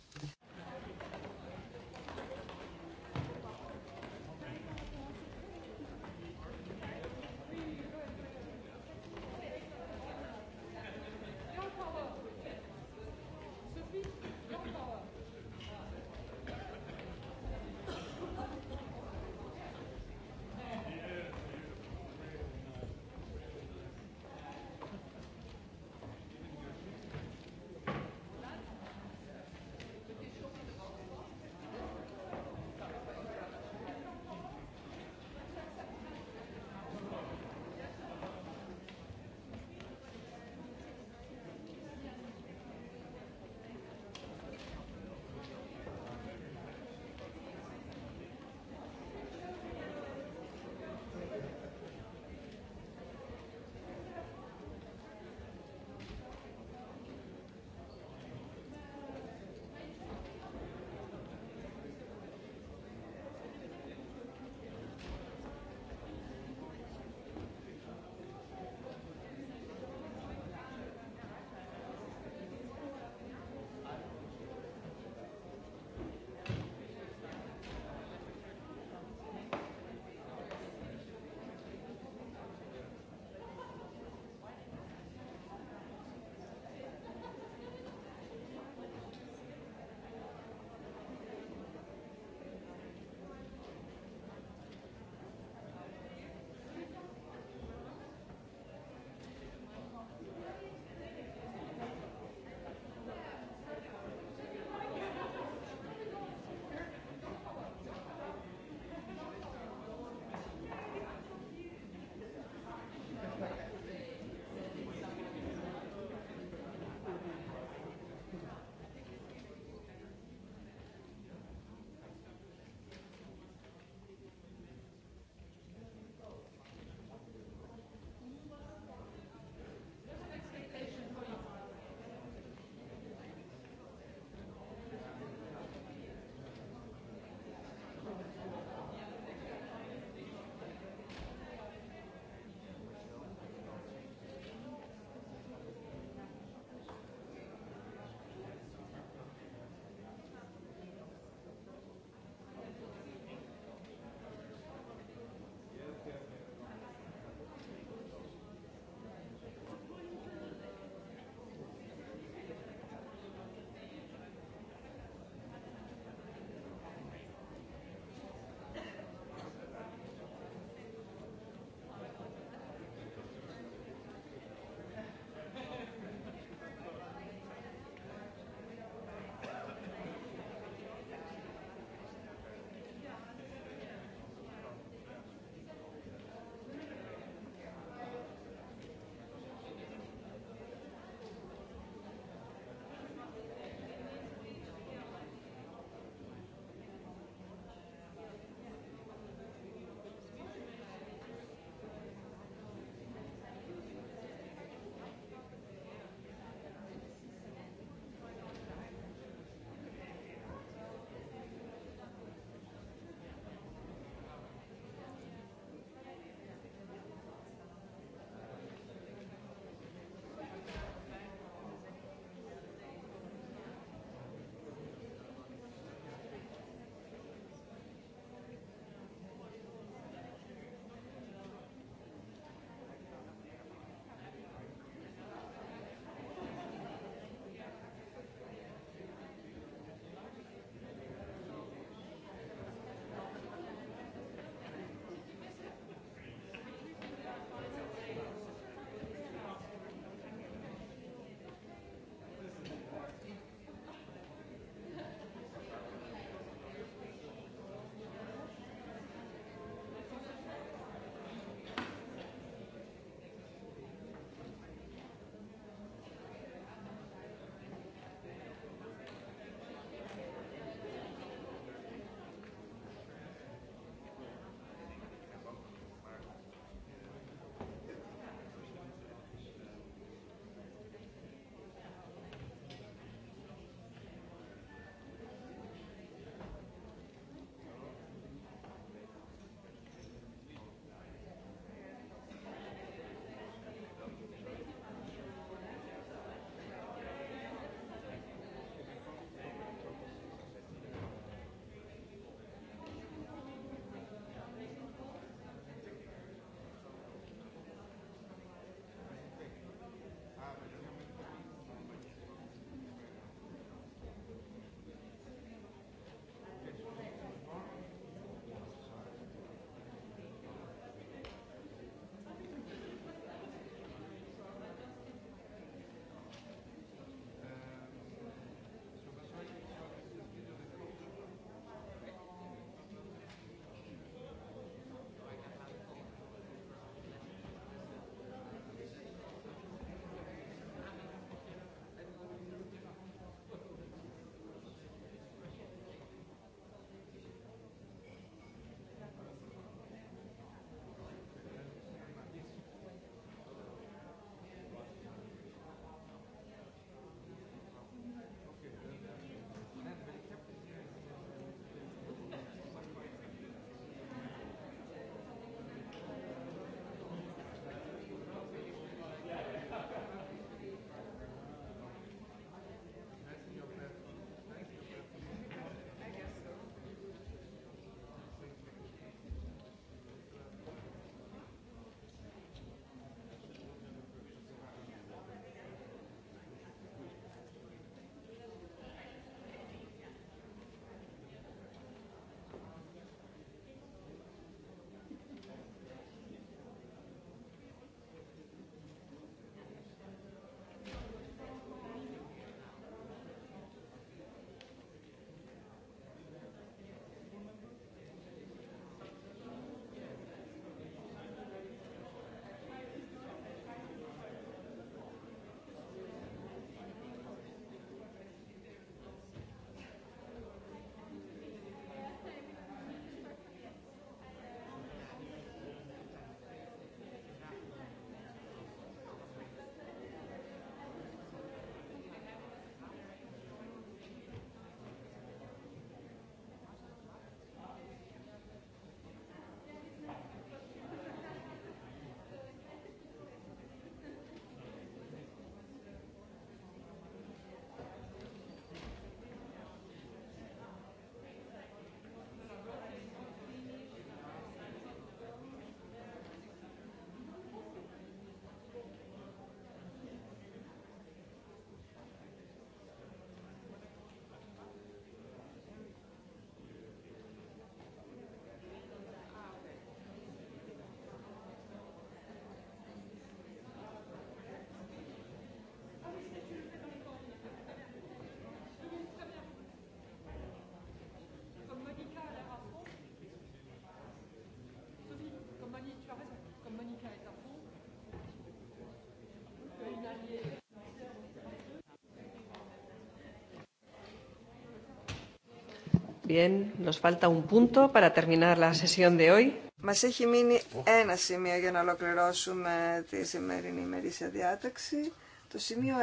Bien, nos falta un punto para terminar la sesión de hoy. έχει μείνει ένα σημείο για να ολοκληρώσουμε τη σημερινή ημερήσια διάταξη. Το σημείο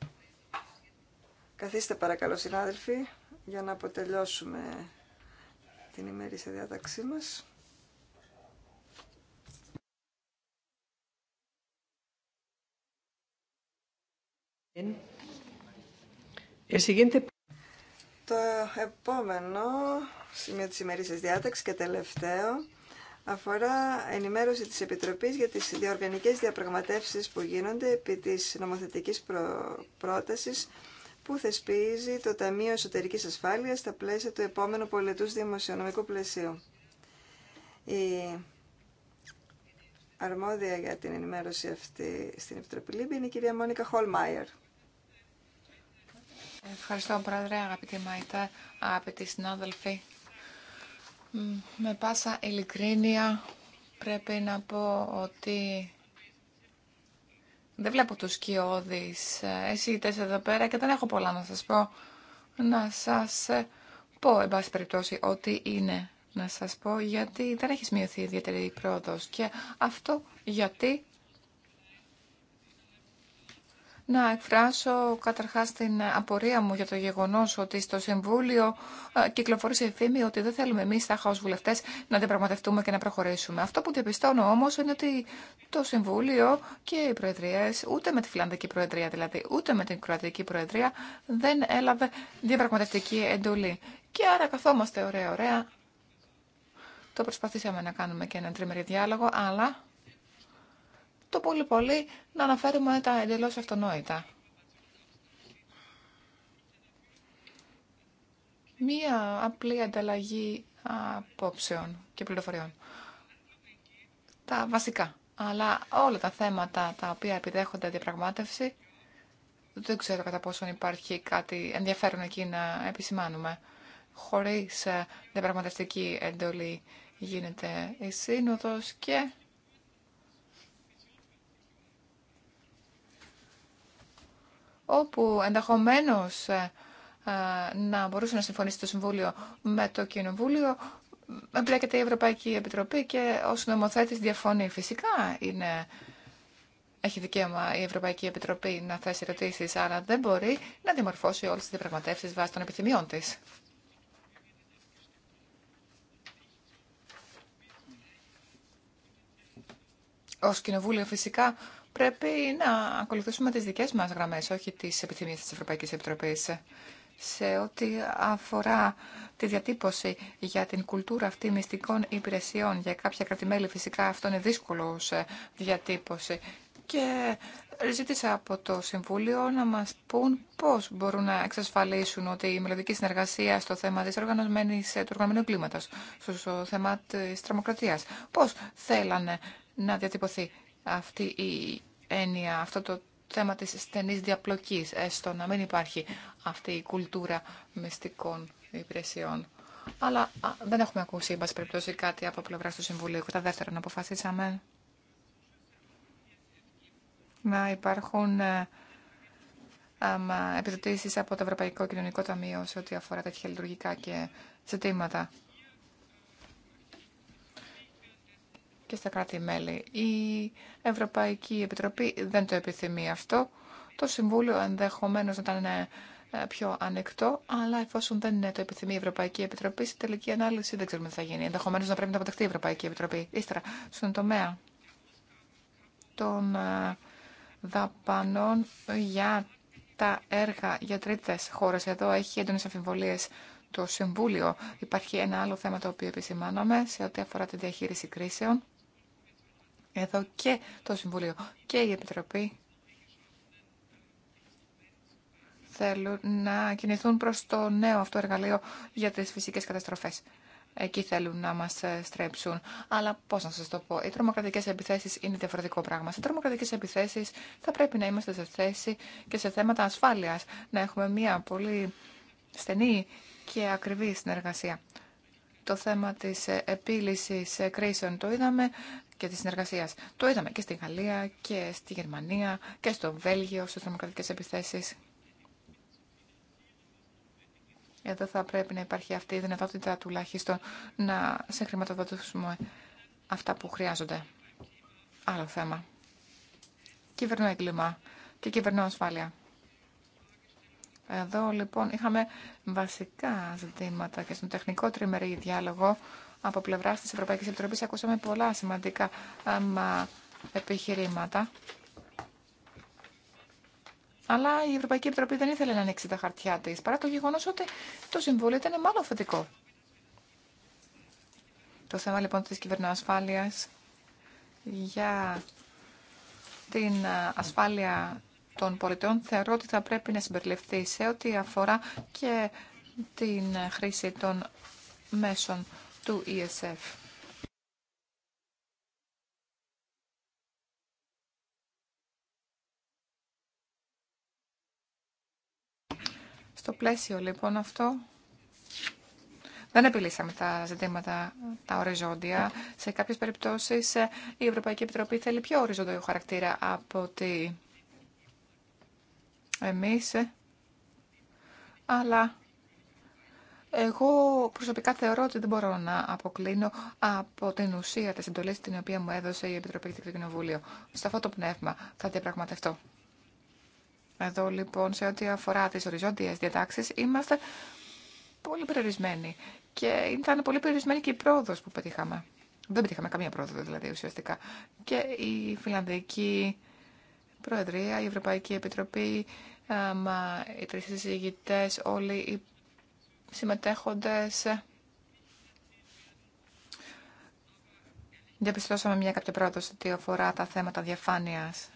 6. Καθίστε παρακαλώ συνάδελφοι για να αποτελειώσουμε την ημερήσια διάταξή μας. El siguiente Επόμενο σημείο της ημερήσης διάταξης και τελευταίο αφορά ενημέρωση της Επιτροπής για τις διοργανικές διαπραγματεύσεις που γίνονται επί της νομοθετικής πρότασης που θεσπίζει το Ταμείο Εσωτερικής Ασφάλειας στα πλαίσια του επόμενου πολιτούς δημοσιονομικού πλαισίου. Η αρμόδια για την ενημέρωση αυτή στην Επιτροπή Λίμπη είναι η κυρία Μόνικα Χολμάιερ. Ευχαριστώ, Πρόεδρε, αγαπητή Μαϊτέ, αγαπητοί συνάδελφοι. Με πάσα ειλικρίνεια πρέπει να πω ότι δεν βλέπω τους σκιώδεις εσύτες εδώ πέρα και δεν έχω πολλά να σας πω. Να σας ε, πω, εν πάση περιπτώσει, ότι είναι να σας πω γιατί δεν έχει μειωθεί ιδιαίτερη πρόοδος και αυτό γιατί να εκφράσω καταρχάς την απορία μου για το γεγονός ότι στο Συμβούλιο ε, κυκλοφορήσε η φήμη ότι δεν θέλουμε εμείς τα ως βουλευτές να διαπραγματευτούμε και να προχωρήσουμε. Αυτό που διαπιστώνω όμως είναι ότι το Συμβούλιο και οι Προεδρίες, ούτε με τη Φιλανδική Προεδρία δηλαδή, ούτε με την Κροατική Προεδρία δεν έλαβε διαπραγματευτική εντολή. Και άρα καθόμαστε ωραία ωραία. Το προσπαθήσαμε να κάνουμε και έναν τριμερή διάλογο, αλλά το πολύ πολύ να αναφέρουμε τα εντελώς αυτονόητα. Μία απλή ανταλλαγή απόψεων και πληροφοριών. Τα βασικά. Αλλά όλα τα θέματα τα οποία επιδέχονται διαπραγμάτευση, δεν ξέρω κατά πόσο υπάρχει κάτι ενδιαφέρον εκεί να επισημάνουμε. Χωρίς ε, διαπραγματευτική εντολή γίνεται η σύνοδος και όπου ενδεχομένως ε, ε, να μπορούσε να συμφωνήσει το Συμβούλιο με το Κοινοβούλιο, εμπλέκεται η Ευρωπαϊκή Επιτροπή και ως νομοθέτης διαφωνεί. Φυσικά είναι, έχει δικαίωμα η Ευρωπαϊκή Επιτροπή να θέσει ερωτήσει, αλλά δεν μπορεί να διαμορφώσει όλες τις διαπραγματεύσεις βάσει των επιθυμιών της. Ως Κοινοβούλιο φυσικά πρέπει να ακολουθήσουμε τις δικές μας γραμμές, όχι τις επιθυμίες της Ευρωπαϊκής Επιτροπής σε ό,τι αφορά τη διατύπωση για την κουλτούρα αυτή μυστικών υπηρεσιών. Για κάποια κρατημέλη φυσικά αυτό είναι δύσκολο σε διατύπωση. Και ζήτησα από το Συμβούλιο να μας πούν πώς μπορούν να εξασφαλίσουν ότι η μελλοντική συνεργασία στο θέμα της οργανωμένης, του οργανωμένου κλίματος, στο θέμα της τρομοκρατίας, πώς θέλανε να διατυπωθεί αυτή η έννοια, αυτό το θέμα της στενής διαπλοκής, έστω να μην υπάρχει αυτή η κουλτούρα μυστικών υπηρεσιών. Αλλά δεν έχουμε ακούσει, εν περιπτώσει, κάτι από πλευρά του Συμβουλίου. δεύτερα, να αποφασίσαμε να υπάρχουν ε, επιδοτήσεις από το Ευρωπαϊκό Κοινωνικό Ταμείο σε ό,τι αφορά τέτοια λειτουργικά και ζητήματα. και στα κράτη-μέλη. Η Ευρωπαϊκή Επιτροπή δεν το επιθυμεί αυτό. Το Συμβούλιο ενδεχομένως να ήταν ε, πιο ανεκτό, αλλά εφόσον δεν ε, το επιθυμεί η Ευρωπαϊκή Επιτροπή, στην τελική ανάλυση δεν ξέρουμε τι θα γίνει. Ενδεχομένω να πρέπει να αποτεχθεί η Ευρωπαϊκή Επιτροπή. Ύστερα, στον τομέα των ε, δαπανών για τα έργα για τρίτε χώρε, εδώ έχει έντονε αμφιβολίες το Συμβούλιο. Υπάρχει ένα άλλο θέμα το οποίο επισημάνομαι σε ό,τι αφορά τη διαχείριση κρίσεων. Εδώ και το Συμβούλιο και η Επιτροπή θέλουν να κινηθούν προς το νέο αυτό εργαλείο για τις φυσικές καταστροφές. Εκεί θέλουν να μας ε, στρέψουν. Αλλά πώς να σας το πω, οι τρομοκρατικές επιθέσεις είναι διαφορετικό πράγμα. Σε τρομοκρατικές επιθέσεις θα πρέπει να είμαστε σε θέση και σε θέματα ασφάλειας να έχουμε μια πολύ στενή και ακριβή συνεργασία. Το θέμα της ε, επίλυσης ε, κρίσεων το είδαμε και τη συνεργασία. Το είδαμε και στη Γαλλία και στη Γερμανία και στο Βέλγιο στι τρομοκρατικέ επιθέσει. Εδώ θα πρέπει να υπάρχει αυτή η δυνατότητα τουλάχιστον να σε χρηματοδοτήσουμε αυτά που χρειάζονται. Άλλο θέμα. Κυβερνό έγκλημα και κυβερνό ασφάλεια. Εδώ λοιπόν είχαμε βασικά ζητήματα και στον τεχνικό τριμερή διάλογο από πλευρά τη Ευρωπαϊκή Επιτροπή ακούσαμε πολλά σημαντικά επιχειρήματα. Αλλά η Ευρωπαϊκή Επιτροπή δεν ήθελε να ανοίξει τα χαρτιά τη, παρά το γεγονό ότι το συμβούλιο ήταν μάλλον θετικό. Το θέμα λοιπόν της κυβερνοασφάλεια για την ε, ασφάλεια των πολιτών θεωρώ ότι θα πρέπει να συμπεριληφθεί σε ό,τι αφορά και την χρήση των μέσων του ESF. Στο πλαίσιο λοιπόν αυτό δεν επιλύσαμε τα ζητήματα τα οριζόντια. Σε κάποιες περιπτώσεις ε, η Ευρωπαϊκή Επιτροπή θέλει πιο οριζόντιο χαρακτήρα από ότι εμείς. Ε, αλλά εγώ προσωπικά θεωρώ ότι δεν μπορώ να αποκλίνω από την ουσία τη εντολής την οποία μου έδωσε η Επιτροπή και το Κοινοβούλιο. Σε αυτό το πνεύμα θα διαπραγματευτώ. Εδώ λοιπόν σε ό,τι αφορά τις οριζόντιες διατάξεις είμαστε πολύ περιορισμένοι και ήταν πολύ περιορισμένη και η πρόοδος που πετύχαμε. Δεν πετύχαμε καμία πρόοδο δηλαδή ουσιαστικά. Και η Φιλανδική Προεδρία, η Ευρωπαϊκή Επιτροπή, ε, οι τρεις συζητητές, όλοι συμμετέχοντες διαπιστώσαμε μια κάποια πρόοδο ότι αφορά τα θέματα διαφάνειας.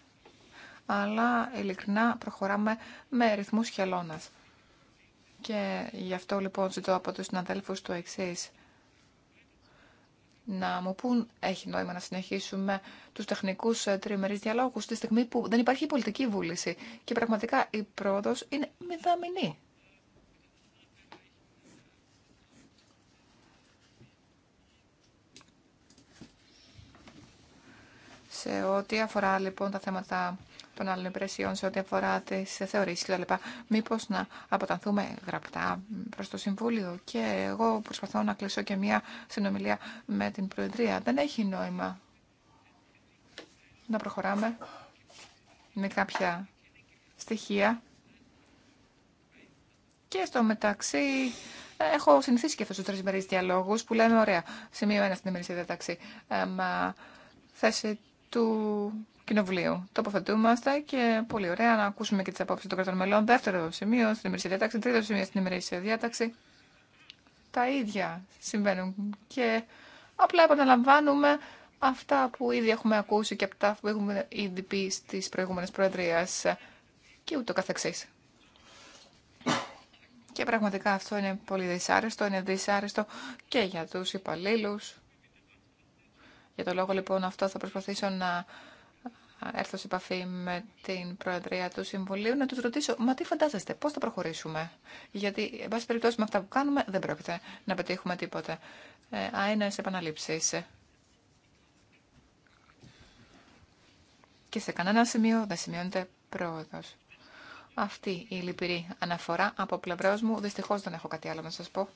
Αλλά ειλικρινά προχωράμε με ρυθμούς χελώνας. Και γι' αυτό λοιπόν ζητώ από τους συναδέλφους του εξή. Να μου πούν, έχει νόημα να συνεχίσουμε τους τεχνικούς ε, τριμερείς διαλόγους τη στιγμή που δεν υπάρχει πολιτική βούληση και πραγματικά η πρόοδος είναι μηδαμινή. σε ό,τι αφορά λοιπόν τα θέματα των άλλων υπηρεσιών, σε ό,τι αφορά τι θεωρήσει κλπ. Μήπω να αποτανθούμε γραπτά προ το Συμβούλιο και εγώ προσπαθώ να κλείσω και μία συνομιλία με την Προεδρία. Δεν έχει νόημα να προχωράμε με κάποια στοιχεία. Και στο μεταξύ έχω συνηθίσει και αυτού του τρει διαλόγου που λένε: Ωραία, σημείο ένα στην ημερήσια διάταξη. Ε, θέση του Κοινοβουλίου. Τοποθετούμαστε και πολύ ωραία να ακούσουμε και τι απόψει των κρατών μελών. Δεύτερο σημείο στην ημερήσια διάταξη, τρίτο σημείο στην ημερήσια διάταξη. Τα ίδια συμβαίνουν και απλά επαναλαμβάνουμε αυτά που ήδη έχουμε ακούσει και αυτά που έχουμε ήδη πει στι προηγούμενε προεδρία και ούτω καθεξή. Και πραγματικά αυτό είναι πολύ δυσάρεστο, είναι δυσάρεστο και για τους υπαλλήλους για το λόγο λοιπόν αυτό θα προσπαθήσω να έρθω σε επαφή με την Προεδρία του Συμβουλίου να του ρωτήσω, μα τι φαντάζεστε, πώς θα προχωρήσουμε. Γιατί, εν πάση περιπτώσει, με αυτά που κάνουμε δεν πρόκειται να πετύχουμε τίποτε. Ε, σε επαναλήψεις. Και σε κανένα σημείο δεν σημειώνεται πρόοδος. Αυτή η λυπηρή αναφορά από πλευρά μου. Δυστυχώς δεν έχω κάτι άλλο να σας πω.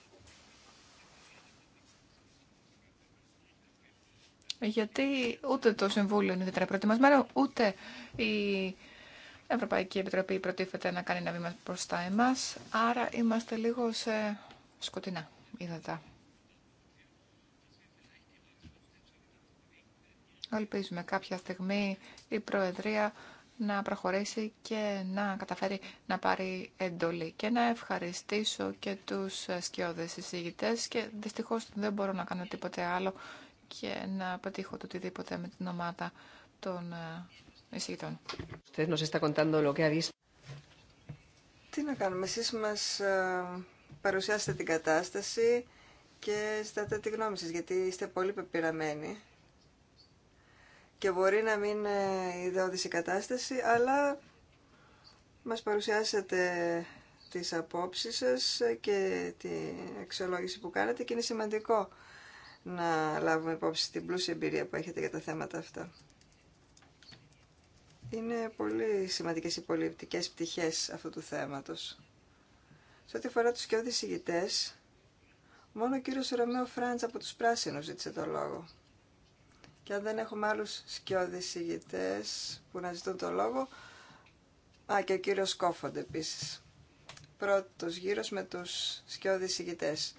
γιατί ούτε το Συμβούλιο είναι ιδιαίτερα προετοιμασμένο, ούτε η Ευρωπαϊκή Επιτροπή προτίθεται να κάνει ένα βήμα προς τα εμάς, άρα είμαστε λίγο σε σκοτεινά είδατα. Ελπίζουμε κάποια στιγμή η Προεδρία να προχωρήσει και να καταφέρει να πάρει εντολή και να ευχαριστήσω και τους σκιώδες συζητητές. και δυστυχώς δεν μπορώ να κάνω τίποτε άλλο και να πετύχω το οτιδήποτε με την ομάδα των ε, εισηγητών. Τι να κάνουμε, εσείς μας ε, παρουσιάσετε την κατάσταση και ζητάτε τη γνώμη σα γιατί είστε πολύ πεπειραμένοι. Και μπορεί να μην είναι ιδεώδη η κατάσταση, αλλά μας παρουσιάσετε τις απόψεις σας και την αξιολόγηση που κάνετε και είναι σημαντικό να λάβουμε υπόψη την πλούσια εμπειρία που έχετε για τα θέματα αυτά. Είναι πολύ σημαντικές οι πολιτικές πτυχές αυτού του θέματος. Σε ό,τι αφορά τους και ηγητές, μόνο ο κύριος Ρωμαίο Φράντς από τους Πράσινους ζήτησε το λόγο. Και αν δεν έχουμε άλλους σκιώδεις ηγητές που να ζητούν το λόγο, α, και ο κύριος Κόφοντ επίσης. Πρώτος γύρος με τους σκιώδεις ηγητές.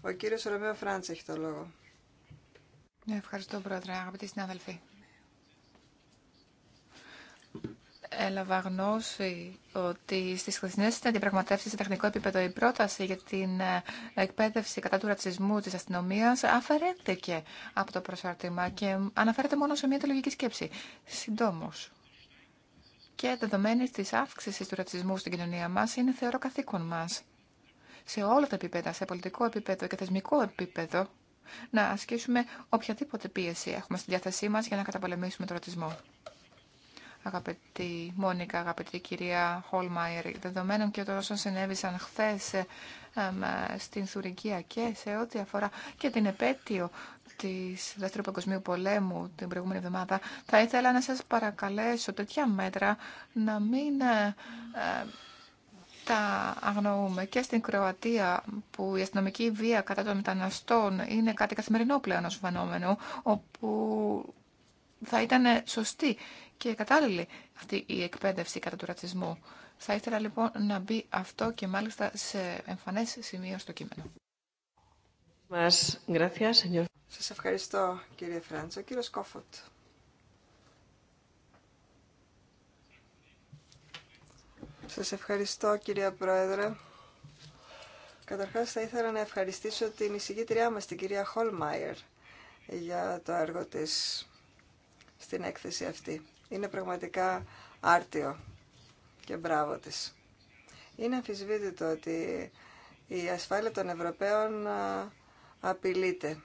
Ο κύριος Ρωμαίο Φράντς έχει το λόγο. Ευχαριστώ, Πρόεδρε, αγαπητοί συνάδελφοι. Έλαβα γνώση ότι στι χθεσινέ αντιπραγματεύσει σε τεχνικό επίπεδο η πρόταση για την ε, εκπαίδευση κατά του ρατσισμού τη αστυνομία αφαιρέθηκε από το προσαρτήμα και αναφέρεται μόνο σε μια τελογική σκέψη. Συντόμω. Και δεδομένη τη αύξηση του ρατσισμού στην κοινωνία μα, είναι θεωρώ καθήκον μα σε όλα τα επίπεδα, σε πολιτικό επίπεδο και θεσμικό επίπεδο, να ασκήσουμε οποιαδήποτε πίεση έχουμε στη διάθεσή μας για να καταπολεμήσουμε τον ρατσισμό. Αγαπητή Μόνικα, αγαπητή κυρία Χολμάιερ, δεδομένων και των όσων συνέβησαν χθε στην Θουρικία και σε ό,τι αφορά και την επέτειο τη Δεύτερου Παγκοσμίου Πολέμου την προηγούμενη εβδομάδα, θα ήθελα να σας παρακαλέσω τέτοια μέτρα να μην ε, τα αγνοούμε και στην Κροατία που η αστυνομική βία κατά των μεταναστών είναι κάτι καθημερινό πλέον ως φαινόμενο όπου θα ήταν σωστή και κατάλληλη αυτή η εκπαίδευση κατά του ρατσισμού. Θα ήθελα λοιπόν να μπει αυτό και μάλιστα σε εμφανές σημείο στο κείμενο. Μας, Σας ευχαριστώ κύριε Φράντσο. Κύριο Σκόφωτ. Σας ευχαριστώ κυρία Πρόεδρε. Καταρχάς θα ήθελα να ευχαριστήσω την εισηγήτριά μας, την κυρία Χολμάιερ, για το έργο της στην έκθεση αυτή. Είναι πραγματικά άρτιο και μπράβο της. Είναι αμφισβήτητο ότι η ασφάλεια των Ευρωπαίων απειλείται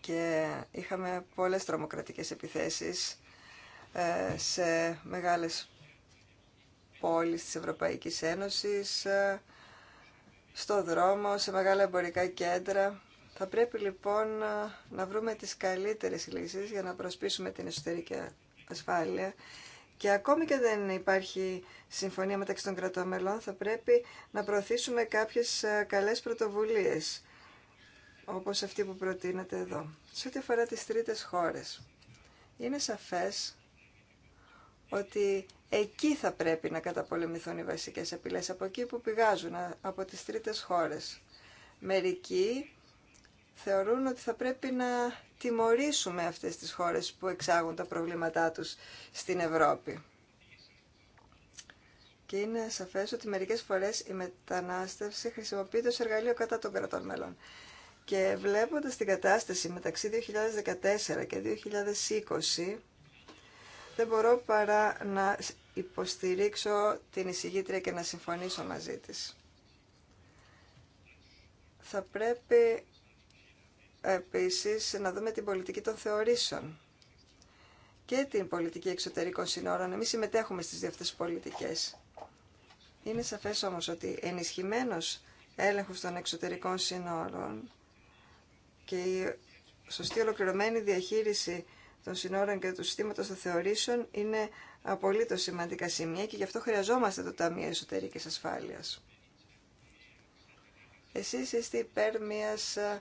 και είχαμε πολλές τρομοκρατικές επιθέσεις ε, σε μεγάλες πόλεις της Ευρωπαϊκής Ένωσης, ε, στο δρόμο, σε μεγάλα εμπορικά κέντρα. Θα πρέπει λοιπόν ε, να βρούμε τις καλύτερες λύσεις για να προσπίσουμε την εσωτερική ασφάλεια και ακόμη και δεν υπάρχει συμφωνία μεταξύ των κρατών μελών, θα πρέπει να προωθήσουμε κάποιες ε, καλές πρωτοβουλίες, όπως αυτή που προτείνεται εδώ. Σε ό,τι αφορά τις τρίτες χώρες, είναι σαφές ότι εκεί θα πρέπει να καταπολεμηθούν οι βασικές απειλές, από εκεί που πηγάζουν, από τις τρίτες χώρες. Μερικοί θεωρούν ότι θα πρέπει να τιμωρήσουμε αυτές τις χώρες που εξάγουν τα προβλήματά τους στην Ευρώπη. Και είναι σαφές ότι μερικές φορές η μετανάστευση χρησιμοποιείται ως εργαλείο κατά των κρατών μέλων. Και βλέποντας την κατάσταση μεταξύ 2014 και 2020, δεν μπορώ παρά να υποστηρίξω την εισηγήτρια και να συμφωνήσω μαζί της. Θα πρέπει επίσης να δούμε την πολιτική των θεωρήσεων και την πολιτική εξωτερικών συνόρων. Εμείς συμμετέχουμε στις δύο πολιτικές. Είναι σαφές όμως ότι ενισχυμένος έλεγχος των εξωτερικών συνόρων και η σωστή ολοκληρωμένη διαχείριση των συνόρων και του συστήματο των θεωρήσεων είναι απολύτως σημαντικά σημεία και γι' αυτό χρειαζόμαστε το Ταμείο εσωτερική Ασφάλειας. Εσείς είστε υπέρ μια ε,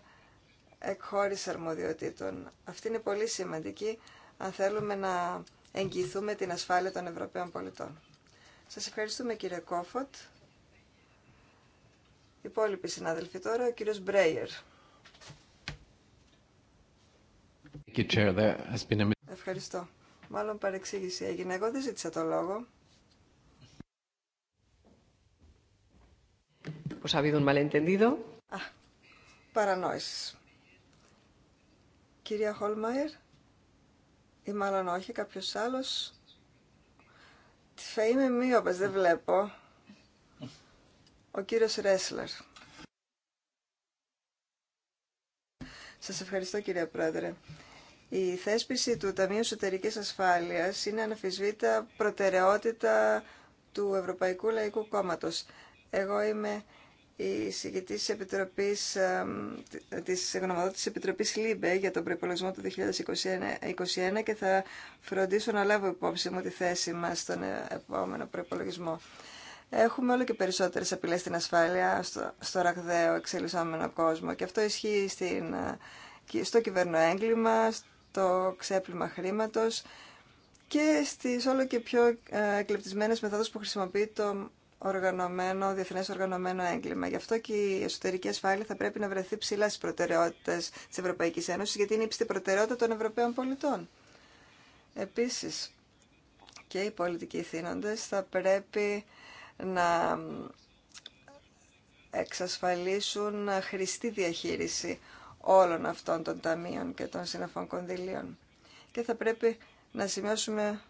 εκχώρησης αρμοδιοτήτων. Αυτή είναι πολύ σημαντική αν θέλουμε να εγγυηθούμε την ασφάλεια των Ευρωπαίων πολιτών. Σας ευχαριστούμε κύριε Κόφωτ. Υπόλοιποι συνάδελφοι τώρα, ο κύριος Μπρέιερ. Ευχαριστώ. Μάλλον παρεξήγηση έγινε. Εγώ δεν ζήτησα το λόγο. Πώς habido un malentendido. Α, παρανόηση. Κυρία Χολμάιερ, ή μάλλον όχι, κάποιος άλλος. Θα είμαι μείωπες, δεν βλέπω. Ο κύριο Ρέσλερ. Σας ευχαριστώ κύριε Πρόεδρε. Η θέσπιση του Ταμείου εσωτερική ασφάλεια είναι αναφυσβήτα προτεραιότητα του Ευρωπαϊκού Λαϊκού Κόμματο. Εγώ είμαι η συγκητή τη Επιτροπή τη Επιτροπή ΛΥΜΠΕ για τον προπολογισμό του 2021 και θα φροντίσω να λάβω υπόψη μου τη θέση μα στον επόμενο προπολογισμό. Έχουμε όλο και περισσότερε απειλέ στην ασφάλεια στο, στο ραγδαίο εξελισσόμενο κόσμο και αυτό ισχύει στην, ε, στο κυβερνοέγκλημα, το ξέπλυμα χρήματος και στις όλο και πιο ε, εκλεπτισμένες μεθόδους που χρησιμοποιεί το οργανωμένο, διεθνές οργανωμένο έγκλημα. Γι' αυτό και η εσωτερική ασφάλεια θα πρέπει να βρεθεί ψηλά στις προτεραιότητες της Ευρωπαϊκής Ένωσης, γιατί είναι η προτεραιότητα των Ευρωπαίων πολιτών. Επίσης, και οι πολιτικοί θύνοντες θα πρέπει να εξασφαλίσουν χρηστή διαχείριση όλων αυτών των ταμείων και των συναφών κονδυλίων. Και θα πρέπει να σημειώσουμε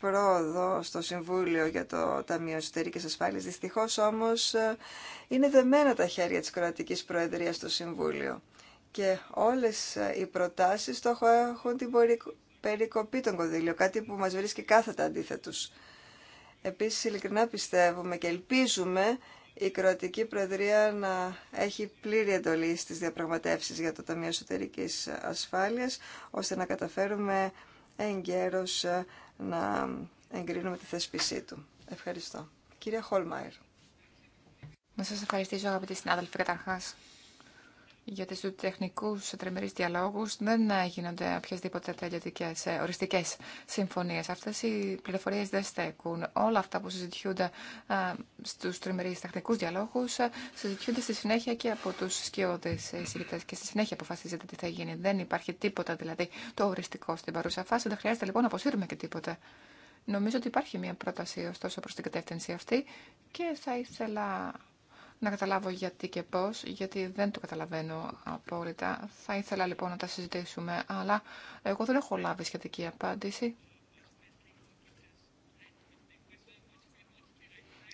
πρόοδο στο Συμβούλιο για το Ταμείο Εσωτερικής Ασφάλειας. Δυστυχώς όμως είναι δεμένα τα χέρια της Κροατικής Προεδρίας στο Συμβούλιο και όλες οι προτάσεις το έχουν την περικοπή των κονδύλιων, κάτι που μας βρίσκει κάθετα αντίθετους. Επίσης, ειλικρινά πιστεύουμε και ελπίζουμε η Κροατική Προεδρία να έχει πλήρη εντολή στις διαπραγματεύσεις για το Ταμείο Εσωτερικής Ασφάλειας, ώστε να καταφέρουμε εγκαίρως ε, να εγκρίνουμε τη θέσπισή του. Ευχαριστώ. Κύριε Χολμάιρ. Να σας ευχαριστήσω αγαπητοί συνάδελφοι καταρχάς για τις τεχνικούς τρεμερείς διαλόγους δεν γίνονται οποιασδήποτε τελειωτικές ε, οριστικές συμφωνίες. Αυτές οι πληροφορίες δεν στέκουν. Όλα αυτά που συζητιούνται ε, στους τρεμερείς τεχνικούς διαλόγους ε, συζητιούνται στη συνέχεια και από τους σκιώδες εισηγητές και στη συνέχεια αποφασίζεται τι θα γίνει. Δεν υπάρχει τίποτα δηλαδή το οριστικό στην παρούσα φάση. Δεν χρειάζεται λοιπόν να αποσύρουμε και τίποτα. Νομίζω ότι υπάρχει μια πρόταση ωστόσο προς την κατεύθυνση αυτή και θα ήθελα να καταλάβω γιατί και πώς, γιατί δεν το καταλαβαίνω απόλυτα. Θα ήθελα λοιπόν να τα συζητήσουμε, αλλά εγώ δεν έχω λάβει σχετική απάντηση.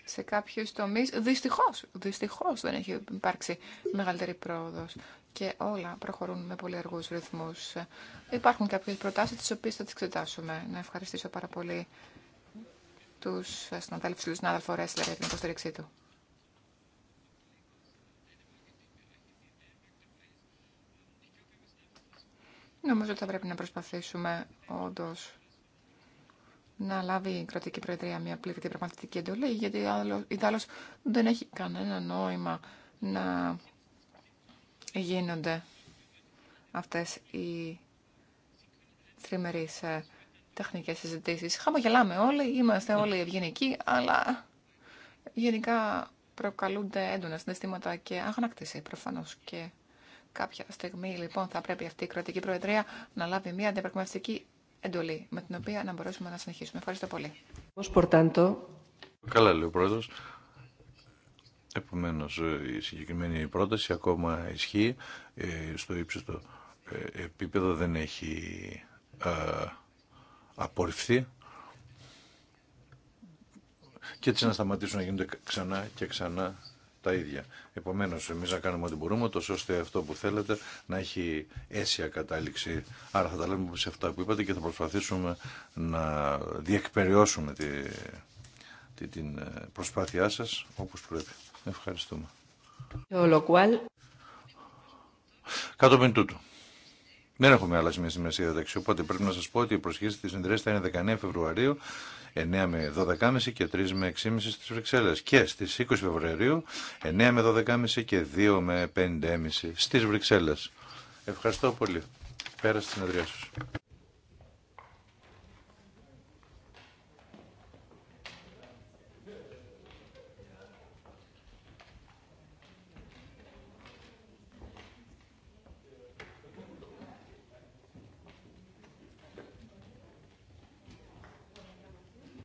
σε κάποιους τομείς, δυστυχώς, δυστυχώς δεν έχει υπάρξει μεγαλύτερη πρόοδος και όλα προχωρούν με πολύ αργούς ρυθμούς. Υπάρχουν κάποιες προτάσεις τις οποίες θα τις εξετάσουμε. Να ευχαριστήσω πάρα πολύ τους συναδέλφους και τον για την υποστήριξή του. Νομίζω ότι θα πρέπει να προσπαθήσουμε όντω να λάβει η κρατική προεδρία μια πλήρη πραγματική εντολή, γιατί ιδάλω δεν έχει κανένα νόημα να γίνονται αυτές οι τριμερείς ε, τεχνικές συζητήσεις. Χαμογελάμε όλοι, είμαστε όλοι ευγενικοί, αλλά γενικά προκαλούνται έντονα συναισθήματα και αγνακτήση προφανώς και Κάποια στιγμή λοιπόν θα πρέπει αυτή η κρατική προεδρία να λάβει μια αντιπραγματευτική εντολή με την οποία να μπορέσουμε να συνεχίσουμε. Ευχαριστώ πολύ. Καλά λέει ο πρόεδρος. Επομένως η συγκεκριμένη πρόταση ακόμα ισχύει ε, στο ύψιστο ε, επίπεδο δεν έχει ε, απορριφθεί και έτσι να σταματήσουν να γίνονται ξανά και ξανά τα ίδια. Επομένω, εμεί να κάνουμε ό,τι μπορούμε, τόσο ώστε αυτό που θέλετε να έχει αίσια κατάληξη. Άρα θα τα λέμε σε αυτά που είπατε και θα προσπαθήσουμε να διεκπεριώσουμε τη, τη, την ε, προσπάθειά σα όπω πρέπει. Ευχαριστούμε. Κάτω τούτου. Δεν έχουμε άλλα σημεία στη μεσαία Δεξιού, οπότε πρέπει να σα πω ότι η προσχέση τη συνδρέση είναι 19 Φεβρουαρίου 9 με 12.30 και 3 με 6.30 στις Βρυξέλλες και στις 20 Φεβρουαρίου 9 με 12.30 και 2 με 5,5 στις Βρυξέλλες. Ευχαριστώ πολύ. Πέρα στην συνεδρία σας.